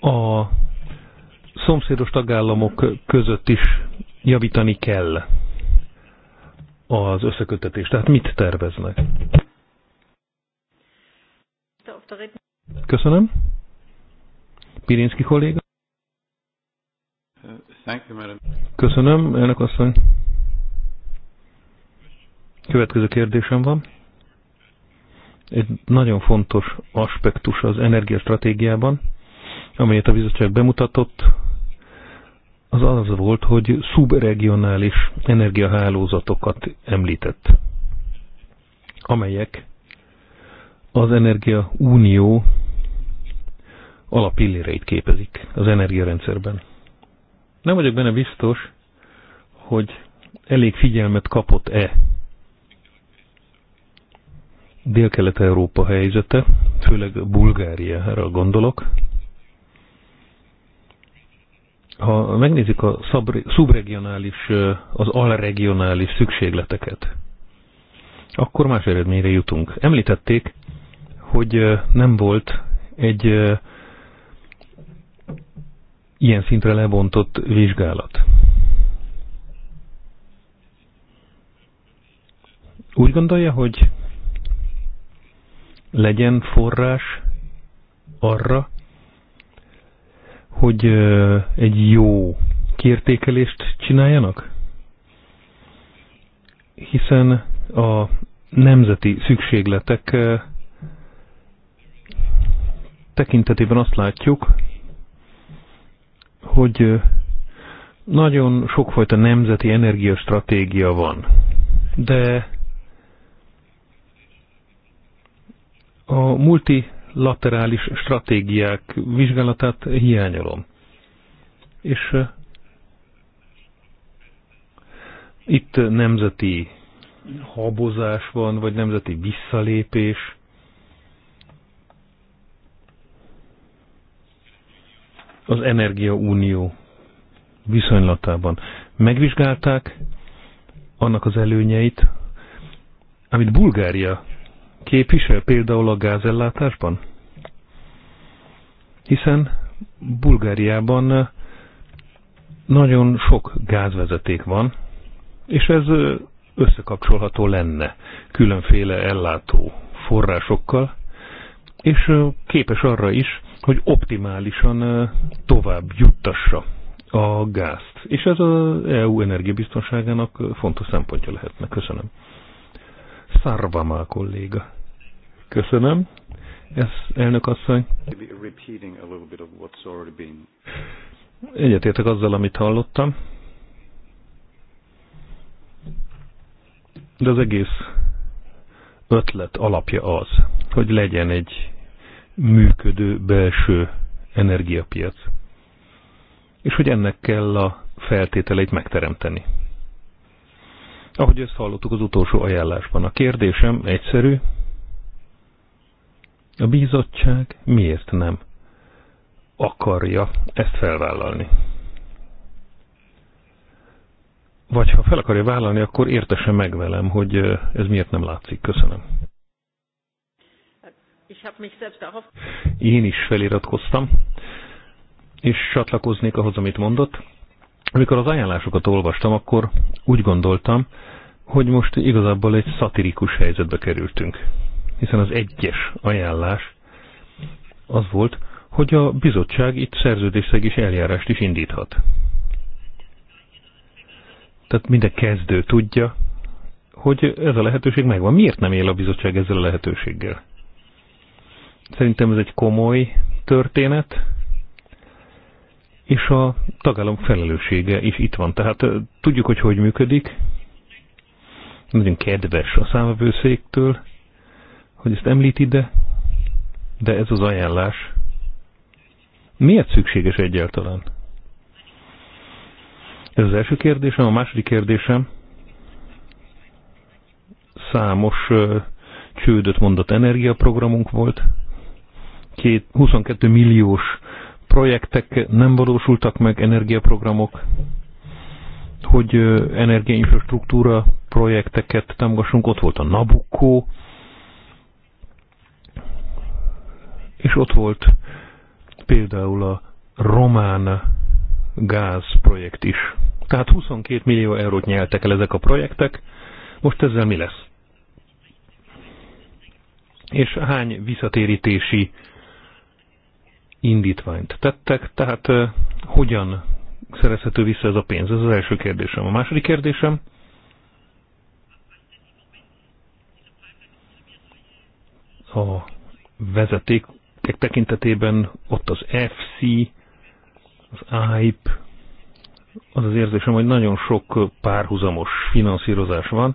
A szomszédos tagállamok között is javítani kell az összekötetést. Tehát mit terveznek? Köszönöm. Pirinski kolléga. Köszönöm, elnök asszony. Következő kérdésem van. Egy nagyon fontos aspektus az energiastratégiában, amelyet a bizottság bemutatott, az az volt, hogy szubregionális energiahálózatokat említett, amelyek az Energia Unió alapillireit képezik az energiarendszerben. Nem vagyok benne biztos, hogy elég figyelmet kapott-e Dél-Kelet-Európa helyzete, főleg Bulgáriára gondolok. Ha megnézik a szubregionális, az alregionális szükségleteket, akkor más eredményre jutunk. Említették, hogy nem volt egy ilyen szintre lebontott vizsgálat. Úgy gondolja, hogy legyen forrás arra, hogy egy jó kiértékelést csináljanak? Hiszen a nemzeti szükségletek tekintetében azt látjuk, hogy nagyon sokfajta nemzeti energiastratégia van, de A multilaterális stratégiák vizsgálatát hiányolom. És itt nemzeti habozás van, vagy nemzeti visszalépés. Az Energiaunió viszonylatában megvizsgálták annak az előnyeit, amit Bulgária képvisel például a gázellátásban? Hiszen Bulgáriában eh, nagyon sok gázvezeték van, és ez eh, összekapcsolható lenne különféle ellátó forrásokkal, és eh, képes arra is, hogy optimálisan tovább juttassa a gázt. És ez az EU energiabiztonságának fontos szempontja lehetne. Köszönöm. Szarvamá kolléga. Köszönöm. Ez elnök asszony. Egyetértek azzal, amit hallottam. De az egész ötlet alapja az, hogy legyen egy működő belső energiapiac. És hogy ennek kell a feltételeit megteremteni. Ahogy ezt hallottuk az utolsó ajánlásban, a kérdésem egyszerű, a bizottság miért nem akarja ezt felvállalni? Vagy ha fel akarja vállalni, akkor értesen meg velem, hogy ez miért nem látszik. Köszönöm. Én is feliratkoztam, és csatlakoznék ahhoz, amit mondott. Amikor az ajánlásokat olvastam, akkor úgy gondoltam, hogy most igazából egy szatirikus helyzetbe kerültünk hiszen az egyes ajánlás az volt, hogy a bizottság itt szerződésszegés eljárást is indíthat. Tehát minden kezdő tudja, hogy ez a lehetőség megvan. Miért nem él a bizottság ezzel a lehetőséggel? Szerintem ez egy komoly történet, és a tagállam felelőssége is itt van. Tehát tudjuk, hogy hogy működik. Nagyon kedves a számvevőszéktől, hogy ezt említi, de, de ez az ajánlás miért szükséges egyáltalán? Ez az első kérdésem, a második kérdésem számos ö, csődöt mondott energiaprogramunk volt, két, 22 milliós projektek nem valósultak meg, energiaprogramok, hogy energiainfrastruktúra projekteket támogassunk, ott volt a Nabucco, és ott volt például a román gázprojekt is. Tehát 22 millió eurót nyeltek el ezek a projektek, most ezzel mi lesz? És hány visszatérítési indítványt tettek, tehát hogyan szerezhető vissza ez a pénz? Ez az első kérdésem. A második kérdésem, a vezeték projektek tekintetében ott az FC, az AIP, az az érzésem, hogy nagyon sok párhuzamos finanszírozás van.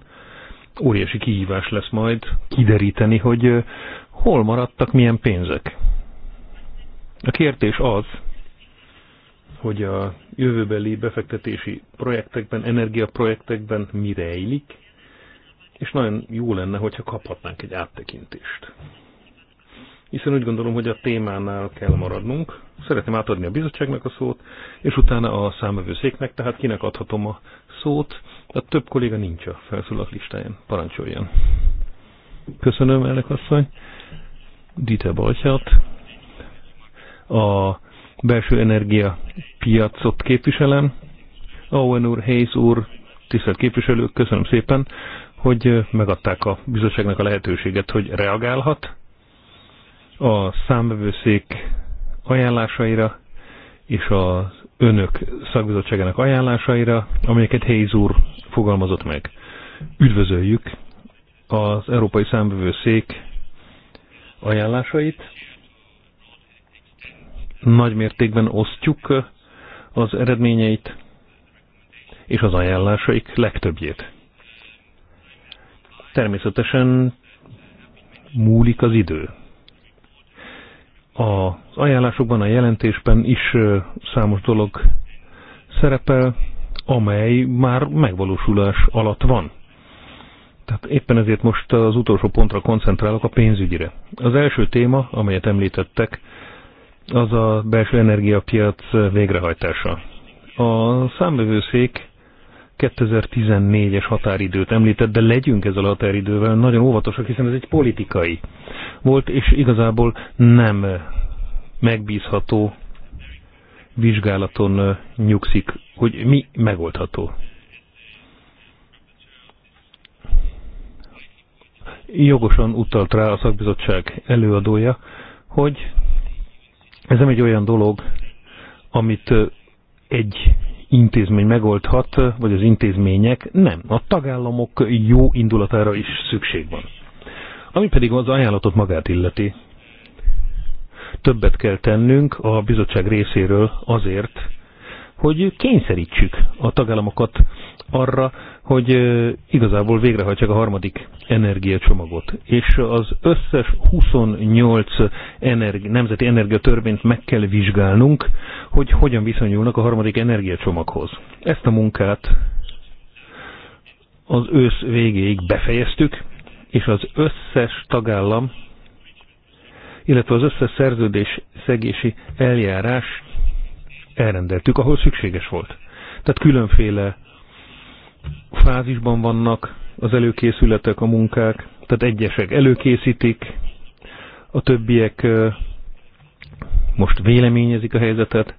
Óriási kihívás lesz majd kideríteni, hogy hol maradtak milyen pénzek. A kérdés az, hogy a jövőbeli befektetési projektekben, energiaprojektekben mire élik, és nagyon jó lenne, hogyha kaphatnánk egy áttekintést hiszen úgy gondolom, hogy a témánál kell maradnunk. Szeretném átadni a bizottságnak a szót, és utána a számövőszéknek, tehát kinek adhatom a szót. A több kolléga nincs a felszólalt listáján. Parancsoljon. Köszönöm, elnök asszony. Dite Balcsát. A belső energia piacot képviselem. Owen úr, Hayes úr, tisztelt képviselők, köszönöm szépen, hogy megadták a bizottságnak a lehetőséget, hogy reagálhat a számbevőszék ajánlásaira és az önök szakbizottságának ajánlásaira, amelyeket Hayes úr fogalmazott meg. Üdvözöljük az Európai Számbevőszék ajánlásait. Nagy mértékben osztjuk az eredményeit és az ajánlásaik legtöbbjét. Természetesen múlik az idő. Az ajánlásokban, a jelentésben is számos dolog szerepel, amely már megvalósulás alatt van. Tehát éppen ezért most az utolsó pontra koncentrálok a pénzügyre. Az első téma, amelyet említettek, az a belső energiapiac végrehajtása. A számvevőszék 2014-es határidőt említett, de legyünk ezzel a határidővel nagyon óvatosak, hiszen ez egy politikai volt, és igazából nem megbízható vizsgálaton nyugszik, hogy mi megoldható. Jogosan utalt rá a szakbizottság előadója, hogy ez nem egy olyan dolog, amit egy intézmény megoldhat, vagy az intézmények, nem. A tagállamok jó indulatára is szükség van. Ami pedig az ajánlatot magát illeti, többet kell tennünk a bizottság részéről azért, hogy kényszerítsük a tagállamokat arra, hogy igazából végrehajtsák a harmadik energiacsomagot. És az összes 28 energi, nemzeti energiatörvényt meg kell vizsgálnunk, hogy hogyan viszonyulnak a harmadik energiacsomaghoz. Ezt a munkát az ősz végéig befejeztük, és az összes tagállam, illetve az összes szerződés szegési eljárás elrendeltük, ahol szükséges volt. Tehát különféle fázisban vannak az előkészületek, a munkák, tehát egyesek előkészítik, a többiek most véleményezik a helyzetet,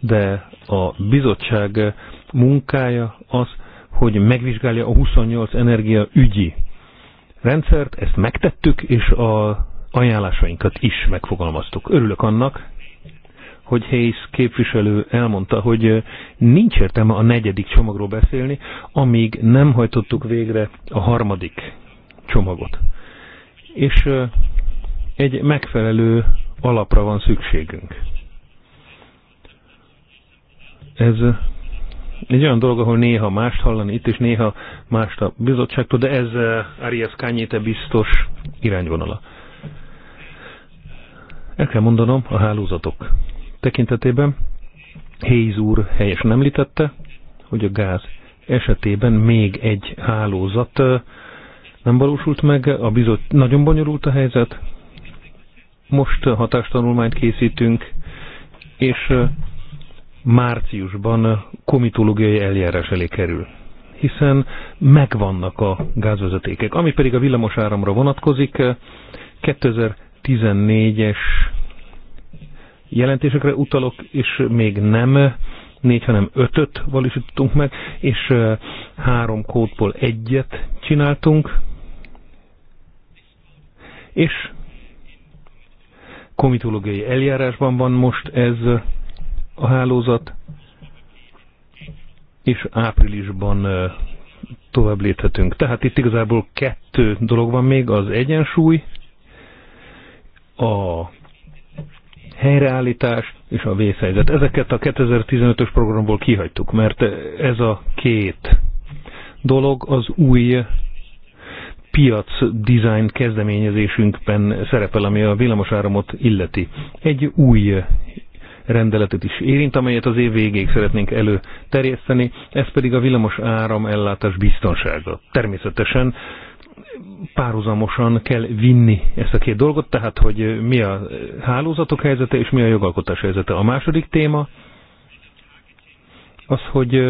de a bizottság munkája az, hogy megvizsgálja a 28 energia ügyi rendszert, ezt megtettük, és a ajánlásainkat is megfogalmaztuk. Örülök annak, hogy Hayes képviselő elmondta, hogy nincs értelme a negyedik csomagról beszélni, amíg nem hajtottuk végre a harmadik csomagot. És egy megfelelő alapra van szükségünk. Ez egy olyan dolog, ahol néha mást hallani itt, is néha mást a bizottságtól, de ez eh, Arias Kányéte biztos irányvonala. El kell mondanom a hálózatok tekintetében, Hayes úr helyesen említette, hogy a gáz esetében még egy hálózat eh, nem valósult meg, a bizot nagyon bonyolult a helyzet, most eh, hatástanulmányt készítünk, és márciusban komitológiai eljárás elé kerül hiszen megvannak a gázvezetékek. Ami pedig a villamos áramra vonatkozik, 2014-es jelentésekre utalok, és még nem négy, hanem ötöt valósítottunk meg, és három kódból egyet csináltunk, és komitológiai eljárásban van most ez a hálózat, és áprilisban tovább léphetünk. Tehát itt igazából kettő dolog van még, az egyensúly, a helyreállítás és a vészhelyzet. Ezeket a 2015-ös programból kihagytuk, mert ez a két dolog az új piac design kezdeményezésünkben szerepel, ami a villamosáramot illeti. Egy új rendeletet is érint, amelyet az év végéig szeretnénk előterjeszteni, ez pedig a villamos áram ellátás biztonsága. Természetesen párhuzamosan kell vinni ezt a két dolgot, tehát hogy mi a hálózatok helyzete és mi a jogalkotás helyzete. A második téma az, hogy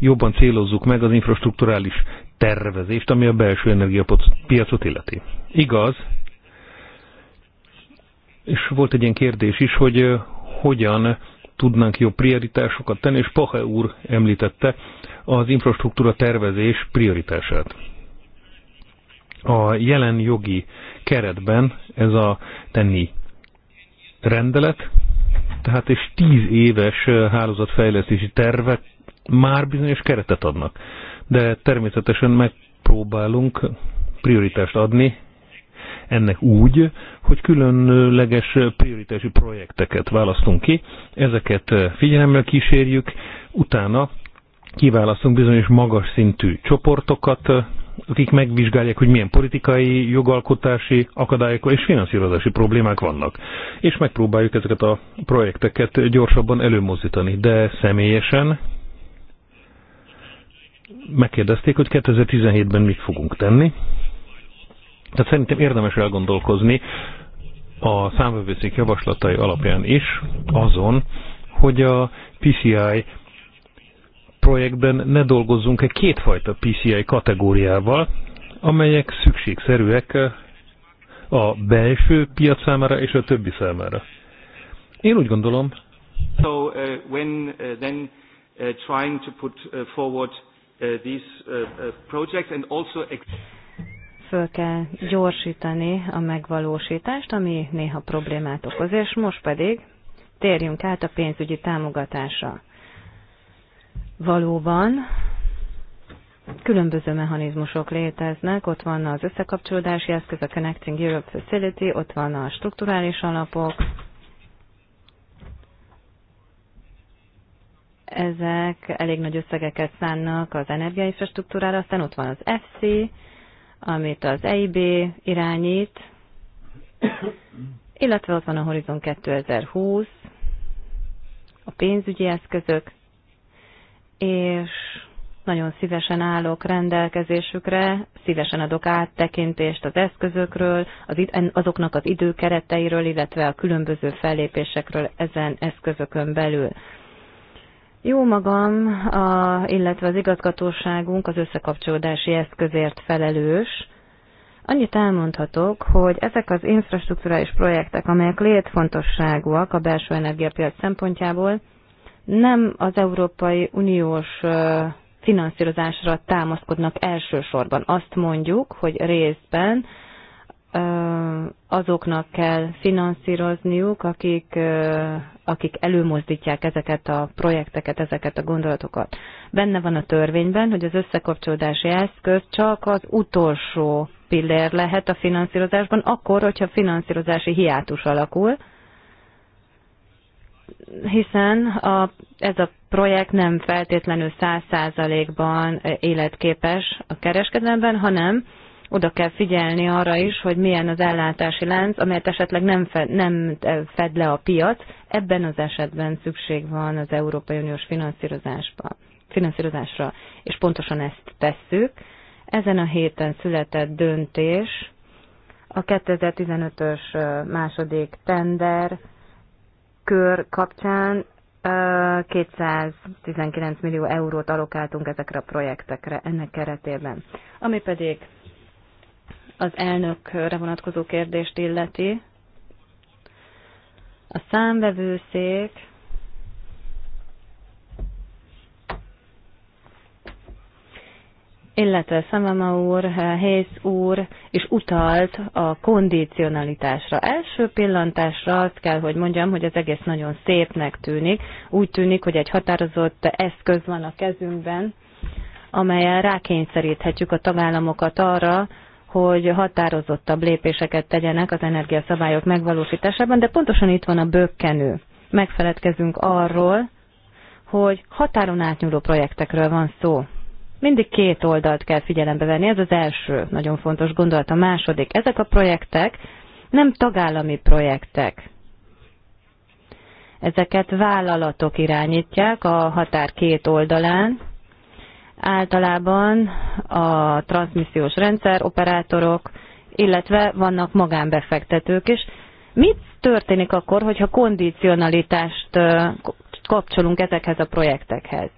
jobban célozzuk meg az infrastruktúrális tervezést, ami a belső energiapiacot illeti. Igaz, és volt egy ilyen kérdés is, hogy hogyan tudnánk jobb prioritásokat tenni, és Pache úr említette az infrastruktúra tervezés prioritását. A jelen jogi keretben ez a tenni rendelet, tehát és tíz éves hálózatfejlesztési tervek már bizonyos keretet adnak. De természetesen megpróbálunk prioritást adni ennek úgy, hogy különleges prioritási projekteket választunk ki, ezeket figyelemmel kísérjük, utána kiválasztunk bizonyos magas szintű csoportokat, akik megvizsgálják, hogy milyen politikai, jogalkotási akadályok és finanszírozási problémák vannak. És megpróbáljuk ezeket a projekteket gyorsabban előmozdítani. De személyesen megkérdezték, hogy 2017-ben mit fogunk tenni, tehát szerintem érdemes elgondolkozni a számvevőszék javaslatai alapján is azon, hogy a PCI projektben ne dolgozzunk-e kétfajta PCI kategóriával, amelyek szükségszerűek a belső piac számára és a többi számára. Én úgy gondolom. So uh, when uh, then uh, trying to put uh, forward uh, these uh, uh, projects and also föl kell gyorsítani a megvalósítást, ami néha problémát okoz, és most pedig térjünk át a pénzügyi támogatásra. Valóban különböző mechanizmusok léteznek, ott van az összekapcsolódási eszköz, a Connecting Europe Facility, ott van a strukturális alapok, ezek elég nagy összegeket szánnak az energiai infrastruktúrára, aztán ott van az FC, amit az EIB irányít, illetve ott van a Horizon 2020, a pénzügyi eszközök, és nagyon szívesen állok rendelkezésükre, szívesen adok áttekintést az eszközökről, az, azoknak az időkereteiről, illetve a különböző fellépésekről ezen eszközökön belül. Jó magam, a, illetve az igazgatóságunk az összekapcsolódási eszközért felelős. Annyit elmondhatok, hogy ezek az infrastruktúrális projektek, amelyek létfontosságúak a belső energiapiac szempontjából, nem az Európai Uniós finanszírozásra támaszkodnak elsősorban. Azt mondjuk, hogy részben azoknak kell finanszírozniuk, akik, akik előmozdítják ezeket a projekteket, ezeket a gondolatokat. Benne van a törvényben, hogy az összekapcsolódási eszköz csak az utolsó pillér lehet a finanszírozásban, akkor, hogyha finanszírozási hiátus alakul, hiszen a, ez a projekt nem feltétlenül száz százalékban életképes a kereskedelemben, hanem oda kell figyelni arra is, hogy milyen az ellátási lánc, amelyet esetleg nem fed, nem e, fed le a piac. Ebben az esetben szükség van az Európai Uniós finanszírozásba, finanszírozásra, és pontosan ezt tesszük. Ezen a héten született döntés a 2015-ös második tender kör kapcsán 219 millió eurót alokáltunk ezekre a projektekre ennek keretében. Ami pedig az elnökre vonatkozó kérdést illeti. A számvevőszék illetve Szamama úr, Hész úr is utalt a kondicionalitásra. Első pillantásra azt kell, hogy mondjam, hogy az egész nagyon szépnek tűnik. Úgy tűnik, hogy egy határozott eszköz van a kezünkben, amelyen rákényszeríthetjük a tagállamokat arra, hogy határozottabb lépéseket tegyenek az energiaszabályok megvalósításában, de pontosan itt van a bökkenő. Megfeledkezünk arról, hogy határon átnyúló projektekről van szó. Mindig két oldalt kell figyelembe venni, ez az első nagyon fontos gondolat. A második, ezek a projektek nem tagállami projektek. Ezeket vállalatok irányítják a határ két oldalán, Általában a transmissziós rendszer operátorok, illetve vannak magánbefektetők is. Mit történik akkor, hogyha kondicionalitást kapcsolunk ezekhez a projektekhez?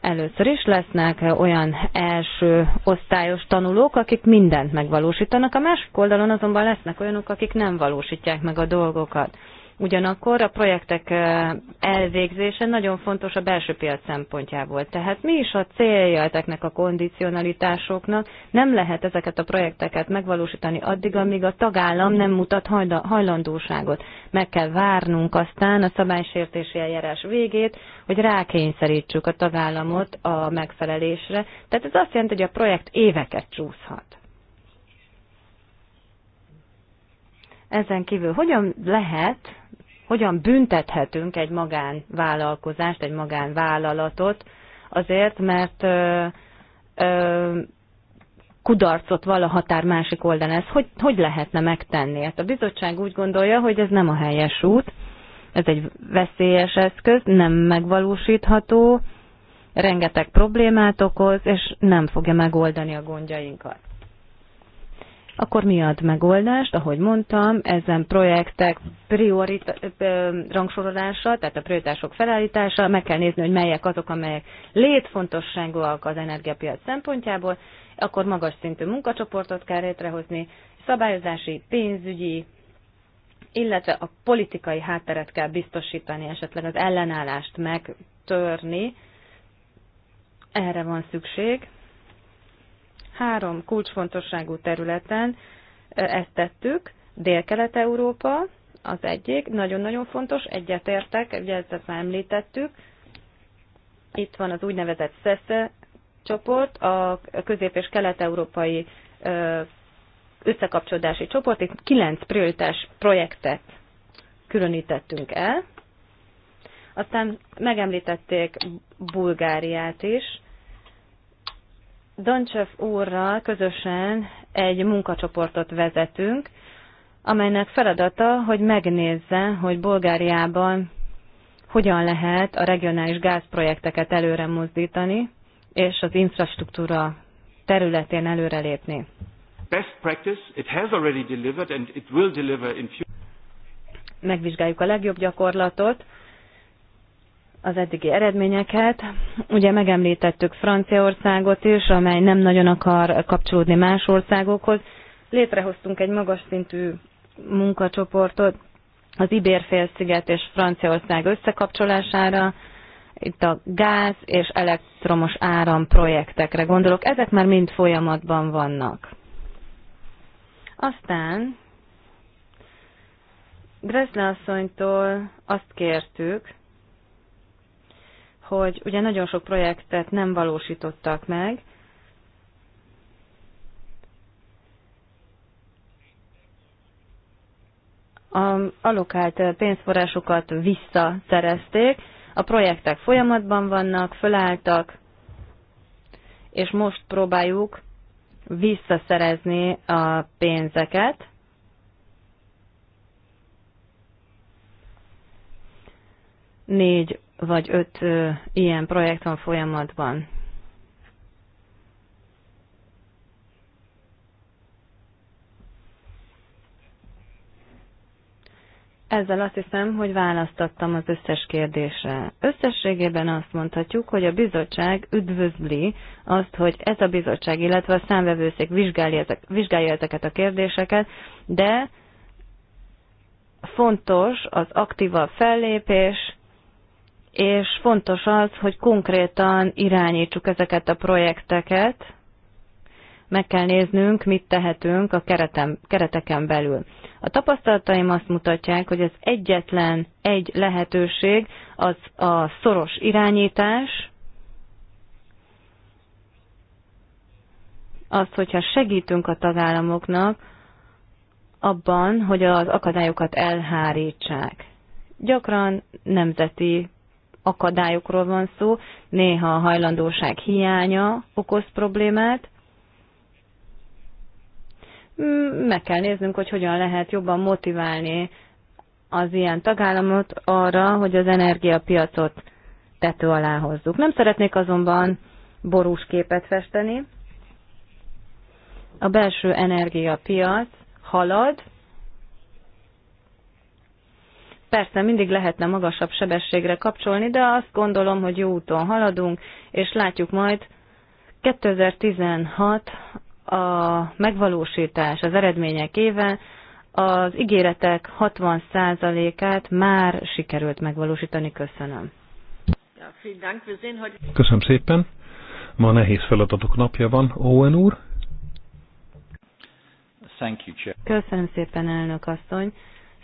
Először is lesznek olyan első osztályos tanulók, akik mindent megvalósítanak, a másik oldalon azonban lesznek olyanok, akik nem valósítják meg a dolgokat. Ugyanakkor a projektek elvégzése nagyon fontos a belső piac szempontjából. Tehát mi is a célja ezeknek a kondicionalitásoknak? Nem lehet ezeket a projekteket megvalósítani addig, amíg a tagállam nem mutat hajlandóságot. Meg kell várnunk aztán a szabálysértési eljárás végét, hogy rákényszerítsük a tagállamot a megfelelésre. Tehát ez azt jelenti, hogy a projekt éveket csúszhat. Ezen kívül hogyan lehet hogyan büntethetünk egy magánvállalkozást, egy magánvállalatot, azért, mert ö, ö, kudarcot val a határ másik oldalán. Ez hogy, hogy lehetne megtenni? Hát a bizottság úgy gondolja, hogy ez nem a helyes út, ez egy veszélyes eszköz, nem megvalósítható, rengeteg problémát okoz, és nem fogja megoldani a gondjainkat akkor mi ad megoldást? Ahogy mondtam, ezen projektek priorit- rangsorolása, tehát a prioritások felállítása, meg kell nézni, hogy melyek azok, amelyek létfontosságúak az energiapiac szempontjából, akkor magas szintű munkacsoportot kell létrehozni, szabályozási, pénzügyi, illetve a politikai hátteret kell biztosítani, esetleg az ellenállást megtörni. Erre van szükség három kulcsfontosságú területen ezt tettük. Dél-Kelet-Európa az egyik, nagyon-nagyon fontos, egyetértek, ugye ezt már említettük. Itt van az úgynevezett SESZE csoport, a közép- és kelet-európai összekapcsolódási csoport, itt kilenc prioritás projektet különítettünk el. Aztán megemlítették Bulgáriát is, Doncsev úrral közösen egy munkacsoportot vezetünk, amelynek feladata, hogy megnézze, hogy Bulgáriában hogyan lehet a regionális gázprojekteket előre mozdítani, és az infrastruktúra területén előrelépni. Megvizsgáljuk a legjobb gyakorlatot, az eddigi eredményeket. Ugye megemlítettük Franciaországot is, amely nem nagyon akar kapcsolódni más országokhoz. Létrehoztunk egy magas szintű munkacsoportot az Ibérfélsziget és Franciaország összekapcsolására, itt a gáz és elektromos áram projektekre gondolok. Ezek már mind folyamatban vannak. Aztán Greszle asszonytól azt kértük, hogy ugye nagyon sok projektet nem valósítottak meg, a alokált pénzforrásokat visszaszerezték, a projektek folyamatban vannak, fölálltak, és most próbáljuk visszaszerezni a pénzeket. Négy vagy öt ilyen projekt van folyamatban. Ezzel azt hiszem, hogy választottam az összes kérdésre. Összességében azt mondhatjuk, hogy a bizottság üdvözli azt, hogy ez a bizottság, illetve a számvevőszék vizsgálja, ezek, vizsgálja ezeket a kérdéseket, de fontos az aktívabb fellépés, és fontos az, hogy konkrétan irányítsuk ezeket a projekteket, meg kell néznünk, mit tehetünk a keretem, kereteken belül. A tapasztalataim azt mutatják, hogy az egyetlen egy lehetőség az a szoros irányítás, az, hogyha segítünk a tagállamoknak abban, hogy az akadályokat elhárítsák. Gyakran nemzeti akadályokról van szó, néha a hajlandóság hiánya okoz problémát. Mm, meg kell néznünk, hogy hogyan lehet jobban motiválni az ilyen tagállamot arra, hogy az energiapiacot tető alá hozzuk. Nem szeretnék azonban borús képet festeni. A belső energiapiac halad, Persze mindig lehetne magasabb sebességre kapcsolni, de azt gondolom, hogy jó úton haladunk, és látjuk majd 2016 a megvalósítás, az eredmények éve, az ígéretek 60%-át már sikerült megvalósítani. Köszönöm. Köszönöm szépen. Ma nehéz feladatok napja van, Owen úr. Köszönöm szépen, elnök asszony.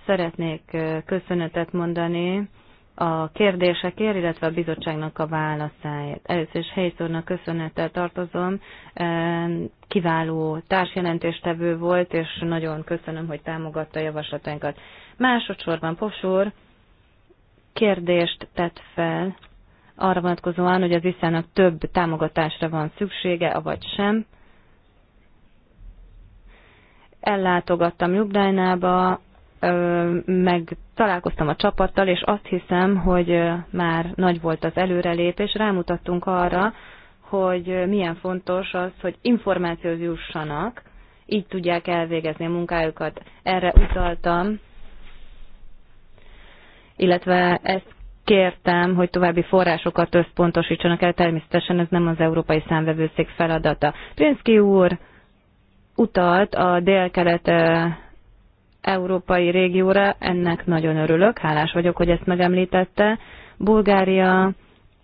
Szeretnék köszönetet mondani a kérdésekért, illetve a bizottságnak a válaszáért. Először is Helyszornak köszönettel tartozom. Kiváló társjelentéstevő volt, és nagyon köszönöm, hogy támogatta a javaslatainkat. Másodszorban Posúr kérdést tett fel arra vonatkozóan, hogy az iszának több támogatásra van szüksége, avagy sem. Ellátogattam Ljubljánába, meg találkoztam a csapattal, és azt hiszem, hogy már nagy volt az előrelépés. Rámutattunk arra, hogy milyen fontos az, hogy információhoz jussanak, így tudják elvégezni a munkájukat. Erre utaltam, illetve ezt kértem, hogy további forrásokat összpontosítsanak el, természetesen ez nem az Európai Számvevőszék feladata. Prinszki úr utalt a délkelet európai régióra, ennek nagyon örülök, hálás vagyok, hogy ezt megemlítette. Bulgária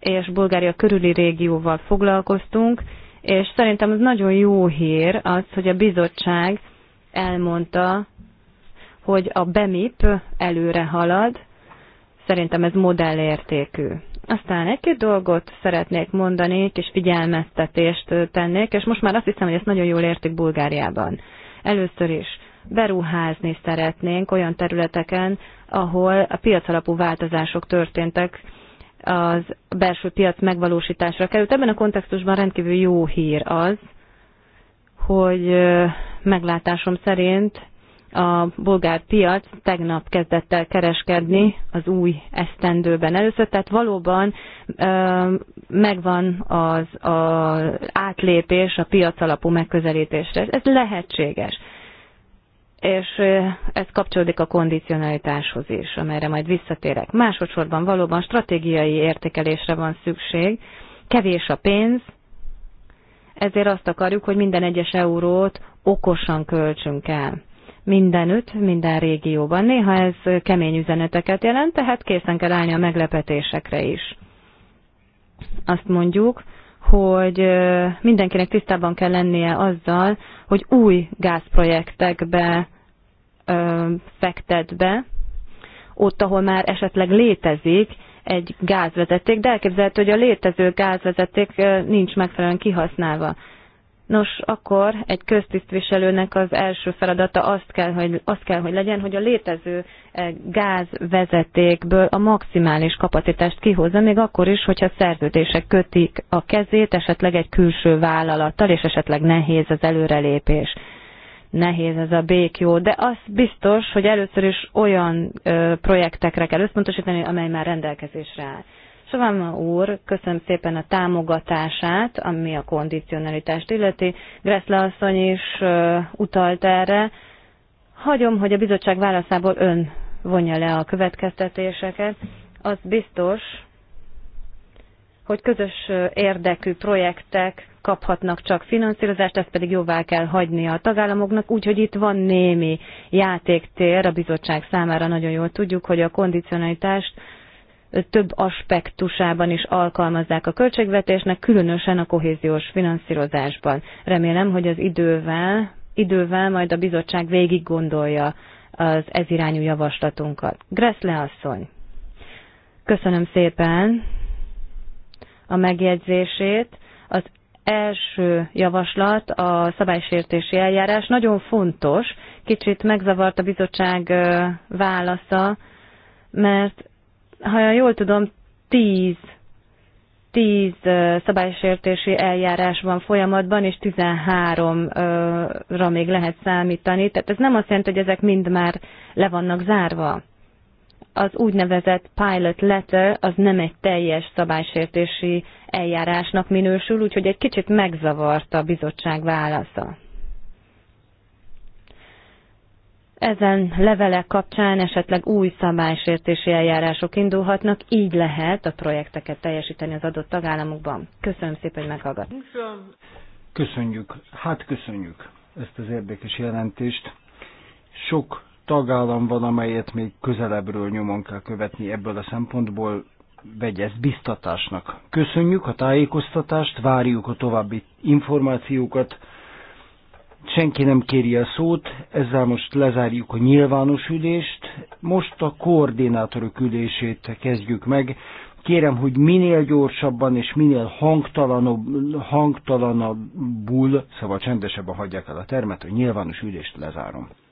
és Bulgária körüli régióval foglalkoztunk, és szerintem az nagyon jó hír az, hogy a bizottság elmondta, hogy a BEMIP előre halad, szerintem ez modellértékű. Aztán egy-két dolgot szeretnék mondani, kis figyelmeztetést tennék, és most már azt hiszem, hogy ezt nagyon jól értik Bulgáriában. Először is beruházni szeretnénk olyan területeken, ahol a piacalapú változások történtek, az belső piac megvalósításra került. Ebben a kontextusban rendkívül jó hír az, hogy meglátásom szerint a bolgár piac tegnap kezdett el kereskedni az új esztendőben először, tehát valóban ö, megvan az a átlépés a piac alapú megközelítésre. Ez lehetséges és ez kapcsolódik a kondicionalitáshoz is, amelyre majd visszatérek. Másodszorban valóban stratégiai értékelésre van szükség, kevés a pénz, ezért azt akarjuk, hogy minden egyes eurót okosan költsünk el. Mindenütt, minden régióban. Néha ez kemény üzeneteket jelent, tehát készen kell állni a meglepetésekre is. Azt mondjuk, hogy mindenkinek tisztában kell lennie azzal, hogy új gázprojektekbe fektet be, ott, ahol már esetleg létezik egy gázvezeték, de elképzelhető, hogy a létező gázvezeték nincs megfelelően kihasználva. Nos, akkor egy köztisztviselőnek az első feladata azt kell, hogy, azt kell, hogy legyen, hogy a létező eh, gázvezetékből a maximális kapacitást kihozza, még akkor is, hogyha szerződések kötik a kezét, esetleg egy külső vállalattal, és esetleg nehéz az előrelépés. Nehéz ez a bék jó, de az biztos, hogy először is olyan ö, eh, projektekre kell összpontosítani, amely már rendelkezésre áll. Sovama úr, köszönöm szépen a támogatását, ami a kondicionalitást illeti. Gressle asszony is utalt erre. Hagyom, hogy a bizottság válaszából ön vonja le a következtetéseket. Az biztos, hogy közös érdekű projektek kaphatnak csak finanszírozást, ezt pedig jóvá kell hagyni a tagállamoknak, úgyhogy itt van némi játéktér a bizottság számára, nagyon jól tudjuk, hogy a kondicionalitást több aspektusában is alkalmazzák a költségvetésnek, különösen a kohéziós finanszírozásban. Remélem, hogy az idővel, idővel majd a bizottság végig gondolja az ez irányú javaslatunkat. Gressle asszony, köszönöm szépen a megjegyzését. Az első javaslat, a szabálysértési eljárás nagyon fontos, kicsit megzavart a bizottság válasza, mert ha jól tudom, tíz, tíz szabálysértési eljárás van folyamatban, és 13-ra még lehet számítani. Tehát ez nem azt jelenti, hogy ezek mind már le vannak zárva. Az úgynevezett pilot letter az nem egy teljes szabálysértési eljárásnak minősül, úgyhogy egy kicsit megzavarta a bizottság válasza. Ezen levelek kapcsán esetleg új szabálysértési eljárások indulhatnak, így lehet a projekteket teljesíteni az adott tagállamokban. Köszönöm szépen, hogy meghallgat. Köszönjük, hát köszönjük ezt az érdekes jelentést. Sok tagállam van, amelyet még közelebbről nyomon kell követni ebből a szempontból, vegye ezt biztatásnak. Köszönjük a tájékoztatást, várjuk a további információkat, senki nem kéri a szót, ezzel most lezárjuk a nyilvános ülést. Most a koordinátorok ülését kezdjük meg. Kérem, hogy minél gyorsabban és minél hangtalanabb, hangtalanabbul, szóval csendesebben hagyják el a termet, hogy nyilvános ülést lezárom.